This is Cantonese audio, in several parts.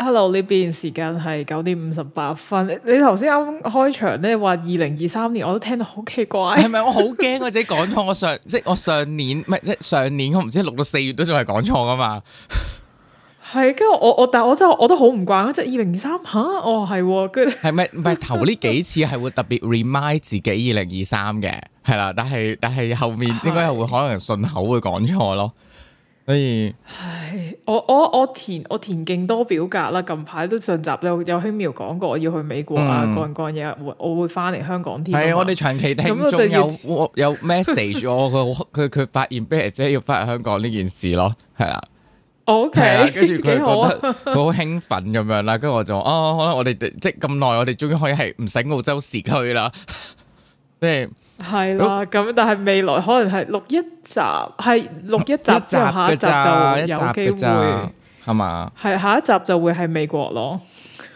Hello，呢邊時間係九點五十八分。你頭先啱開場咧，話二零二三年，我都聽到好奇怪。係咪我好驚我自己講錯？我上 即係我上年，唔係即係上年，我唔知錄到四月都仲係講錯噶嘛？係跟住我我，但係我真係我都好唔慣，即係二零二三吓，我係跟係咪唔係頭呢幾次係會特別 remind 自己二零二三嘅，係啦。但係但係後面應該又會可能順口會講錯咯。所以，唉、哎，我我我填我填勁多表格啦，近排都上集咧，有輕描講過我要去美國啊，幹幹嘢，我我會翻嚟香港添。係、嗯，對我哋長期聽眾有有 message 我佢佢 佢發現 b 姐，姐要翻嚟香港呢件事咯，係啦。我係啊，跟住佢覺得佢好興奮咁樣啦，跟住我就啊，可能我哋即係咁耐，我哋終於可以係唔使澳洲時區啦。即係係啦，咁果但係未來可能係錄一集，係錄一集之後下一集就有機會，係嘛？係吧下一集就會係美國咯，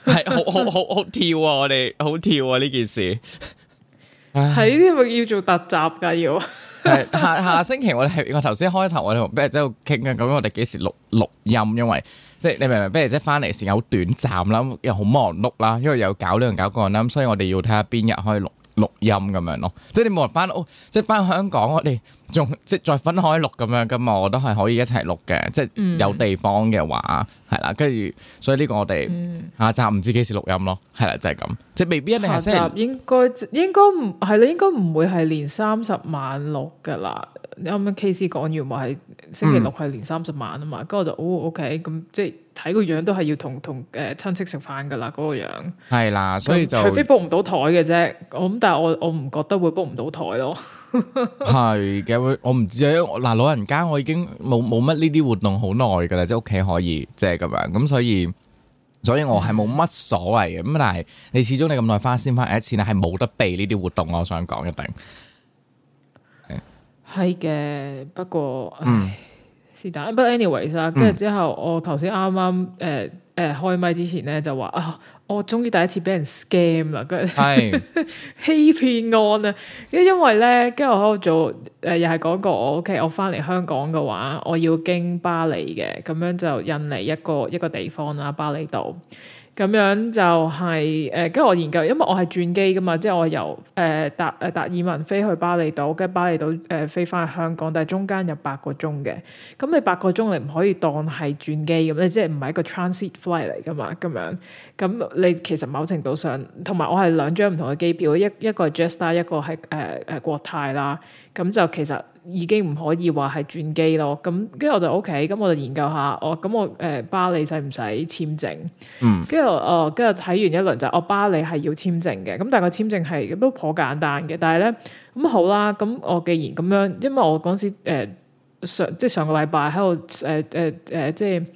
係好好好好跳啊！ 我哋好跳啊！呢件事，喺呢啲要做特集噶要。 下下星期我哋我頭先開頭我哋就喺度傾緊，咁 我哋幾時錄錄音因試試？因為即係你明唔明？即係翻嚟時間好短暫啦，又好忙碌啦，因為有搞呢樣搞嗰樣啦，所以我哋要睇下邊日可以錄。錄音咁樣咯，即係你冇人翻屋，即係翻香港，我哋仲即係再分開錄咁樣噶嘛，我都係可以一齊錄嘅，即係有地方嘅話係啦，跟住、嗯、所以呢個我哋下集唔知幾時錄音咯，係啦就係、是、咁，即係未必一定係下集。應該應該唔係啦，應該唔會係年三十晚錄噶啦。你啱啱 K.C 講完話係星期六係年三十晚啊嘛，跟住、嗯、我就 O，OK，、哦 okay, 咁即係睇、那個樣都係要同同誒親戚食飯噶啦，嗰個樣係啦，所以就除非 book 唔到台嘅啫，咁但係我我唔覺得會 book 唔到台咯。係 嘅，我唔知啊，嗱老人家我已經冇冇乜呢啲活動好耐噶啦，即係屋企可以即係咁樣，咁所以所以我係冇乜所謂嘅，咁、嗯、但係你始終你咁耐翻先翻一次咧，係冇得避呢啲活動，我想講一定。係嘅，不過唉，是、嗯、但 ways，剛剛剛，不過 anyways 啦，跟住之後，我頭先啱啱誒誒開麥之前咧，就話啊，我終於第一次俾人 scam 啦，跟住係欺騙案啊，因為咧，跟住我喺度做誒、呃，又係講過我 OK，我翻嚟香港嘅話，我要經巴厘嘅，咁樣就印尼一個一個地方啦，巴厘島。咁樣就係、是、誒，跟、呃、住我研究，因為我係轉機噶嘛，即係我由誒達誒達爾文飛去巴厘島，跟住巴厘島誒、呃、飛翻去香港，但係中間有八個鐘嘅，咁你八個鐘你唔可以當係轉機咁，你即係唔係一個 transit flight 嚟噶嘛，咁樣，咁你其實某程度上，兩張同埋我係兩張唔同嘅機票，一個 ester，一個係 Jetstar，一個係誒誒國泰啦。咁就其實已經唔可以話係轉機咯。咁跟住我就 OK，企，咁我就研究下，哦、我咁我誒巴黎使唔使簽證？嗯。跟住誒，跟住睇完一輪就，我巴黎係要簽證嘅。咁但係個簽證係都頗簡單嘅。但係咧，咁好啦。咁我既然咁樣，因為我嗰陣時誒、呃、上即係上個禮拜喺度誒誒誒，即係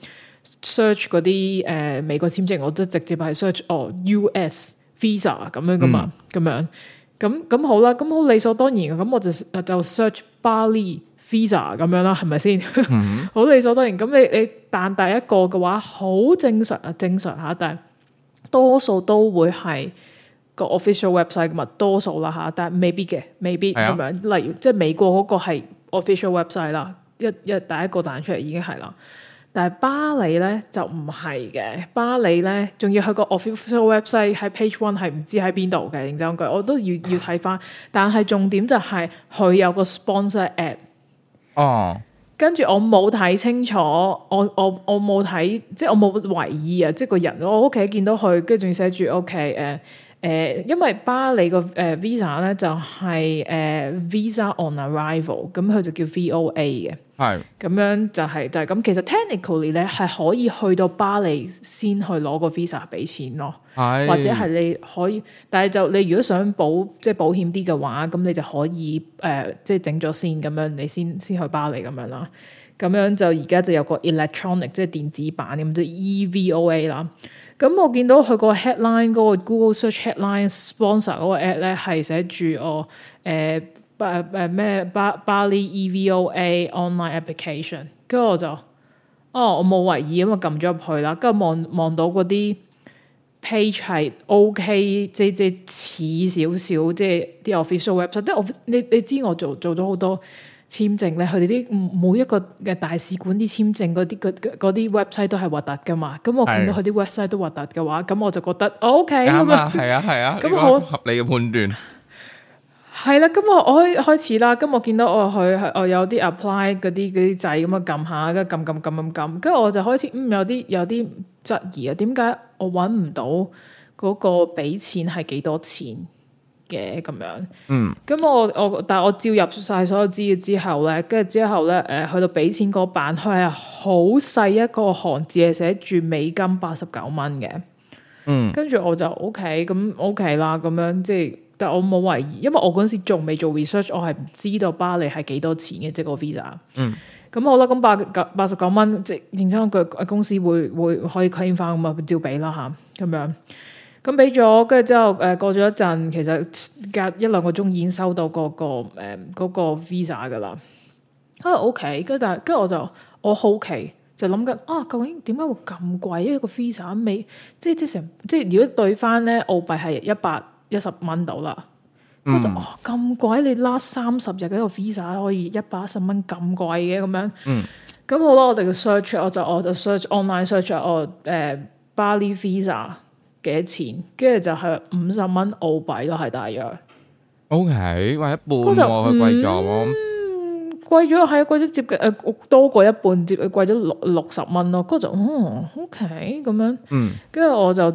search 嗰啲誒美國簽證，我都直接係 search 哦 U.S. visa 咁樣噶嘛，咁樣。嗯。咁咁好啦，咁好理所當然嘅，咁我就就 search Bali Visa 咁樣啦，係咪先？好理所當然。咁你你彈第一個嘅話，好正常啊，正常嚇。但係多數都會係個 official website 咪多數啦嚇，但係未必嘅，未必咁、啊、樣。例如即係、就是、美國嗰個係 official website 啦，一一第一個彈出嚟已經係啦。但係巴黎咧就唔係嘅，巴黎咧仲要去個 official website 喺 page one 係唔知喺邊度嘅，認真句我都要要睇返。啊、但係重點就係、是、佢有個 sponsor ad 哦、啊，跟住我冇睇清楚，我我我冇睇，即係我冇留意啊！即係個人，我屋企見到佢，跟住仲要寫住 OK 誒誒，因為巴黎個誒、uh, visa 咧就係、是、誒、uh, visa on arrival，咁佢就叫 V O A 嘅。係，咁是樣就係、是、就係、是、咁。其實 technically 咧係可以去到巴黎先去攞個 visa 俾錢咯，是或者係你可以，但係就你如果想、就是、保即係保險啲嘅話，咁你就可以誒即係整咗先咁樣，你先先去巴黎咁樣啦。咁樣就而家就有個 electronic 即係電子版咁就 EVOA 啦。咁我見到佢 head 個 headline 嗰個 Google Search headline sponsor 嗰個 app 咧係寫住我誒。呃巴誒咩巴巴 Bali EVOA online application，跟住我就，哦我冇為意咁啊撳咗入去啦，跟住望望到嗰啲 page 係 OK，即即似少少即啲 official website，即我 你你知我做做咗好多簽證咧，佢哋啲每一個嘅大使館啲簽證嗰啲啲 website 都係核突噶嘛，咁我見到佢啲 website 都核突嘅話，咁、嗯、我就覺得 OK，咁啊係啊係啊，咁好 合理嘅判斷。係啦，咁我我開始啦，咁我見到我佢我有啲 apply 嗰啲嗰啲掣咁樣，撳下，跟住撳撳撳撳撳，跟住我就開始，嗯，有啲有啲質疑啊，點解我揾唔到嗰個俾錢係幾多錢嘅咁樣？嗯，咁我我但係我照入晒所有資料之後咧，跟住之後咧，誒，去到俾錢嗰版佢係好細一個行字係寫住美金八十九蚊嘅，嗯，跟住我就 OK，咁 OK 啦，咁樣即係。但我冇懷疑，因為我嗰陣時仲未做 research，我係唔知道巴黎係幾多錢嘅即係個 visa。咁好啦，咁八八十九蚊，即係認真個、嗯、公司會會可以 claim 翻咁啊，照俾啦嚇，咁樣咁俾咗，跟住之後誒、呃、過咗一陣，其實隔一兩個鐘已經收到嗰、那個誒嗰、呃那個 visa 噶啦。啊 OK，跟住但係跟住我就我好奇就諗緊啊，究竟點解會咁貴？一個 visa 尾即係即係成即係如果對翻咧澳幣係一百一十蚊到啦，咁就哦咁貴，你 last 三十日嘅一個 visa 可以一百一十蚊咁貴嘅咁樣，咁好啦，我哋就 search，我就我就 search online search 哦，誒巴厘 visa 幾錢？跟住就係五十蚊澳幣都係大約。O K，貴一半喎，佢貴咗，貴咗係啊，貴咗接近誒，多過一半，接貴咗六六十蚊咯，咁就哦 O K 咁樣，嗯，跟住我就。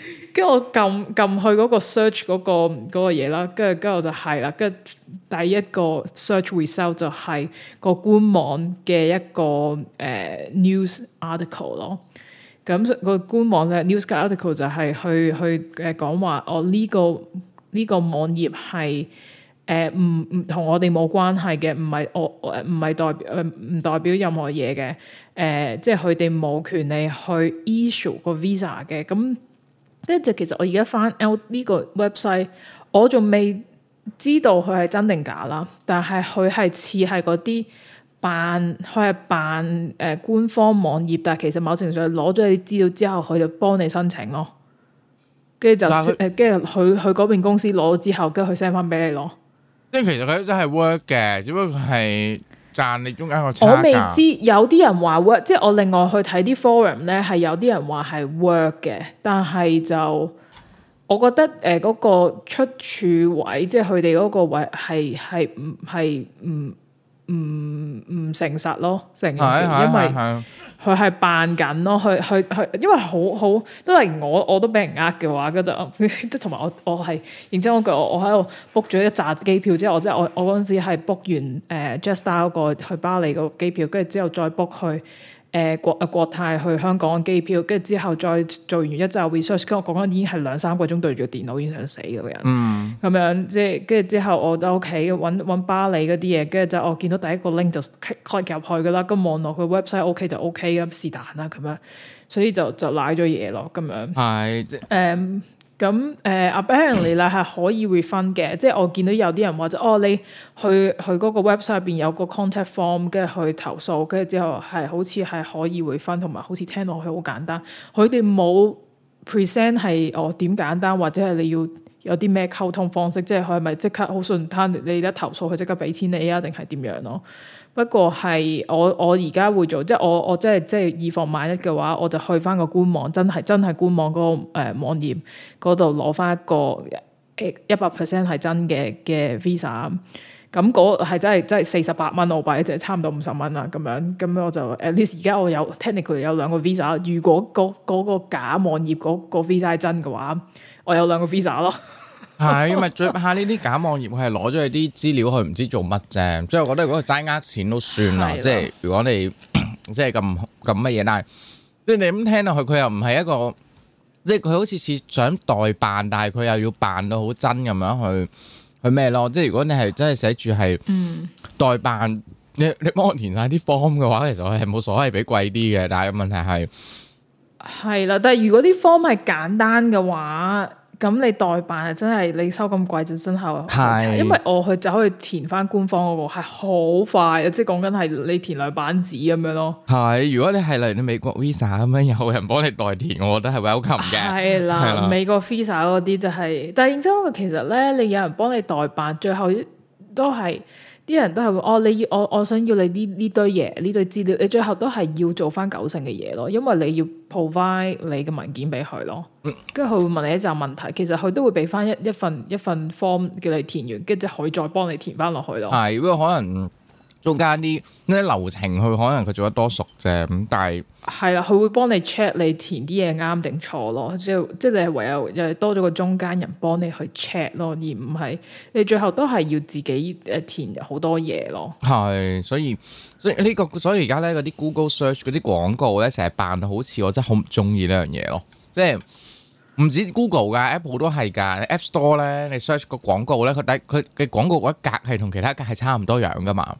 跟住我撳撳去嗰個 search 嗰個嗰個嘢啦，跟住跟住我就係啦，跟住第一個 search result 就係個官網嘅一個誒、呃、news article 咯。咁個官網嘅 news article 就係去去誒講話我呢個呢個網頁係誒唔唔同我哋冇關係嘅，唔係我唔係代唔、呃、代表任何嘢嘅。誒、呃，即係佢哋冇權利去 issue 個 visa 嘅咁。嗯。即係其實我而家翻 L 呢個 website，我仲未知道佢係真定假啦。但係佢係似係嗰啲辦，佢係辦誒官方網頁，但係其實某程度上攞咗你資料之後，佢就幫你申請咯。跟住就誒，跟住佢去嗰邊公司攞咗之後，跟住佢 send 翻俾你咯。即係其實佢真係 work 嘅，只不過係。賺你中間個差價。我未知有啲人話 work，即係我另外去睇啲 forum 咧，係有啲人話係 work 嘅，但係就我覺得誒嗰、呃那個出處位，即係佢哋嗰個位係係唔係唔。唔唔誠實咯，成件事，因為佢係扮緊咯，佢佢佢，因為好好都係我我都俾人呃嘅話，嗰 就，同埋我我係，然之後我我喺度 book 咗一紮機票之後，我即係我我嗰陣時係 book 完誒、呃、Jetstar 嗰個去巴黎個機票，跟住之後再 book 去。誒、呃、國啊國泰去香港嘅機票，跟住之後再做完一週 research，跟住我講緊已經係兩三個鐘對住個電腦已經想死咁、嗯、樣，咁樣即係跟住之後我喺屋企揾揾巴黎嗰啲嘢，跟住就我見到第一個 link 就 click 入去噶啦，咁望落去 website OK 就 OK 咁是但啦咁樣，所以就就賴咗嘢咯咁樣。係的，誒。Um, 咁誒，apparently 啦係可以 r 分嘅， 即係我見到有啲人話就哦，你去去嗰個 website 入邊有個 contact form，跟住去投訴，跟住之後係好似係可以回分，同埋好似聽落去好簡單。佢哋冇 present 係我點、哦、簡單，或者係你要有啲咩溝通方式，即係佢係咪即刻好順攤？你一投訴，佢即刻俾錢你啊，定係點樣咯？不過係我我而家會做，即我我即係即係以防萬一嘅話，我就去翻個官網，真係真係官網嗰、個誒、呃、網頁嗰度攞翻一個誒一百 percent 係真嘅嘅 visa。咁嗰係真係真係四十八蚊澳幣，即係差唔多五十蚊啦。咁樣咁樣我就 at least 而家我有 technically 有兩個 visa。如果嗰、個假網頁嗰、個 visa 係真嘅話，我有兩個 visa 咯。係因為最怕呢啲假網頁，佢係攞咗佢啲資料去唔知做乜啫。即係我覺得如果係齋呃錢都算啦。即係如果你即係咁咁乜嘢，但係即係你咁聽落去，佢又唔係一個即係佢好似似想代辦，但係佢又要扮到好真咁樣去去咩咯。即係如果你係真係寫住係嗯代辦，你你幫我填曬啲 form 嘅話，其實我係冇所謂俾貴啲嘅。但係問題係係啦，但係如果啲 form 係簡單嘅話。咁你代辦係真係你收咁貴就真係，是因為我去就可以填翻官方嗰個係好快啊！即係講緊係你填兩版紙咁樣咯。係，如果你係嚟啲美國 Visa 咁樣，有人幫你代填，我都係 welcome 嘅。係啦的，的美國 Visa 嗰啲就係，但係真，係其實呢，你有人幫你代辦，最後都係。啲人都係會，哦，你要我，我想要你呢，呢堆嘢，呢堆資料，你最後都係要做翻九成嘅嘢咯，因為你要 provide 你嘅文件俾佢咯，跟住佢會問你一陣問題，其實佢都會俾翻一一份一份 form 叫你填完，跟住可以再幫你填翻落去咯。係，如果可能。中間啲嗰啲流程，佢可能佢做得多熟啫，咁但係係啦，佢會幫你 check 你填啲嘢啱定錯咯，即係即係你係唯有誒、就是、多咗個中間人幫你去 check 咯，而唔係你最後都係要自己誒填好多嘢咯。係，所以所以呢、呢個所以而家咧嗰啲 Google Search 嗰啲廣告咧，成日扮到好似我真係好唔中意呢樣嘢咯，即係唔止 Google 噶 Apple 都係噶，App Store 咧你 search 個廣告咧，佢第佢嘅廣告嗰一格係同其他格係差唔多樣噶嘛。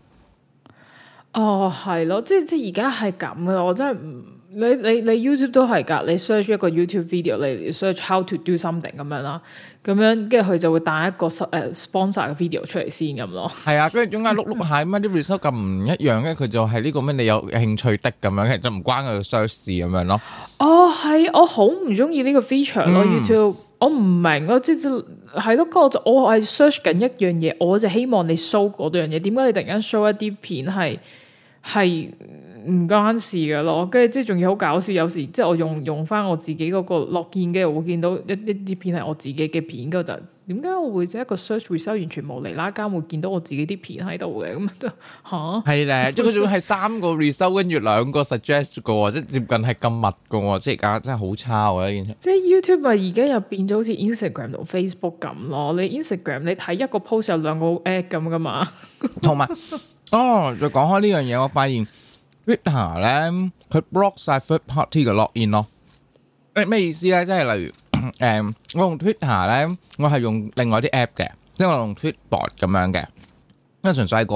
哦，係咯、oh,，即係即係而家係咁嘅咯。我真係唔，你你你 YouTube 都係噶，你 search 一個 YouTube video，你 search how to do something 咁樣啦，咁樣跟住佢就會彈一個誒 sponsor 嘅 video 出嚟先咁咯。係啊，跟住中間碌碌下，點解啲 result 咁唔一樣咧？佢就係呢個咩？你有興趣的咁樣，其實就唔關佢 search 事咁樣咯。哦，係、就是，我好唔中意呢個 feature 咯 YouTube，我唔明咯，即係係係咯，咁我就我係 search 緊一樣嘢，我就希望你 show 嗰樣嘢，點解你突然間 show, show 一啲片係？係唔關事嘅咯，跟住即係仲要好搞笑。有時即係我用用翻我自己嗰個落鍵嘅，我會見到一一啲片係我自己嘅片嗰陣，點解我會即一個 search result 完全冇嚟啦？加會見到我自己啲片喺度嘅咁都吓係咧，即係佢仲要係三個 result 跟住兩個 suggest 嘅，即係接近係咁密嘅，即係假真係好差我而家。即係 YouTube 啊，而家又變咗好似 Instagram 同 Facebook 咁咯。你 Instagram 你睇一個 post 有兩個 ad 咁噶嘛，同埋。哦，再講開呢樣嘢，我發現 Twitter 咧，佢 block 晒 third party 嘅 login 咯。咩咩意思咧？即係例如，誒、呃，我用 Twitter 咧，我係用另外啲 app 嘅，即係我用 Tweetbot 咁樣嘅，因為純粹個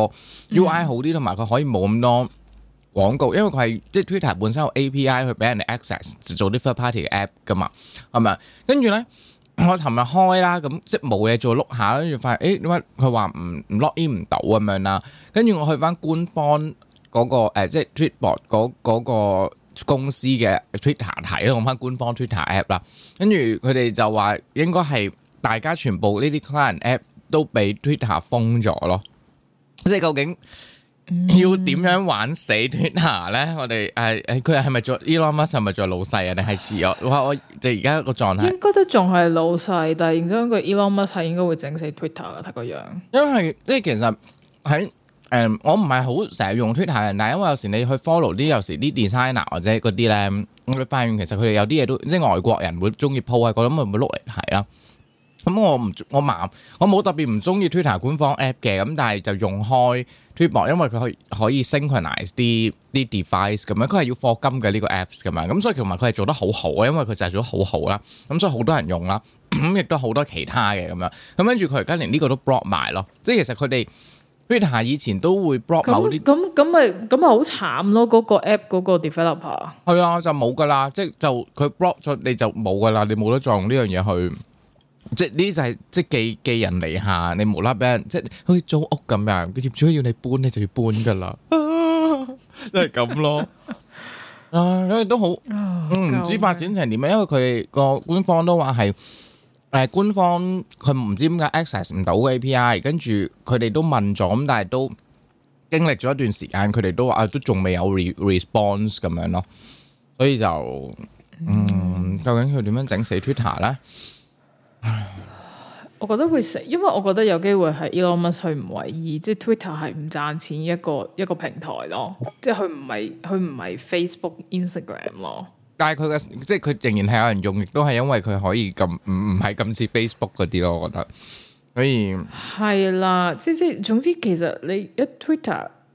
UI 好啲，同埋佢可以冇咁多廣告，因為佢係即係 Twitter 本身有 API 去俾人哋 access 做啲 third party 嘅 app 噶嘛，係咪？跟住咧。我尋日開啦，咁即係冇嘢做碌下，跟住發現，誒點解佢話唔唔 login 唔到咁樣啦？跟住我去翻官方嗰個，呃，即係 Twitter 嗰嗰個公司嘅 Twitter 睇咯，用翻官方 Twitter app 啦。跟住佢哋就話應該係大家全部呢啲 client app 都畀 Twitter 封咗咯，即係究竟。 要點樣玩死 Twitter 咧？我哋誒誒，佢係咪做 Elon Musk 係咪做老細啊？定係持有？我我就而家個狀態， 應該都仲係老細，但係認真佢 Elon Musk 係應該會整死 Twitter 噶，睇個樣。因為即係其實喺誒、嗯，我唔係好成日用 Twitter，但係因為有時你去 follow 啲有時啲 designer 或者嗰啲咧，我發現其實佢哋有啲嘢都即係外國人會中意 po 喺嗰度，咁會唔會碌嚟？OK 咁我唔我麻，我冇特別唔中意 Twitter 官方 app 嘅，咁但係就用開。Twitter、這個，因為佢可以可以 synchronize 啲啲 device 咁樣，佢係要課金嘅呢個 apps 咁樣，咁所以同埋佢係做得好好啊，因為佢就係做得好好啦，咁所以好多人用啦，咁亦都好多其他嘅咁樣，咁跟住佢而家連呢個都 block 埋咯，即係其實佢哋 Twitter 以前都會 block 某啲，咁咁咪咁咪好慘咯，嗰、那個 app 嗰個 developer 係啊，就冇噶啦，即係就佢 block 咗你就冇噶啦，你冇得再用呢樣嘢去。即係呢啲就係、是、即係寄寄人籬下，你無啦啦俾人即係好似租屋咁樣，佢最主要要你搬，你就要搬噶啦，即係咁咯。啊，因為都好，唔、嗯、了知發展成點樣。因為佢哋個官方都話係誒官方佢唔知點解 access 唔到嘅 API，跟住佢哋都問咗，咁但係都經歷咗一段時間，佢哋都話啊都仲未有 re, response 咁樣咯。所以就嗯，究竟佢點樣整死 Twitter 咧？我覺得會死，因為我覺得有機會係 Elon Musk 佢唔為意，即係 Twitter 係唔賺錢一個一個平台咯，即係佢唔係佢唔係 Facebook、Instagram 咯。但係佢嘅即係佢仍然係有人用，亦都係因為佢可以咁唔唔係咁似 Facebook 嗰啲咯。我覺得所以係啦，即即係，總之其實你一 Twitter。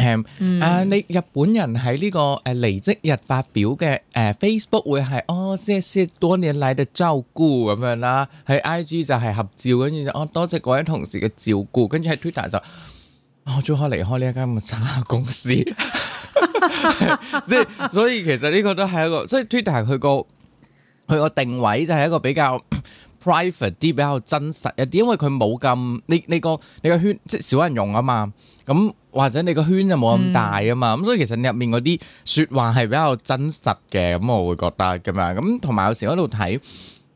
誒，啊，你日本人喺呢個誒離職日發表嘅誒 Facebook 會係哦，謝謝多年嚟嘅照顧咁樣啦，喺 IG 就係合照，跟住就哦多謝各位同事嘅照顧，跟住喺 Twitter 就哦最好離開呢一間差公司，即係所以其實呢個都係一個，即係 Twitter 佢個佢個定位就係一個比較 private 啲，比較真實一啲，因為佢冇咁你你個你個圈即係少人用啊嘛。咁或者你個圈就冇咁大啊嘛，咁、嗯、所以其實你入面嗰啲說話係比較真實嘅，咁我會覺得咁樣，咁同埋有時喺度睇，誒、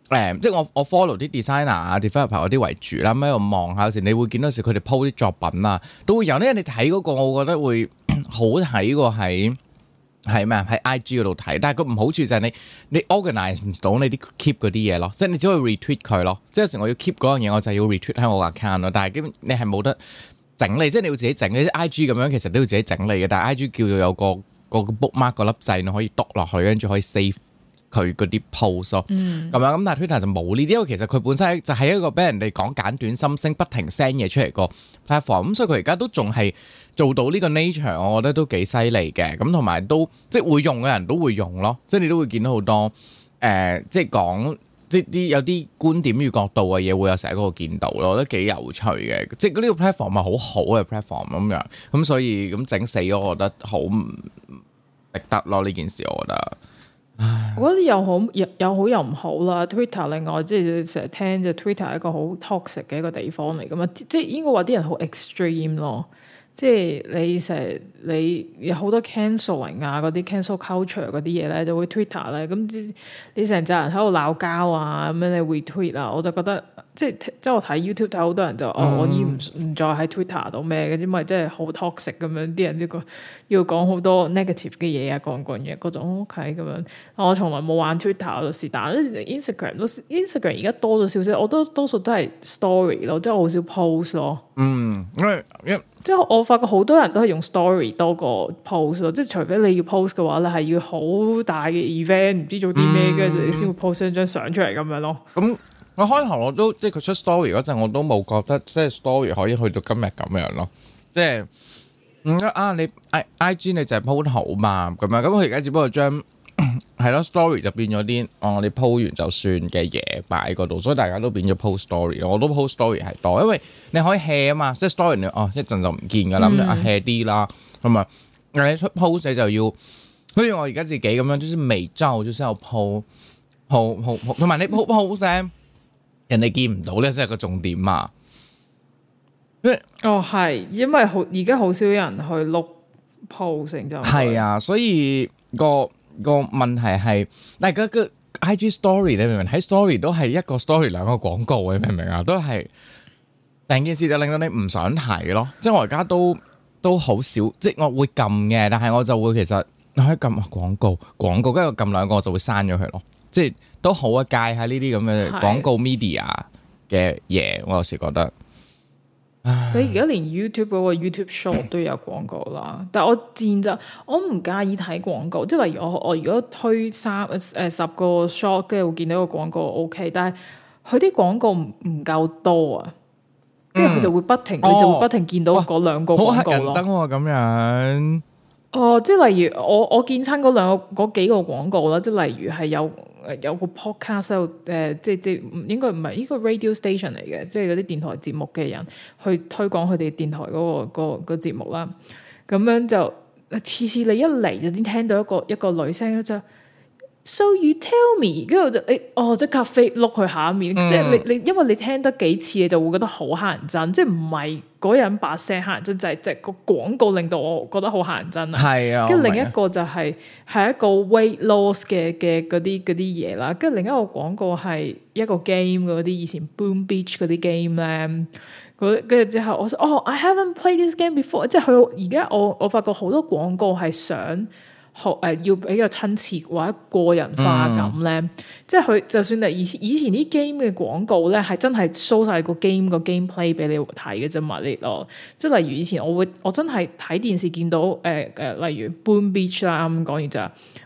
呃，即係我我 follow 啲 designer 啊啲 developer 嗰啲為主啦，咁喺度望下，有時你會見到時佢哋 po 啲作品啊，都會有呢，你睇嗰個，我覺得會好睇過喺，係咩？喺 IG 嗰度睇，但係佢唔好處就係你你 organize 唔到你啲 keep 嗰啲嘢咯，即係你只可以 retweet 佢咯。即係有時我要 keep 嗰樣嘢，我就要 retweet 喺我 account 咯。但係基本你係冇得。整理，即係你要自己整理，I G 咁樣其實都要自己整理嘅。但係 I G 叫做有個個 book mark 嗰粒掣，你可以督落去，跟住可以 save 佢嗰啲 post 咯。咁、嗯、樣咁，但係 Twitter 就冇呢啲，因為其實佢本身就係一個俾人哋講簡短心聲，不停 send 嘢出嚟個 platform。咁所以佢而家都仲係做到呢個 nature，我覺得都幾犀利嘅。咁同埋都即係會用嘅人都會用咯，即係你都會見到好多誒、呃，即係講。啲啲有啲觀點與角度嘅嘢會有成日個見到咯，我覺得幾有趣嘅，即係呢個 platform 咪好好嘅 platform 咁樣，咁所以咁整死咗，我覺得好唔值得咯呢件事，我覺得。唉，我覺得又好又有好有唔好啦。Twitter 另外即係成日聽就 Twitter 係一個好 toxic 嘅一個地方嚟㗎嘛，即係應該話啲人好 extreme 咯。即係你成日，你有好多 canceling 啊，嗰啲 cancel culture 嗰啲嘢咧，就會 Twitter 咧，咁你成扎人喺度鬧交啊，咁樣你會 tweet 啊，我就覺得。即係即係我睇 YouTube 睇好多人就、嗯、哦我已唔唔再喺 Twitter 度咩嘅，啫嘛，即係好 toxic 咁樣啲人呢個要講好多 negative 嘅嘢啊，講講嘢嗰種，OK 咁樣。我從來冇玩 Twitter，我是但 Instagram 都 Instagram 而家多咗少少，我都多多數都係 story 咯，即係好少 post 咯。嗯，即係我發覺好多人都係用 story 多過 post 咯，即係除非你要 post 嘅話，e vent，嗯、你係要好大嘅 event，唔知做啲咩，跟住你先會 post 一張相出嚟咁樣咯。咁、嗯嗯我開頭我都即係佢出 story 嗰陣，我都冇覺得即係 story 可以去到今日咁樣咯。即係唔得啊！你 I I G 你就係 po 圖嘛咁啊，咁佢而家只不過將係咯、 啊、story 就變咗啲哦，你 po 完就算嘅嘢擺嗰度，所以大家都變咗 po story。我都 po story 係多，因為你可以 hea 啊嘛，即係 story 你哦一陣就唔見噶啦，咁啊 hea 啲啦，同埋你出 po 就要，好似我而家自己咁樣，即係未照就先有 po po 同埋你 po po 聲。 人哋見唔到咧，先係個重點啊！哦，係因為好而家好少人去錄 post 成就係啊，所以個個問題係，但係個，個 I G Story 你明唔明？喺 Story 都係一個 story 兩個廣告，你明唔明啊？嗯、都係成件事就令到你唔想睇咯。即係我而家都都好少，即係我會撳嘅，但係我就會其實可以撳廣、啊、告，廣告跟住撳兩個，我就會刪咗佢咯。即係都好啊，戒下呢啲咁嘅廣告 media 嘅嘢。是的 我有時覺得。佢而家連 YouTube 嗰個 YouTube Short 都有廣告啦，嗯、但係我自然就我唔介意睇廣告，即係例如我我如果推三誒、呃、十個 short，跟住會見到個廣告 OK，但係佢啲廣告唔夠多啊，跟住佢就會不停，佢就會不停見到嗰兩個廣告咯，咁、啊、樣。哦，oh, 即係例如我我見親嗰兩個嗰幾個廣告啦，即係例如係有有個 podcast 喺、呃、度，誒，即即應該唔係呢個 radio station 嚟嘅，即係嗰啲電台節目嘅人去推廣佢哋電台嗰、個、個、個節目啦。咁樣就次次你一嚟就先聽到一個一個女聲嘅啫。So you tell me，跟住我就誒、哎、哦，即刻飛碌去下面，即係你你，嗯、因為你聽得幾次，你就會覺得好乞人憎，即係唔係嗰人把聲乞人憎，就係即係個廣告令到我覺得好乞人憎啊。係啊，跟住另一個就係、是、係、哦、一個 weight loss 嘅嘅嗰啲嗰啲嘢啦，跟住另一個廣告係一個 game 嗰啲以前 boom beach 嗰啲 game 咧，跟住之後，我話哦，I haven't played this game before，即係佢而家我我發覺好多廣告係想。學誒要比較親切或者個人化咁咧、嗯，即係佢就算你以前以前啲 game 嘅廣告咧，係真係 show 晒個 game 個 gameplay 俾你睇嘅啫嘛，你咯，即係例如以前我會我真係睇電視見到誒誒、呃，例如《Boom Beach》啦，咁啱講完就，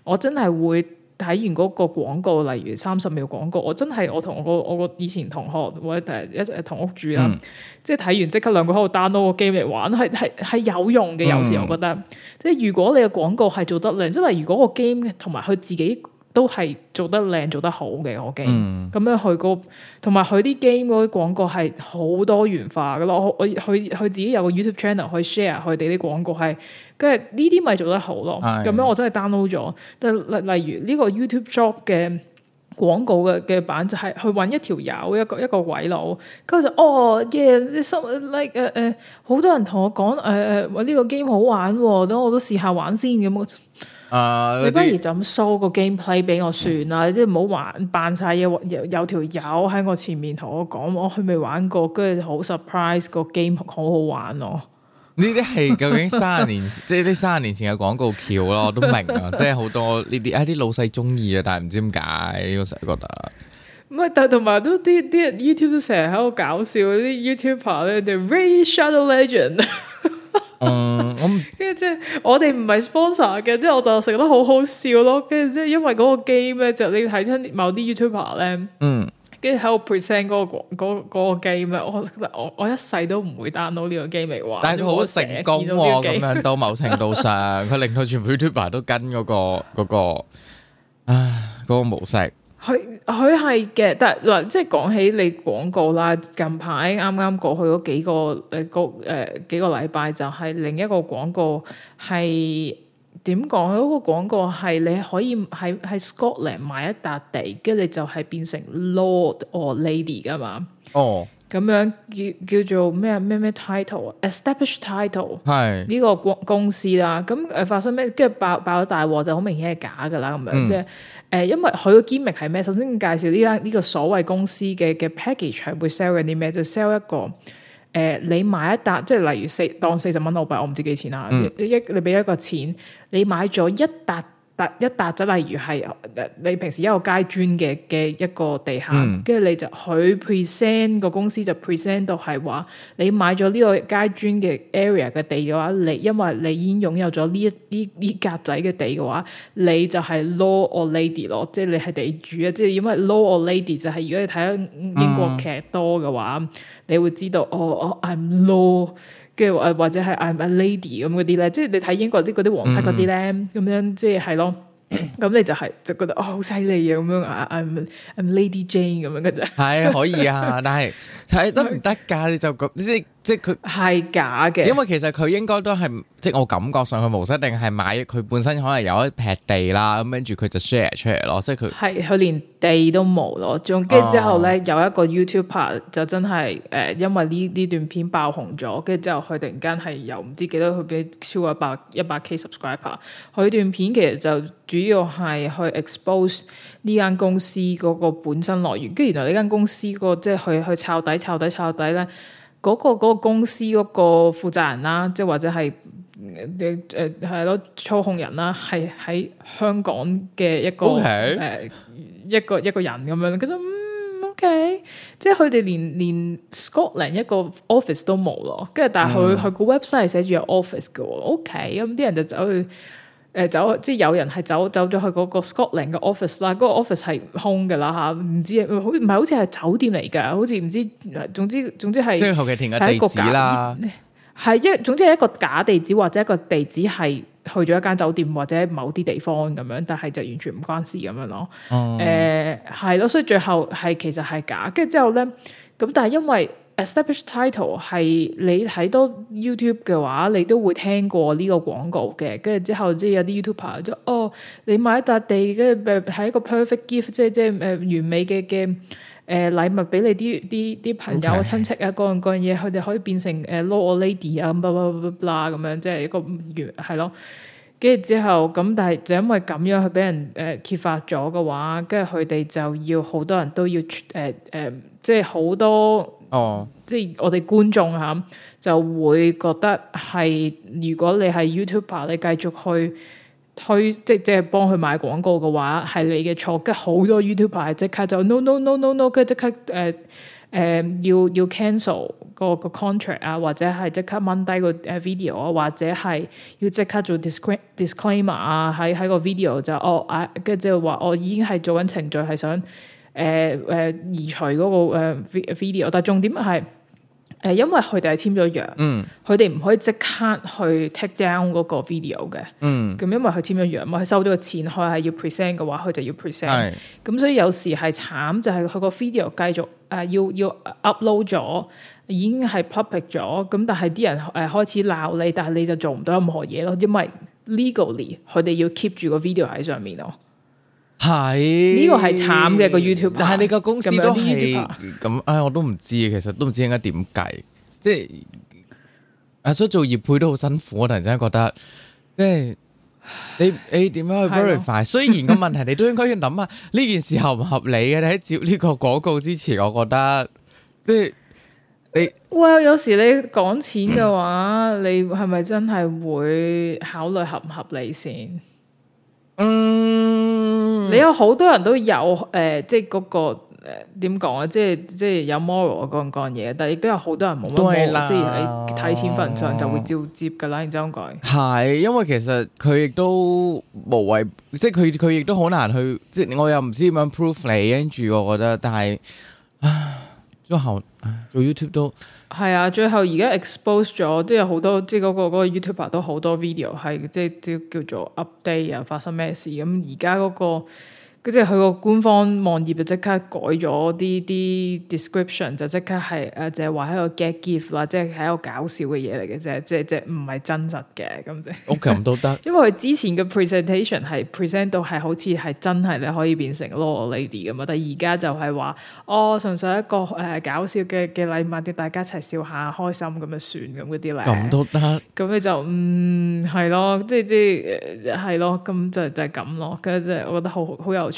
我真係會。睇完嗰個廣告，例如三十秒廣告，我真係我同我我個以前同學或者一齊同屋住啦，嗯、即係睇完即刻兩個喺度 download 個 game 嚟玩，係係係有用嘅。有時、嗯、我覺得，即係如果你嘅廣告係做得靚，即係如果個 game 同埋佢自己。都係做得靚，做得好嘅，我驚，咁樣去個，同埋佢啲 game 嗰啲廣告係好多元化噶咯，我我佢佢自己有個 YouTube channel 去 share 佢哋啲廣告係，跟住呢啲咪做得好咯，咁是的 樣我真係 download 咗，例例如呢個 YouTube shop 嘅廣告嘅嘅版就係、是、去揾一條友一個一個鬼佬，跟住就哦耶、oh, yeah, so like 誒、uh, 誒、uh, uh，好多人同我講誒誒，我呢個 game 好玩，等我都試下玩先咁。呃、你不如就咁 show 個 gameplay 俾我算啦，嗯、即係唔好玩扮晒嘢。有有條友喺我前面同我講，我佢未玩過，跟住好 surprise 個 game 好好玩咯、啊。呢啲係究竟三年， 即係呢卅年前嘅廣告橋咯，我都明啊！ 即係好多呢啲啊啲老細中意啊，但係唔知點解，我成日覺得。唔係，但同埋都啲啲 YouTube 都成日喺度搞笑，啲 YouTuber 咧啲 Raid Shadow Legend。 嗯，跟住即係我哋唔係 sponsor 嘅，即係我就食得好好笑咯。跟住即係因為嗰個 game 咧，就你睇親某啲 YouTuber 咧，嗯，跟住喺度 present 嗰個、嗰個 game 咧，我覺得我我我一世都唔會 download 呢個 game 嚟玩。但係佢好成功喎，咁樣到某程度上，佢 令到全部 YouTuber 都跟嗰個嗰個，唉、嗰個，啊嗰個模式。佢佢係嘅，但嗱，即係講起你廣告啦。近排啱啱過去嗰幾個誒誒、呃、幾個禮拜，就係另一個廣告係點講？嗰、嗰個廣告係你可以喺喺 Scotland 買一笪地，跟住你就係變成 Lord or Lady 噶嘛？哦，咁樣叫叫做咩咩咩 title？Established title 係呢、哦、個公公司啦。咁誒發生咩？跟住爆爆咗大鑊，就好明顯係假噶啦，咁樣即係。誒，因為佢個 gimmick 係咩？首先介紹呢間呢個所謂公司嘅嘅 package 係會 sell 緊啲咩？就 sell 一個誒、呃，你買一沓，即係例如四當四十蚊澳幣，我唔知幾錢啦、嗯。你一你俾一個錢，你買咗一沓。一笪就例如係你平時一個街磚嘅嘅一個地下，跟住、嗯、你就佢 present 個公司就 present 到係話你買咗呢個街磚嘅 area 嘅地嘅話，你因為你已經擁有咗呢一呢呢格仔嘅地嘅話，你就係 law or lady 咯，即係你係地主啊！即係因為 law or lady 就係如果你睇英國劇多嘅話，嗯、你會知道哦哦、oh,，I'm law。嘅或者係 I'm a lady 咁嗰啲咧，即係你睇英國啲嗰啲皇室嗰啲咧，咁、嗯、樣即係係咯，咁、 嗯、你就係、是、就覺得哦好犀利啊咁樣啊 I'm I'm Lady Jane 咁樣，嗰陣，係可以啊， 但係睇得唔得噶？你就咁即即係佢係假嘅，因為其實佢應該都係，即係我感覺上佢無實，定係買佢本身可能有一塊地啦，咁跟住佢就 share 出嚟咯。即係佢係佢連地都冇咯，仲跟住之後咧、哦、有一個 YouTuber part 就真係誒、呃，因為呢呢段片爆紅咗，跟住之後佢突然間係又唔知幾多佢俾超過百一百 k subscriber，佢段片其實就主要係去 expose 呢間公司嗰個本身來源，跟住原來呢間公司個即係去去,去抄底、抄底、抄底咧。嗰個嗰個公司嗰個負責人啦，即係或者係誒誒係咯操控人啦，係喺香港嘅一個誒 Okay.、呃、一個一個人咁樣，佢就嗯 OK，即係佢哋連連 Scotland 一個 office 都冇咯，跟住但係佢佢個 website 係寫住有 office 嘅喎，OK，咁啲人就走去。誒走即係有人係走走咗去嗰個 Scotland 嘅 office 啦，嗰個 office 係空嘅啦吓，唔知好唔係好似係酒店嚟㗎，好似唔知總之總之係後期填個地址啦，係一總之係一個假地址或者一個地址係去咗一間酒店或者某啲地方咁樣，但係就完全唔關事咁樣咯。誒係咯，所以最後係其實係假，跟住之後咧咁，但係因為。Establish title 係你睇到 YouTube 嘅話，你都會聽過呢個廣告嘅。跟住之後，即係有啲 YouTuber 就哦，你買一笪地，跟住係一個 perfect gift，即係即係誒完美嘅嘅誒禮物俾你啲啲啲朋友、親 Okay. 戚啊，各樣各樣嘢，佢哋可以變成誒 Lord 我 lady 啊，咁啦啦啦啦咁樣，即係一個完係咯。跟住之後，咁但係就因為咁樣，佢俾人誒揭發咗嘅話，跟住佢哋就要好多人都要誒誒、呃呃，即係好多。哦，oh. 即係我哋觀眾嚇就會覺得係如果你係 YouTuber，你繼續去推即即係幫佢買廣告嘅話，係你嘅錯。跟住好多 YouTuber 係即刻就 no no no no no，跟住、no, 即刻誒誒、呃呃、要要 cancel 個個 contract 啊，或者係即刻掹低個誒 video, laimer, video、哦、啊，或者係要即刻做 disclaim disclaimer 啊，喺喺個 video 就我跟住即係話我已經係做緊程序，係想。誒誒、uh, uh, 移除嗰、那個、uh, video，但重點係誒，uh, 因為佢哋係簽咗約，嗯，佢哋唔可以即刻去 take down 嗰個 video 嘅，嗯，咁因為佢簽咗約，嘛，佢收咗個錢，佢係要 present 嘅話，佢就要 present，咁所以有時係慘，就係佢個 video 繼續誒、uh, 要要 upload 咗，已經係 public 咗，咁但係啲人誒開始鬧你，但係你就做唔到任何嘢咯，因為 legally 佢哋要 keep 住個 video 喺上面咯。係呢個係慘嘅個，YouTube，但係你個公司都係咁， 唉，我都唔知其實都唔知應該點計，即係阿所以做業配都好辛苦啊！我突然之間覺得，即係你你點、哎、樣去 verify？< 是的 S 1> 雖然個問題 你都應該要諗下呢件事合唔合理嘅。你喺接呢個廣告之前，我覺得即係你喂，有時你講錢嘅話，嗯、你係咪真係會考慮合唔合理先？嗯。你有好多人都有誒，即係嗰個誒點講啊，即係即係有 moral 嗰樣嘢，但係亦都有好多人冇乜 moral，即係睇錢份上就會照接㗎啦，然之後點解？係因為其實佢亦都無謂，即係佢佢亦都好難去，即係我又唔知點樣 proof 你跟住，ry, 我覺得，但係。最後、啊、做 YouTube 都係啊，最後而家 expose 咗，即係好多，即係、嗰個、嗰個嗰、嗰個 YouTuber 都好多 video，係即係叫做 update 啊，發生咩事？咁而家嗰個。即係佢個官方網頁就即刻改咗啲啲 description，就即刻係誒，就係話喺度 get gift 啦，即係一個搞笑嘅嘢嚟嘅啫，即即唔係真實嘅咁啫。咁都得，因為佢之前嘅 presentation 係 present 到係好似係真係你可以變成 law lady 咁啊，但係而家就係話哦，純粹一個誒、呃、搞笑嘅嘅禮物，叫大家一齊笑下開心咁啊算咁嗰啲咧。咁都得，咁你就嗯係咯，即即係咯，咁就就係咁咯，咁即係我覺得好好，好有趣。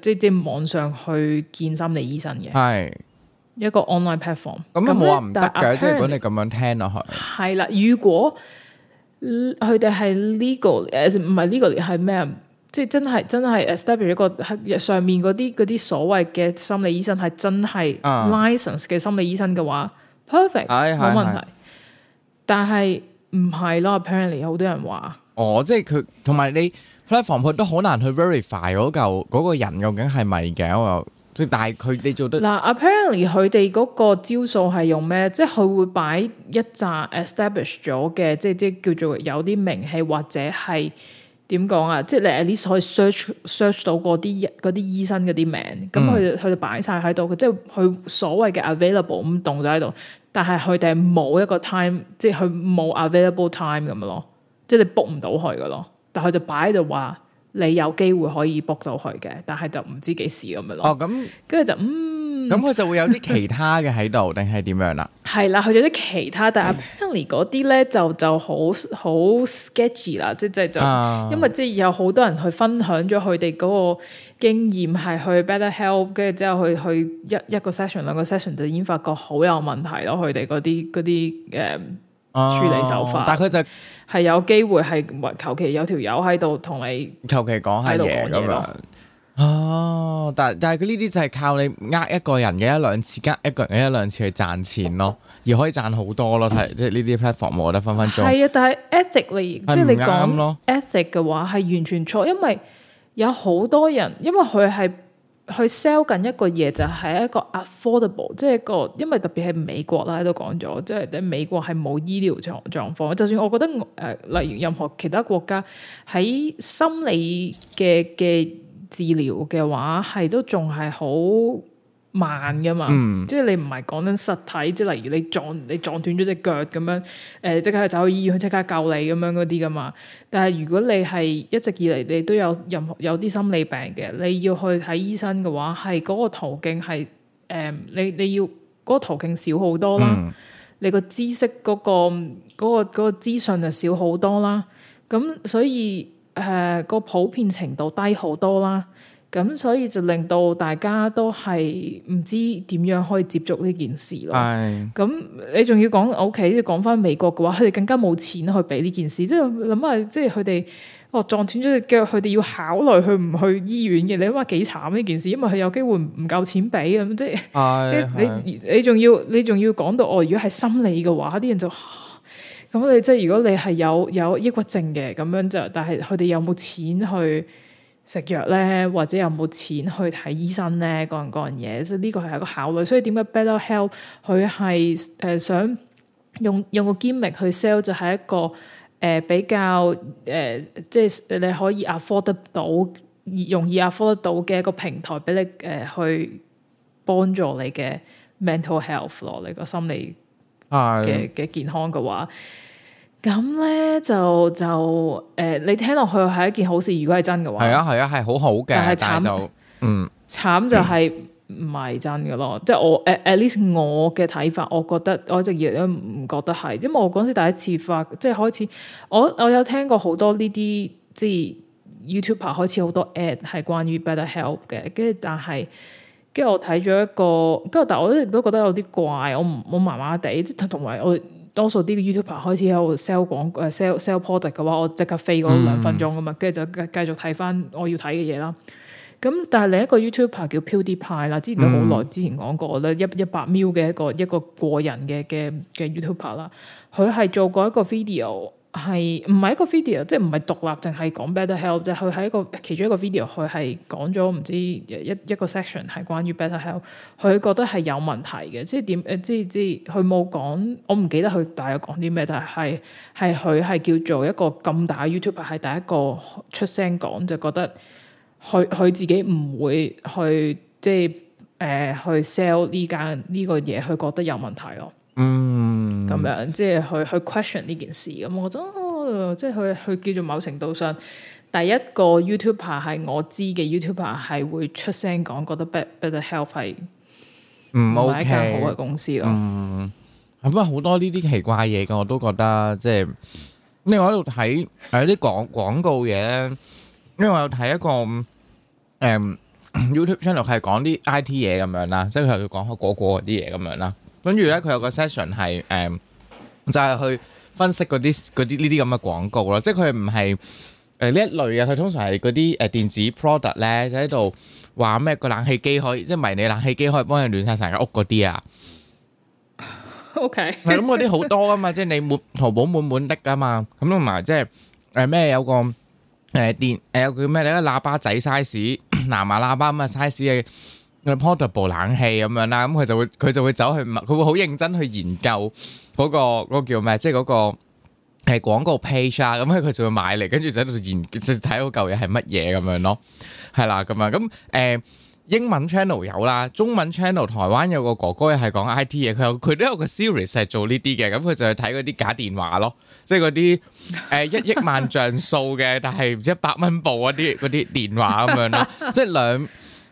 即即網上去見心理醫生嘅，係的一個 online platform。咁又冇話唔得嘅，apparently, 即係如果你咁樣聽落去，係啦。如果佢哋係 legal，唔係 legal 係咩？即係真係真係 establish 一個上面嗰啲嗰啲所謂嘅心理醫生係真係 license 嘅心理醫生嘅話，perfect 冇問題。但係唔係咯？Apparently 好多人話，哦，即係佢同埋你。Platform 佢都好難去 verify 嗰嚿，嗰個人究竟係咪嘅，我又，但係佢哋做得嗱，Apparently 佢哋嗰個招數係用咩？即係佢會擺一紮 establish 咗嘅，即係即係叫做有啲名氣或者係點講啊？即係你 at least 可以 search search 到嗰啲嗰啲醫生嗰啲名，咁佢佢就擺晒喺度，佢即係佢所謂嘅 available 咁凍咗喺度，但係佢哋冇一個 time，即係佢冇 available time 咁咯，即係你 book 唔到佢㗎咯。但佢就擺喺度話，你有機會可以 book 到佢嘅，但係就唔知幾時咁樣咯。哦，咁，跟住就嗯，咁佢就會有啲其他嘅喺度，定係點樣啦？係啦、啊，佢就有啲其他，但係 apparently 嗰啲咧就就好好 sketchy 啦，即即就係就哦、因為即有好多人去分享咗佢哋嗰個經驗，係去 BetterHelp，跟住之後去去一一個 session 兩個 session 就已經發覺好有問題咯，佢哋嗰啲啲誒。哦、處理手法，但佢就係有機會係求其有條友喺度同你求其講下嘢咁樣。哦，但但係佢呢啲就係靠你呃一個人嘅一兩次，呃一個人嘅一兩次去賺錢咯，而可以賺好多咯。睇，即係呢啲 platform，我覺得分分鐘係啊。但係 ethically 即係你講 ethic 嘅話係完全錯，因為有好多人，因為佢係。去 sell 緊一個嘢就係一個 affordable，即係一個，因為特別係美國啦，都度講咗，即係你美國係冇醫療狀狀況，就算我覺得誒、呃，例如任何其他國家喺心理嘅嘅治療嘅話，係都仲係好慢噶嘛，嗯、即係你唔係講緊實體，即係例如你撞你撞斷咗隻腳咁樣，誒、呃、即刻去走去醫院去即刻救你咁樣嗰啲噶嘛。但係如果你係一直以嚟，你都有任何有啲心理病嘅，你要去睇醫生嘅話，係嗰個途徑係誒你你要嗰、嗰個途徑少好多啦，嗯、你個知識嗰、嗰個嗰、嗰個、嗰個資訊就少好多啦。咁所以誒、呃個普遍程度低好多啦。咁所以就令到大家都係唔知點樣可以接觸呢件事咯。咁是你仲要講 O K，要講返美國嘅話，佢哋更加冇錢去俾呢件事。即係諗下，即係佢哋哦撞斷咗隻腳，佢哋要考慮去唔去醫院嘅。你諗下幾慘呢件事，因為佢有機會唔夠錢俾咁。是即係你是你仲要你仲要講到哦，如果係心理嘅話，啲人就咁、呃、你即係如果你係有有抑鬱症嘅咁樣就，但係佢哋有冇錢去？食藥咧，或者有冇錢去睇醫生咧，嗰樣嗰樣嘢，所以呢個係一個考慮。所以點解 BetterHelp 佢係誒想用用個 gimmick 去 sell 就係一個誒、呃、比較誒、呃、即係你可以 afford 得到，容易 afford 得到嘅一個平台俾你誒、呃、去幫助你嘅 mental health 咯，你個心理嘅嘅、哎、呀健康嘅話。咁咧就就誒、呃，你聽落去係一件好事。如果係真嘅話，係啊係啊係好好嘅，但係就嗯，慘就係唔係真嘅咯。嗯、即係我 at at least 我嘅睇法，我覺得我一直以嚟都唔覺得係，因為我嗰時第一次發，即係開始，我我有聽過好多呢啲即係 YouTuber 開始好多 ad 係關於 Better Help 嘅，跟住但係跟住我睇咗一個，跟住但我一直都覺得有啲怪，我唔，我麻麻地，即同埋我。多數啲個 YouTuber 開始喺度 sell 廣誒 sell sell product 嘅話，我即刻飛嗰兩分鐘㗎嘛。跟住、嗯、就繼繼續睇翻我要睇嘅嘢啦。咁但係另一個 YouTuber 叫 PewDiePie 啦，之前都好耐之前講過，咧一一百秒嘅一個一個個人嘅嘅嘅 YouTuber 啦，佢係做過一個 video。係唔係一個 video，即係唔係獨立淨係講 BetterHelp，就佢喺一個其中一個 video，佢係講咗唔知一一個 section 係關於 BetterHelp 佢覺得係有問題嘅，即係點誒，即係即係佢冇講，我唔記得佢大概講啲咩，但係係係佢係叫做一個咁大 YouTube 係第一個出聲講，就覺得佢佢自己唔會去即係誒、呃、去 sell 呢間呢個嘢，佢覺得有問題咯。嗯，咁樣即係去去 question 呢件事咁，我覺得，哦、即係佢去，去叫做某程度上，第一個 YouTuber 係我知嘅 YouTuber 係會出聲講，覺得 Better Health 係唔係一間好嘅公司咯。嗯，係好、嗯、多呢啲奇怪嘢嘅，我都覺得即係。另外喺度睇誒啲廣廣告嘢咧，因為我有睇一,一個誒、嗯、YouTube channel 係講啲 I T 嘢咁樣啦，即係佢講下嗰個啲嘢咁樣啦。跟住咧，佢有個 session 係誒、呃，就係、是、去分析嗰啲啲呢啲咁嘅廣告咯，即係佢唔係誒呢一類嘅，佢通常係嗰啲誒電子 product 咧，就喺度話咩個冷氣機可以，即係迷你冷氣機可以幫你暖晒成間屋嗰啲啊。OK，係咁，嗰啲好多啊嘛，即係你滿淘寶滿滿的㗎嘛，咁同埋即係誒咩有個誒電誒叫咩咧喇叭仔 size，咳咳南亞喇叭咁嘅 size 嘅。可 portable 冷氣咁樣啦，咁佢就會佢就會走去佢會好認真去研究嗰個嗰個叫咩，即係嗰個係廣告 page 啊。咁佢就會買嚟，跟住就喺度研究，就睇嗰嚿嘢係乜嘢咁樣咯，係啦咁樣。咁誒、嗯、英文 channel 有啦，中文 channel 台灣有個哥哥係講 I T 嘅，佢有佢都有個 series 係做呢啲嘅，咁佢就去睇嗰啲假電話咯，即係嗰啲誒一億萬像素嘅， 但係唔知一百蚊部嗰啲啲電話咁樣啦，即係兩。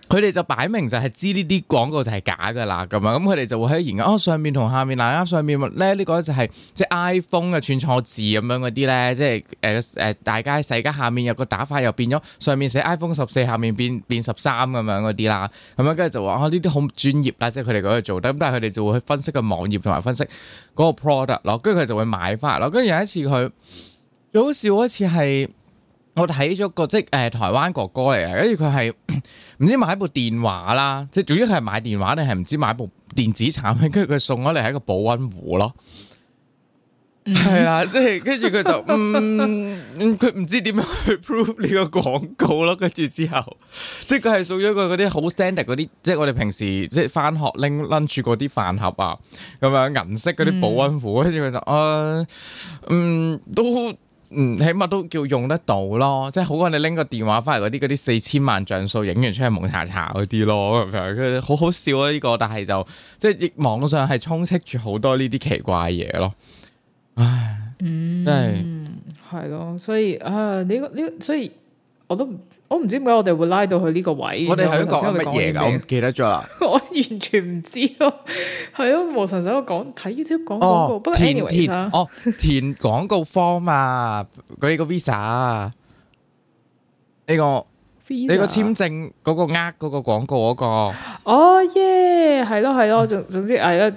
佢哋就擺明就係知呢啲廣告就係假噶啦，咁啊咁佢哋就會喺研究哦，上面同下面嗱啱，上面咧呢個就係即係 iPhone 嘅串錯字咁樣嗰啲咧，即係誒誒大楷細楷下面有個打法又變咗，上面寫 iPhone 十四，下面變變十三咁樣嗰啲啦，咁啊跟住就話哦呢啲好專業啦，即係佢哋嗰度做，咁但係佢哋就會去分析個網頁同埋分析嗰個 product 咯，跟住佢就會買翻嚟咯，跟住有一次佢最好笑嗰一次係。我睇咗個即係誒台灣哥哥嚟嘅，跟住佢係唔知買部電話啦，即係總之佢係買電話定係唔知買部電子產品，跟住佢送咗嚟係一個保溫壺咯，係、嗯、啊，即係跟住佢就佢唔、嗯 嗯、知點樣去 prove 呢個廣告咯，跟住之後即係佢係送咗個嗰啲好 standard 嗰啲，即係我哋平時即係返學拎拎住嗰啲飯盒啊，咁樣銀色嗰啲保溫壺，跟住佢就誒、呃、嗯都。嗯，起碼都叫用得到咯，即係好過你拎個電話翻嚟嗰啲嗰啲四千萬像素影完出去蒙查查嗰啲咯，好好笑啊呢、呢個，但係就即係網上係充斥住好多呢啲奇怪嘢咯，唉，嗯、真係係咯，所以啊，呢個呢個，所以我都。我唔知點解我哋會拉到去呢個位。我哋喺度講緊乜嘢噶？我唔記得咗啦。 我完全唔知咯。係咯，冇神神講睇 YouTube 講廣告，哦、不過填填哦 填廣告 form 嘛。嗰個 visa，呢 Visa? 個呢個簽證嗰個呃嗰個廣告嗰個。哦耶，係咯係咯，總總之係啦。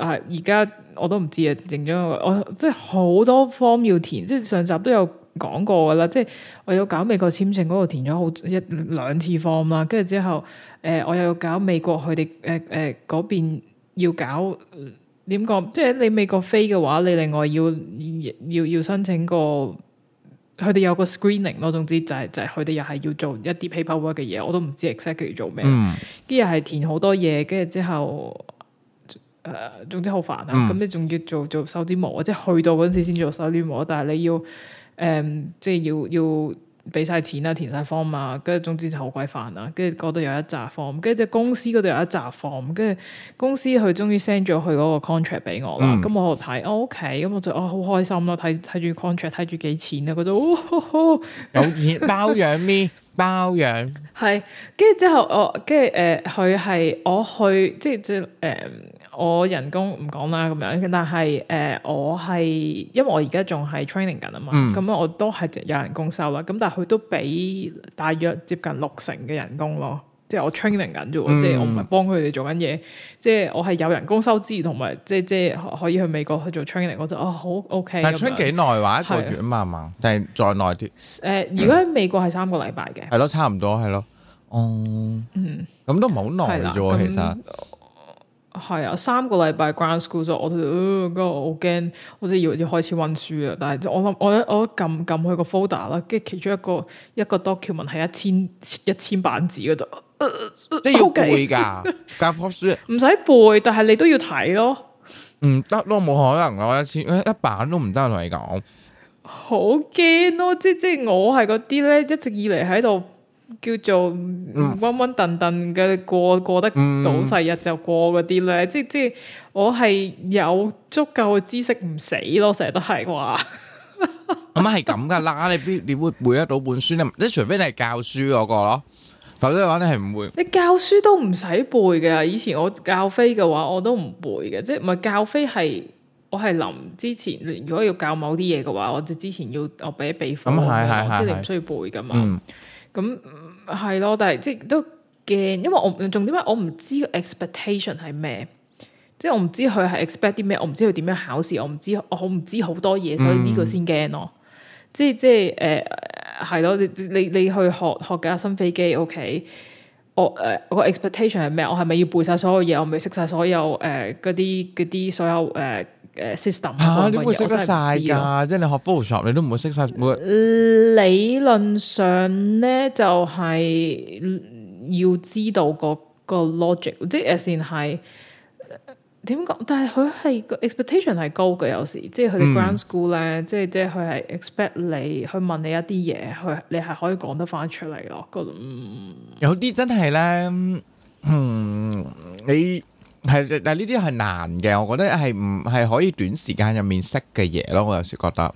係而家我都唔知啊，整咗我即係好多 form 要填，即係上集都有。講過噶啦，即係我有搞美國簽證嗰度填咗好一兩次 form 啦，跟住之後誒、呃，我有搞美國佢哋誒誒嗰邊要搞點講、呃，即係你美國飛嘅話，你另外要要要,要申請個佢哋有個 screening 咯，總之就係就係佢哋又係要做一啲 paperwork 嘅嘢，我都唔知 exactly 要做咩，跟住係填好多嘢，跟住之後誒，總之好煩啊！咁、嗯、你仲要做做手指模啊，即係去到嗰陣時先做手指模，但係你要。誒、嗯，即係要要俾曬錢啊，填晒 form 嘛，跟住總之就好鬼煩啊。跟住嗰度有一紮 form，跟住隻公司嗰度有一紮 form，跟住公司佢終於 send 咗佢嗰個 contract 俾我啦，咁、嗯、我睇，哦 OK，咁我就哦好開心咯，睇睇住 contract，睇住幾錢啊，覺得哇有錢包養咩包養，係跟住之後我跟住誒，佢係我去即係即誒。我人工唔講啦咁樣，但係誒我係因為我而家仲係 training 緊啊嘛，咁我都係有人工收啦，咁但係佢都俾大約接近六成嘅人工咯，即係我 training 緊啫，即係我唔係幫佢哋做緊嘢，即係我係有人工收支同埋即即可以去美國去做 training，我就哦好 OK。但係 train 幾耐話一個月啊嘛，係咪？但係再耐啲。誒而家喺美國係三個禮拜嘅。係咯，差唔多係咯。哦，咁都唔係好耐啫，其實。係啊，三個禮拜 ground school 咗、呃，我，嗰個好驚，我就要要開始温書啦。但係我諗我我撳撳去個 folder 啦，跟住其中一個一個 document 係一千一千版紙嗰度，呃、即係要背噶 Okay 教科書，唔使背，但係你都要睇咯。唔得咯，冇可能啊，一千一版都唔得同你講。好驚咯，即係即係我係嗰啲咧，一直以嚟喺度。叫做溫溫頓頓嘅過過得到晒日就過嗰啲咧，即即我係有足夠嘅知識唔死咯，成日都係話。咁係咁噶啦，你必你會背得到本書咧，即除非你係教書嗰個咯，否則嘅話你係唔會。你教書都唔使背嘅，以前我教飛嘅話我都唔背嘅，即唔係教飛係我係臨之前，如果要教某啲嘢嘅話，我就之前要我俾一秘方，咁係係係，即你唔需要背噶嘛。咁係咯，但係即都驚，因為我重點係我唔知個 expectation 係咩，即係我唔知佢係 expect 啲咩，我唔知佢點樣考試，我唔知我我唔知好多嘢，所以呢個先驚咯。即係即係誒，係、呃、咯，你你你去學學架新飛機，OK，我誒個 expectation 係咩？我係咪要背曬所有嘢？我咪要識曬所有誒嗰啲啲所有誒？呃誒，system 啊，你唔會識得晒噶，即係你學 Photoshop，你都唔會識晒。理論上咧，就係要知道個 logic，即係先係點講？但係佢係個 expectation 係高嘅有時，即係佢哋 ground school 咧，嗯，即係即係佢係 expect 你去問你一啲嘢，佢你係可以講得翻出嚟咯。個有啲真係咧，嗯，你。係但係呢啲係難嘅，我覺得係唔係可以短時間入面識嘅嘢咯。我有時覺得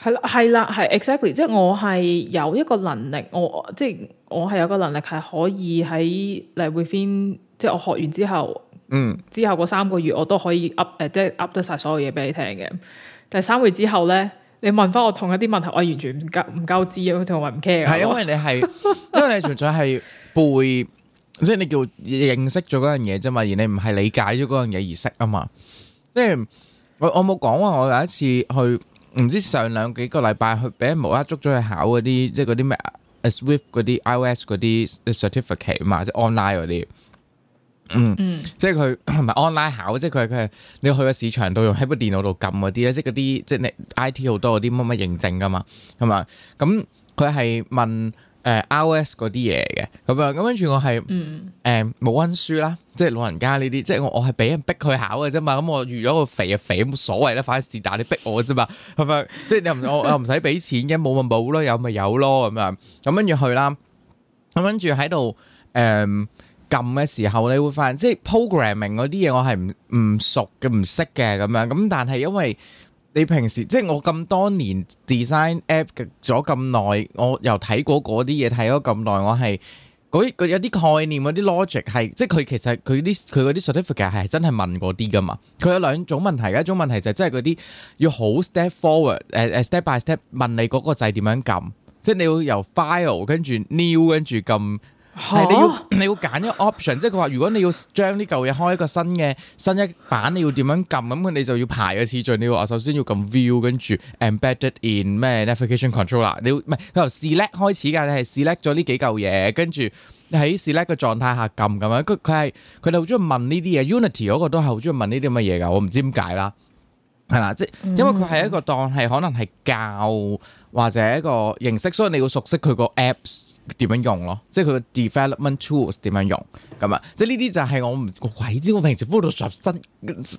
係啦係啦係 exactly，即係我係有一個能力，我即係我係有個能力係可以喺 reviewing 即係我學完之後，嗯，之後嗰三個月我都可以 up 誒，即係 update 晒所有嘢俾你聽嘅。但係三個月之後咧，你問翻我同一啲問題，我完全唔夠唔夠知啊，同埋唔 care。係因為你係 因為你純粹係背。 即係你叫認識咗嗰樣嘢啫嘛，而你唔係理解咗嗰樣嘢而識啊嘛。即係我我冇講話我有一次去，唔知上兩幾個禮拜去俾人無啦捉咗去考嗰啲，即係嗰啲咩 Swift 嗰啲 iOS 嗰啲 certificate 啊嘛，即係 online 嗰啲。嗯、嗯即係佢係咪 online 考，即係佢佢係你去個市場度用喺部電腦度撳嗰啲咧，即係嗰啲即係你 IT 好多嗰啲乜乜認證噶嘛，係嘛？咁佢係問。誒 iOS 嗰啲嘢嘅咁啊，咁跟住我係誒冇温書啦，即係老人家呢啲，即係我我係俾人逼佢考嘅啫嘛，咁我預咗個肥啊肥，冇所謂啦，反事是但你逼我啫嘛，係咪？ 即係你唔 我我唔使俾錢嘅，冇咪冇咯，有咪有咯咁啊，咁跟住去啦，咁跟住喺度誒撳嘅時候，你會發現即係 programming 嗰啲嘢，我係唔唔熟嘅，唔識嘅咁樣，咁但係因為。你平時即係我咁多年 design app 咗咁耐，我又睇過嗰啲嘢睇咗咁耐，我係嗰有啲概念嗰啲 logic 係，即係佢其實佢啲佢嗰啲 certificate 係真係問嗰啲㗎嘛。佢有兩種問題，一種問題就係、是、即係嗰啲要好 step forward，誒、uh, 誒 step by step 問你嗰個掣點樣撳，即係你要由 file 跟住 new 跟住撳。係你要你要揀一 option，即係佢話如果你要將呢嚿嘢開一個新嘅新一版，你要點樣撳咁？你就要排個次序。你要話首先要撳 view，跟住 embedded in 咩 navigation controller 你，你唔係佢由 select 開始㗎，你係 select 咗呢幾嚿嘢，跟住你喺 select 個狀態下撳咁樣。佢佢佢哋好中意問呢啲嘢，Unity 嗰個都係好中意問呢啲乜嘢㗎。我唔知點解啦，係啦，即因為佢係一個當係可能係教。或者一個形式，所以你要熟悉佢個 apps 點樣用咯，即係佢個 development tools 點樣用咁啊！即係呢啲就係我唔鬼知，我平時 Photoshop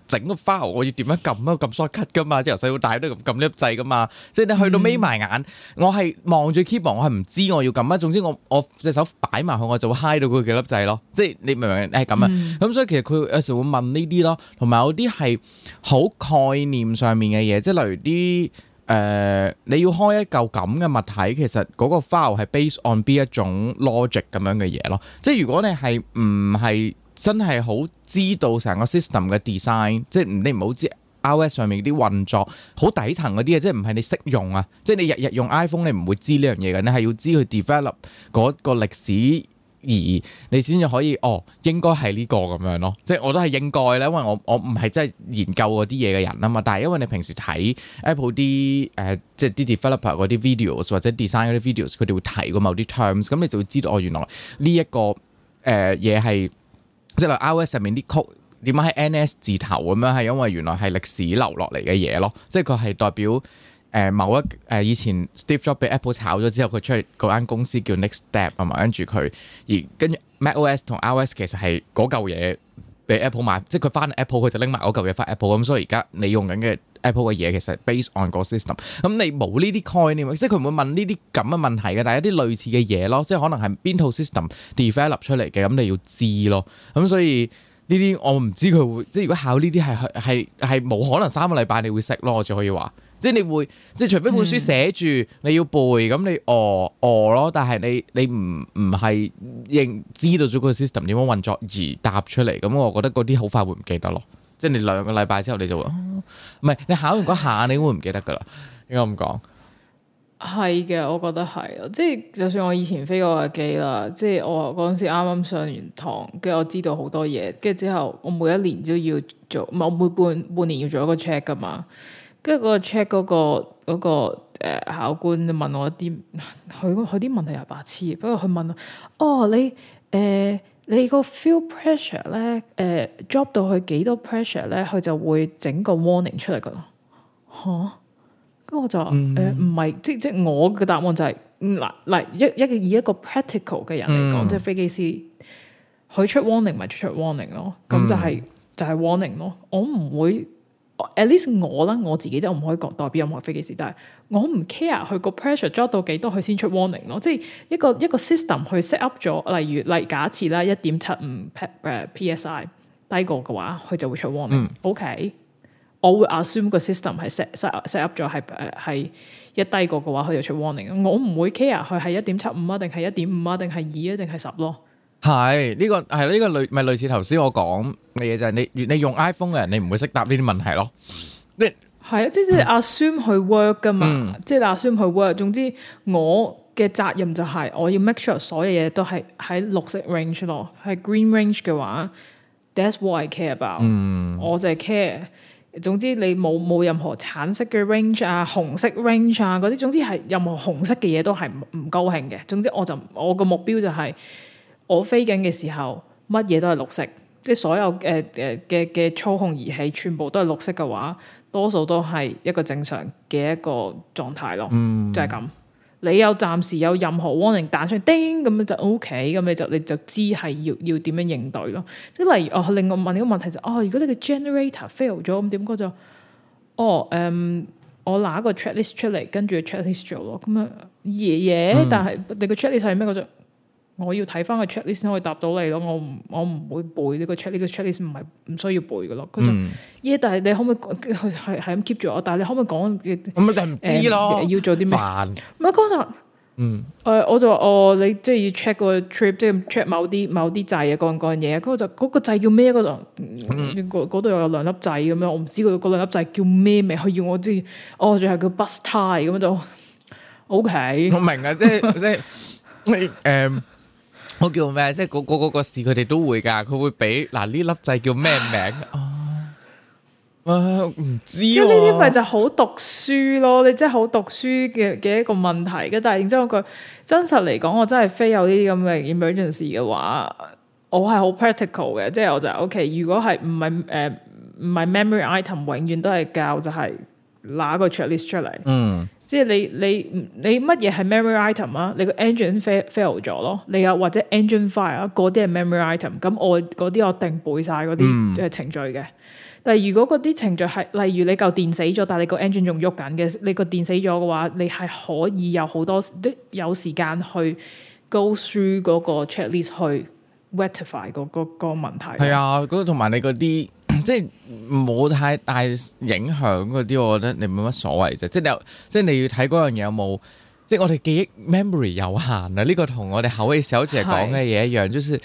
整個 file 我要點樣撳啊，撳 shortcut 噶嘛，即係由細到大都咁撳粒掣噶嘛。即係你去到眯埋眼，我係望住 keyboard，我係唔知我要撳啊。總之我我隻手擺埋去，我就會 high 到佢幾粒掣咯。即係你明唔明？係咁啊。咁所以其實佢有時會問呢啲咯，同埋有啲係好概念上面嘅嘢，即係例如啲。誒、呃，你要開一嚿咁嘅物體，其實嗰個 file 係 base on 邊一種 logic 咁樣嘅嘢咯。即係如果你係唔係真係好知道成個 system 嘅 design，即係你唔好知 iOS 上面啲運作，好底層嗰啲嘢，即係唔係你識用啊？即係你日日用 iPhone，你唔會知呢樣嘢嘅，你係要知佢 develop 嗰個歷史。而你先至可以哦，應該係呢個咁樣咯，即係我都係應該咧，因為我我唔係真係研究嗰啲嘢嘅人啊嘛，但係因為你平時睇 Apple 啲誒、呃，即係啲 developer 嗰啲 videos 或者 design 嗰啲 videos，佢哋會提過某啲 terms，咁你就會知道哦，原來呢、這、一個誒嘢係即係 iOS 上面啲曲點解係 NS 字頭咁樣，係因為原來係歷史留落嚟嘅嘢咯，即係佢係代表。誒、呃、某一誒、呃、以前 Steve Jobs 俾 Apple 炒咗之後，佢出去嗰間公司叫 Next Step 啊、嗯、嘛，跟住佢而跟住 Mac OS 同 iOS 其實係嗰嚿嘢俾 Apple 買，即係佢翻 Apple 佢就拎埋嗰嚿嘢翻 Apple 咁，所以而家你用緊嘅 Apple 嘅嘢其實 based on 個 system，咁、嗯、你冇呢啲概念，即係佢唔會問呢啲咁嘅問題嘅，但係一啲類似嘅嘢咯，即係可能係邊套 system develop 出嚟嘅，咁、嗯、你要知咯，咁、嗯、所以呢啲我唔知佢會即係如果考呢啲係係係冇可能三個禮拜你會識咯，我就可以話。即係你會，即係除非本書寫住你要背，咁、嗯、你哦哦咯。但係你你唔唔係認知道咗個 system 點樣運作而答出嚟，咁我覺得嗰啲好快會唔記得咯。即係你兩個禮拜之後你就會、唔係、哦、你考完嗰下你會唔記得噶啦？應該咁講？係嘅，我覺得係，即係就算我以前飛過架機啦，即係我嗰陣時啱啱上完堂，跟住我知道好多嘢。跟住之後我每一年都要做，唔係我每半半年要做一個 check 噶嘛。跟住、嗰個 check 嗰、嗰個嗰個、呃、考官就問我啲，佢佢啲問題又白痴。不過佢問我：哦，你誒、呃、你個 feel pressure 咧、呃，誒 drop 到去幾多 pressure 咧，佢就會整個 warning 出嚟噶咯。啊」嚇！跟住我就話唔係，即即我嘅答案就係、是，嗱、嗯、嗱一一個以一個 practical 嘅人嚟講，嗯、即飛機師，佢出 warning 咪出出 warning 咯，咁就係、是嗯、就係 warning 咯，我唔會。at least 我啦，我自己，即係我唔可以講代表任何飛機師，但係我唔 care 佢個 pressure drop 到幾多佢先出 warning 咯，即係一個一個 system 去 set up 咗，例如例如假設啦，一點七五 psi 低過嘅話，佢就會出 warning。嗯、OK，我會 assume 個 system 係 set set up 咗係係一低過嘅話，佢就出 warning。我唔會 care 佢係一點七五啊，定係一點五啊，定係二啊，定係十咯。係呢、呢個係呢、呢個類咪類似頭先我講嘅嘢就係、是、你，你用 iPhone 嘅人你唔會識答呢啲問題咯。你係啊，即、就、係、是、assume 去 work 噶嘛，即係 assume 去 work。Works，總之我嘅責任就係我要 make sure 所有嘢都係喺綠色 range 咯，係 green range 嘅話，that's what I care about、嗯。我就係 care。總之你冇冇任何橙色嘅 range 啊、紅色 range 啊嗰啲，總之係任何紅色嘅嘢都係唔高興嘅。總之我就我個目標就係、是。我飛緊嘅時候，乜嘢都係綠色，即係所有誒誒嘅嘅操控儀器全部都係綠色嘅話，多數都係一個正常嘅一個狀態咯，嗯、就係咁。你有暫時有任何 warning 彈出嚟，叮咁樣就 OK，咁你就你就知係要要點樣應對咯。即係例如，哦，另外問你個問題就是、哦，如果你嘅 generator fail 咗，咁點解就？哦，誒、呃，我拿一個 check list 出嚟，跟住 check list 做咯。咁啊，爺爺，嗯、但係你個 check list 係咩？我要睇翻個 checklist 先可以答到你咯，我唔我唔會背呢、呢個 check 呢個 checklist 唔係唔需要背噶咯。就嗯。耶！Yeah, 但係你可唔可以去係係咁 keep 住我？但係你可唔可以講？咁咪就唔知咯，要做啲咩？唔係嗰陣，我就話、嗯、哦，你即係要 check 個 trip，即係 check 某啲某啲掣嘅嗰樣嘢，樣嘢。就嗰、嗰個掣叫咩嗰度？度、嗯、又、嗯、有兩粒掣咁樣，我唔知佢嗰兩粒掣叫咩名。佢要我知，哦，仲、哦、係叫 bus tie 咁樣就 OK，我明啊，即係即係，誒。 我叫咩？即係嗰嗰嗰個事，佢哋都會噶，佢會俾嗱呢粒掣叫咩名啊？唔、啊啊、知、啊、即係呢啲咪就好讀書咯？你即係好讀書嘅嘅一個問題嘅。但係然之後句真實嚟講，我真係非有呢啲咁嘅 emergency 嘅話，我係好 practical 嘅，即係我就 ok。如果係唔係誒唔、uh，係 memory item，永遠都係教就係嗱個 checklist 出嚟。嗯。即係你你你乜嘢係 memory item 啊？你個 engine fail 咗咯，你又或者 engine fire 啊？嗰啲係 memory item，咁我嗰啲我定背晒嗰啲嘅程序嘅。嗯、但係如果嗰啲程序係，例如你嚿電死咗，但係你個 engine 仲喐緊嘅，你個電死咗嘅話，你係可以有好多時都有時間去 go through 嗰個 checklist 去 verify 嗰個個問題。係啊，嗰個同埋你嗰啲。即係冇太大影響嗰啲，我覺得你冇乜所謂啫。即係你有有，即係你要睇嗰樣嘢有冇。即係我哋記憶 memory 有限啊。呢、這個同我哋口味小姐講嘅嘢一樣，是就是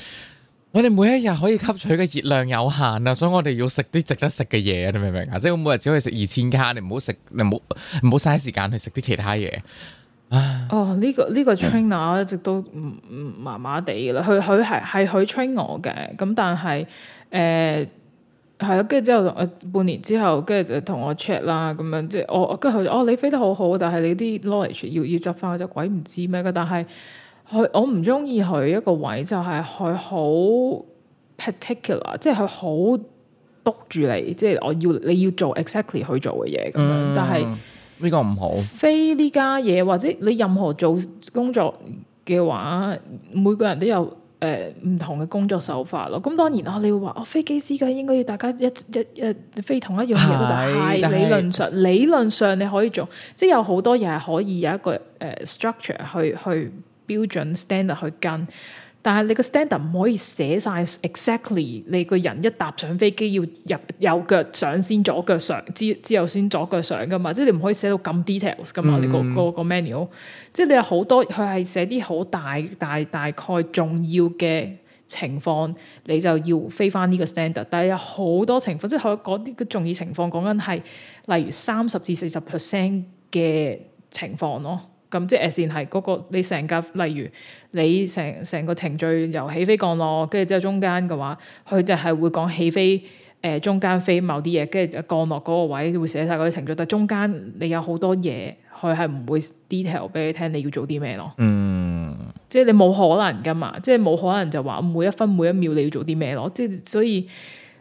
我哋每一日可以吸取嘅熱量有限啊。所以我哋要食啲值得食嘅嘢，你明唔明啊？即係我每日只可以食二千卡，你唔好食，你唔好唔好嘥時間去食啲其他嘢。啊、oh, 這個！哦，呢個呢個 trainer 一直都麻麻地啦。佢佢係係佢 train 我嘅，咁但係誒。誒係啊，跟住之後，誒半年之後，後跟住就同我 check 啦，咁樣即係我，跟住佢哦，你飛得好好，但係你啲 knowledge 要要執翻，我真係鬼唔知咩嘅。但係佢我唔中意佢一個位，就係佢好 particular，即係佢好督住你，即係我要你要做 exactly 去做嘅嘢咁樣。但係呢、嗯這個唔好飛呢家嘢，或者你任何做工作嘅話，每個人都有。誒唔、呃、同嘅工作手法咯，咁、嗯、當然啦、哦，你會話哦，飛機師嘅應該要大家一一一非同一樣嘢咯，就係理論上，理論上你可以做，即係有好多嘢係可以有一個誒、呃、structure 去去標準 standard 去跟。但係你個 standard 唔可以寫晒 exactly，你個人一搭上飛機要入右腳上先左腳上之之後先左腳上噶嘛，即係你唔可以寫到咁 details 噶嘛，嗯、你個個個 menu 即係你有好多佢係寫啲好大大大概重要嘅情況，你就要飛翻呢個 standard。但係有好多情況，即係佢講啲個重要情況講緊係，例如三十至四十 percent 嘅情況咯。咁即係先係嗰個你成架，例如你成成個程序由起飛降落，跟住之後中間嘅話，佢就係會講起飛誒、呃、中間飛某啲嘢，跟住降落嗰個位會寫晒嗰啲程序。但中間你有好多嘢，佢係唔會 detail 俾你聽你要做啲咩咯。嗯，即係你冇可能㗎嘛，即係冇可能就話每一分每一秒你要做啲咩咯。即係所以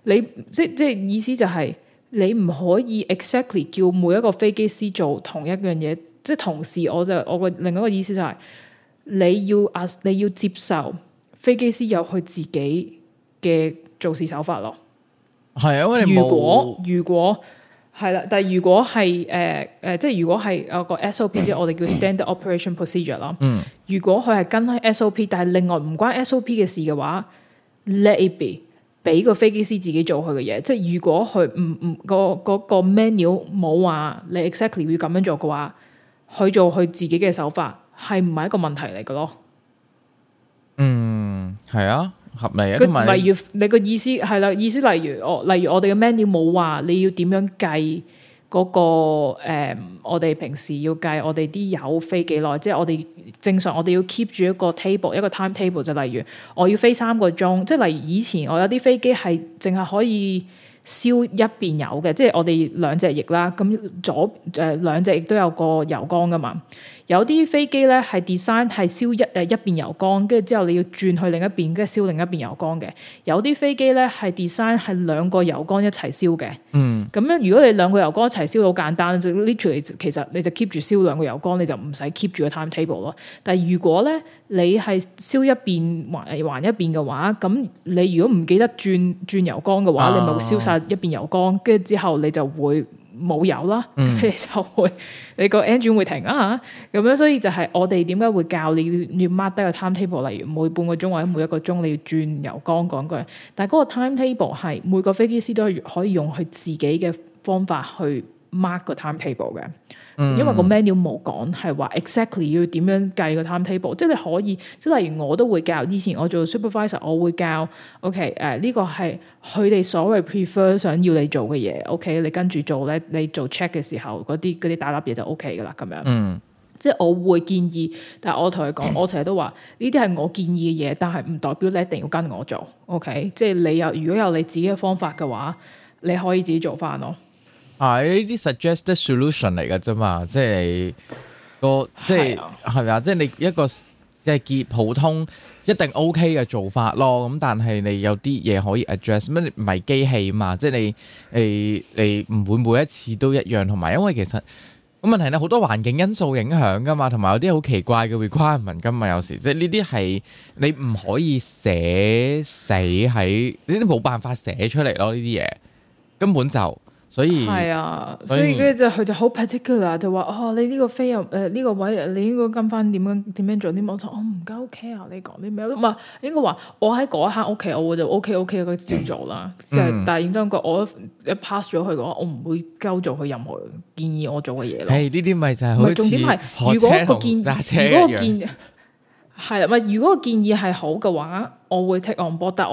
你即即係意思就係、是、你唔可以 exactly 叫每一個飛機師做同一樣嘢。即係同時，我就我個另一個意思就係你要啊，你要接受飛機師有佢自己嘅做事手法咯。係啊，因 為樂如果如果係啦，但係如果係誒誒，即係如果係有個 SOP 即係我哋叫 standard operation procedure 咯。嗯，如果佢係、呃呃、 跟開 SOP，但係另外唔關 SOP 嘅事嘅話，let it be，俾個飛機師自己做佢嘅嘢。即係、 就是、如果佢唔唔嗰嗰個、那個那個、menu 冇話你 exactly 會咁樣做嘅話。That. 佢做佢自己嘅手法，係唔係一個問題嚟嘅咯？嗯，係啊，合理啊。佢例如你個意思係啦、啊，意思例如我、哦，例如我哋嘅 menu 冇話你要點樣計嗰、那個誒、嗯，我哋平時要計我哋啲油飛幾耐，即係我哋正常我哋要 keep 住一個 table 一個 time table 就例如我要飛三個鐘，即係例如以前我有啲飛機係淨係可以。燒一邊有嘅，即係我哋兩隻翼啦，咁左誒，兩隻翼都有個油缸噶嘛。有啲飛機咧係 design 係燒一誒一邊油缸，跟住之後你要轉去另一邊，跟住燒另一邊油缸嘅。有啲飛機咧係 design 係兩個油缸一齊燒嘅。嗯，咁樣如果你兩個油缸一齊燒好簡單，就 literally 其實你就 keep 住燒兩個油缸，你就唔使 keep 住個 time table 咯。但係如果咧你係燒一邊還還一邊嘅話，咁你如果唔記得轉轉油缸嘅話，你咪會燒晒一邊油缸，跟住、啊、之後你就會，冇油啦，佢、嗯、就會你個 engine 會停啊，咁樣所以就係我哋點解會教你要要 mark 低個 time table，例如每半個鐘、嗯、或者每一個鐘你要轉油缸講句。但係嗰個 time table 係每個飛機師都可以用佢自己嘅方法去 mark 個 time table 嘅。因為個 menu 冇講係話 exactly 要點樣計個 time table，即係你可以，即係例如我都會教。以前我做 supervisor，我會教，OK，誒、呃、呢個係佢哋所謂 prefer 想要你做嘅嘢，OK，你跟住做咧，你做 check 嘅時候嗰啲啲大粒嘢就 OK 噶啦，咁樣。嗯，即係我會建議，但係我同佢講，我成日都話呢啲係我建議嘅嘢，但係唔代表你一定要跟我做，OK？即係你有如果有你自己嘅方法嘅話，你可以自己做翻咯。係呢啲 suggested solution 嚟噶啫嘛，即係個即係係咪啊？即係你一個即係結普通一定 OK 嘅做法咯。咁但係你有啲嘢可以 address 咩？唔係機器嘛，即係你你你唔會每一次都一樣，同埋因為其實個問題咧好多環境因素影響噶嘛，同埋有啲好奇怪嘅 requirement 噶嘛，有時即係呢啲係你唔可以寫死喺呢啲冇辦法寫出嚟咯，呢啲嘢根本就。所以係啊，所以跟住就佢就好 particular，就話哦，你呢個飛入誒呢個位，你應該跟翻點樣點樣做啲乜？我我唔緊 O K 啊，你講啲咩？唔係應該話我喺嗰一刻 O K，我就 O K O K，我照做啦。就但係認真講，我一 pass 咗佢嘅話，我唔會交做佢任何建議我做嘅嘢啦。係呢啲咪就係重點係，如果個建議，如果個建議係啦，咪如果個建議係好嘅話，我會 take on board，但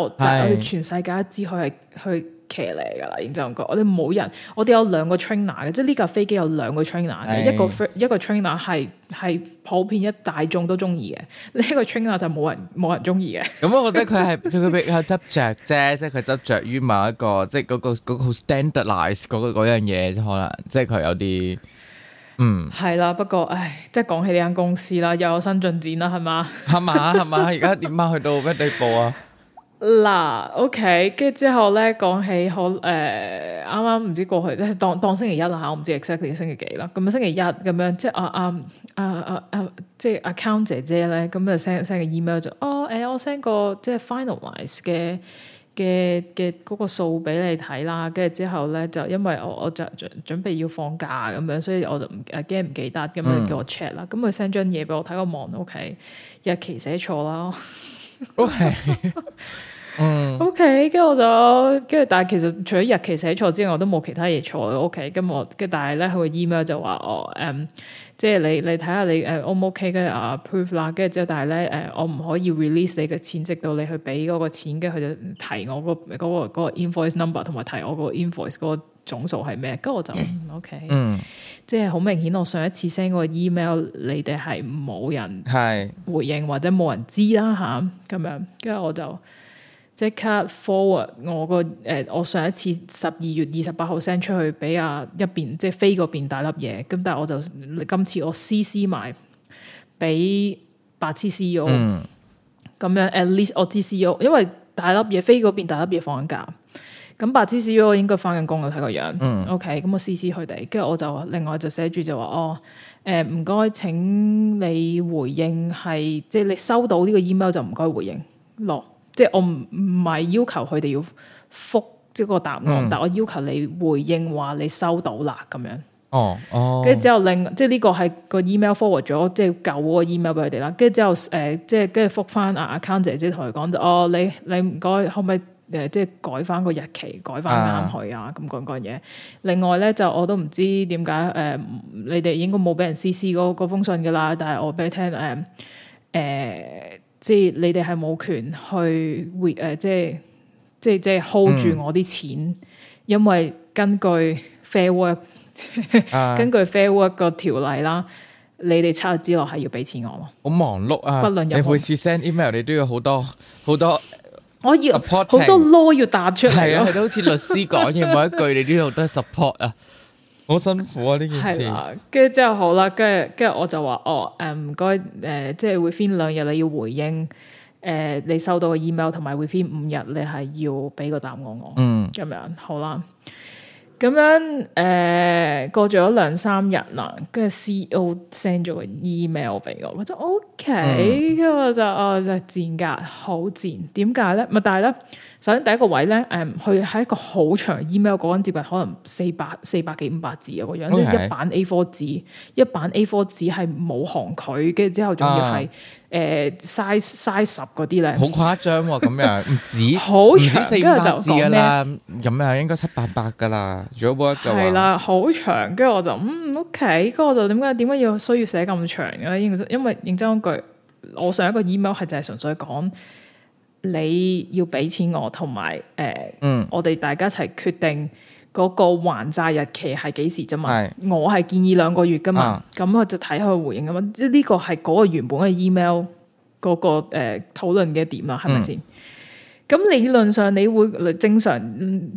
係我全世界知佢係去騎嚟噶啦，然之後我我哋冇人，我哋有兩個 trainer 嘅，即係呢架飛機有兩個 trainer 嘅，哎、一個一個 trainer 係係普遍一大眾都中意嘅，呢、呢個 trainer 就冇人冇人中意嘅。咁、嗯、我覺得佢係佢比較執着啫，即係佢執着於某一個，即係、嗰、嗰個嗰 standardize 嗰個 stand、嗰個、樣嘢，可能即係佢有啲嗯係啦。不過唉，即係講起呢間公司啦，又有新進展啦，係嘛？係嘛？係嘛？而家點樣去到咩地步啊？嗱，OK，跟住之後咧講起好誒，啱啱唔知過去，即係當當星期一啦嚇，我唔知 exactly 星期幾啦。咁星期一咁樣，即係阿阿阿阿阿，即係 account 姐姐咧，咁就 send send 個 email 就，哦，誒、呃，我 send 個即係 finalize 嘅嘅嘅嗰、那個數俾你睇啦。跟住之後咧，就因為我我就準準備要放假咁樣，所以我就唔驚唔記得，咁樣就叫我 check 啦。咁佢 send 張嘢俾我睇，我望，OK，日期寫錯啦，OK。 嗯，OK，跟住我就跟住，但係其實除咗日期寫錯之外，我都冇其他嘢錯。OK，咁我跟住，但係咧佢個 email 就話我，誒、哦嗯，即係你看看你睇下你誒 O 唔 OK？嘅啊 proof、啊、啦，跟住之後，但係咧誒，我唔可以 release 你嘅錢，直到你去俾嗰個錢。跟住佢就提我、嗰個嗰、嗰個 invoice number 同埋提我個 invoice 嗰個總數係咩？跟住我就 OK，即係好明顯，我上一次 send 嗰個 email，你哋係冇人係回應是或者冇人知啦嚇，咁、啊、樣跟住我就。即刻 forward 我個誒、呃、我上一次十二月二十八號 send 出去俾啊一邊即係飛嗰邊大粒嘢，咁但係我就今次我 CC 埋俾白痴 CEO，咁、嗯、樣 at least 我 CEO，因為大粒嘢飛嗰邊大粒嘢放緊假，咁白痴 CEO 應該翻緊工我睇個樣、嗯、OK，咁我 CC 佢哋，跟住我就另外就寫住就話哦誒唔該請你回應係即係你收到呢個 email 就唔該回應落。即係我唔唔係要求佢哋要覆即係個答案，嗯、但我要求你回應話你收到啦咁樣。哦哦，跟住之後另即係呢個係個 email forward 咗，即、就、係、是、舊個 email 俾佢哋啦。跟住之後誒，即係跟住覆翻，阿阿康姐姐同佢講哦，你你唔該可唔可以誒、呃，即係改翻個日期，改翻啱佢啊咁、啊、各樣嘢。另外咧就我都唔知點解誒，你哋應該冇俾人 CC 嗰嗰封信噶啦。但係我俾你聽誒誒。呃呃呃呃即係你哋係冇權去誒、呃，即係即係即係 hold 住我啲錢，嗯、因為根據 fair work， 根據 fair work 個條例啦，呃、你哋七日之內係要俾錢我。好忙碌啊！不論你每次 send email，你都要好多好多，多我要好 ort 多 law 要打出嚟，係啊， 啊好似律師講嘅每一句，你呢度都 support 啊。好 辛苦啊！呢件事，跟住之後好啦，跟住跟住我就話哦，誒唔該，誒、呃、即係會翻兩日你要回應，誒、呃、你收到個 email 同埋會翻五日，你係要俾個答案我，嗯，咁樣，好啦，咁樣誒、呃、過咗兩三日啦，跟住 CEO send 咗個 email 俾我，我就 OK，跟住我就哦，就賤格，好賤，點解咧？咪但係咧？首先第一個位咧，誒、嗯，佢喺一個好長 email 嗰陣接近，可能四百四百幾五百字嘅個樣，Okay. 即係一版 A4 紙，一版 A4 紙係冇行距。跟住之後仲要係誒 size size 十嗰啲咧，好誇張喎、啊！咁樣唔 止，唔長止跟住就四五百字噶啦，咁啊麼應該七八百噶啦，做 work 嘅話係啦，好、 啊、長，跟住我就嗯 OK，跟住我就點解點解要，要需要寫咁長嘅咧？因為認真句，我上一個 email 係就係純粹講。你要俾錢我，同埋誒，呃、嗯，我哋大家一齊決定嗰個還債日期係幾時啫是嘛？啊、我係建議兩個月噶嘛，咁我就睇佢回應咁啊，即係呢個係嗰個原本嘅 email 嗰、嗰個誒討論嘅點啦，係咪先？咁、嗯、理論上你會正常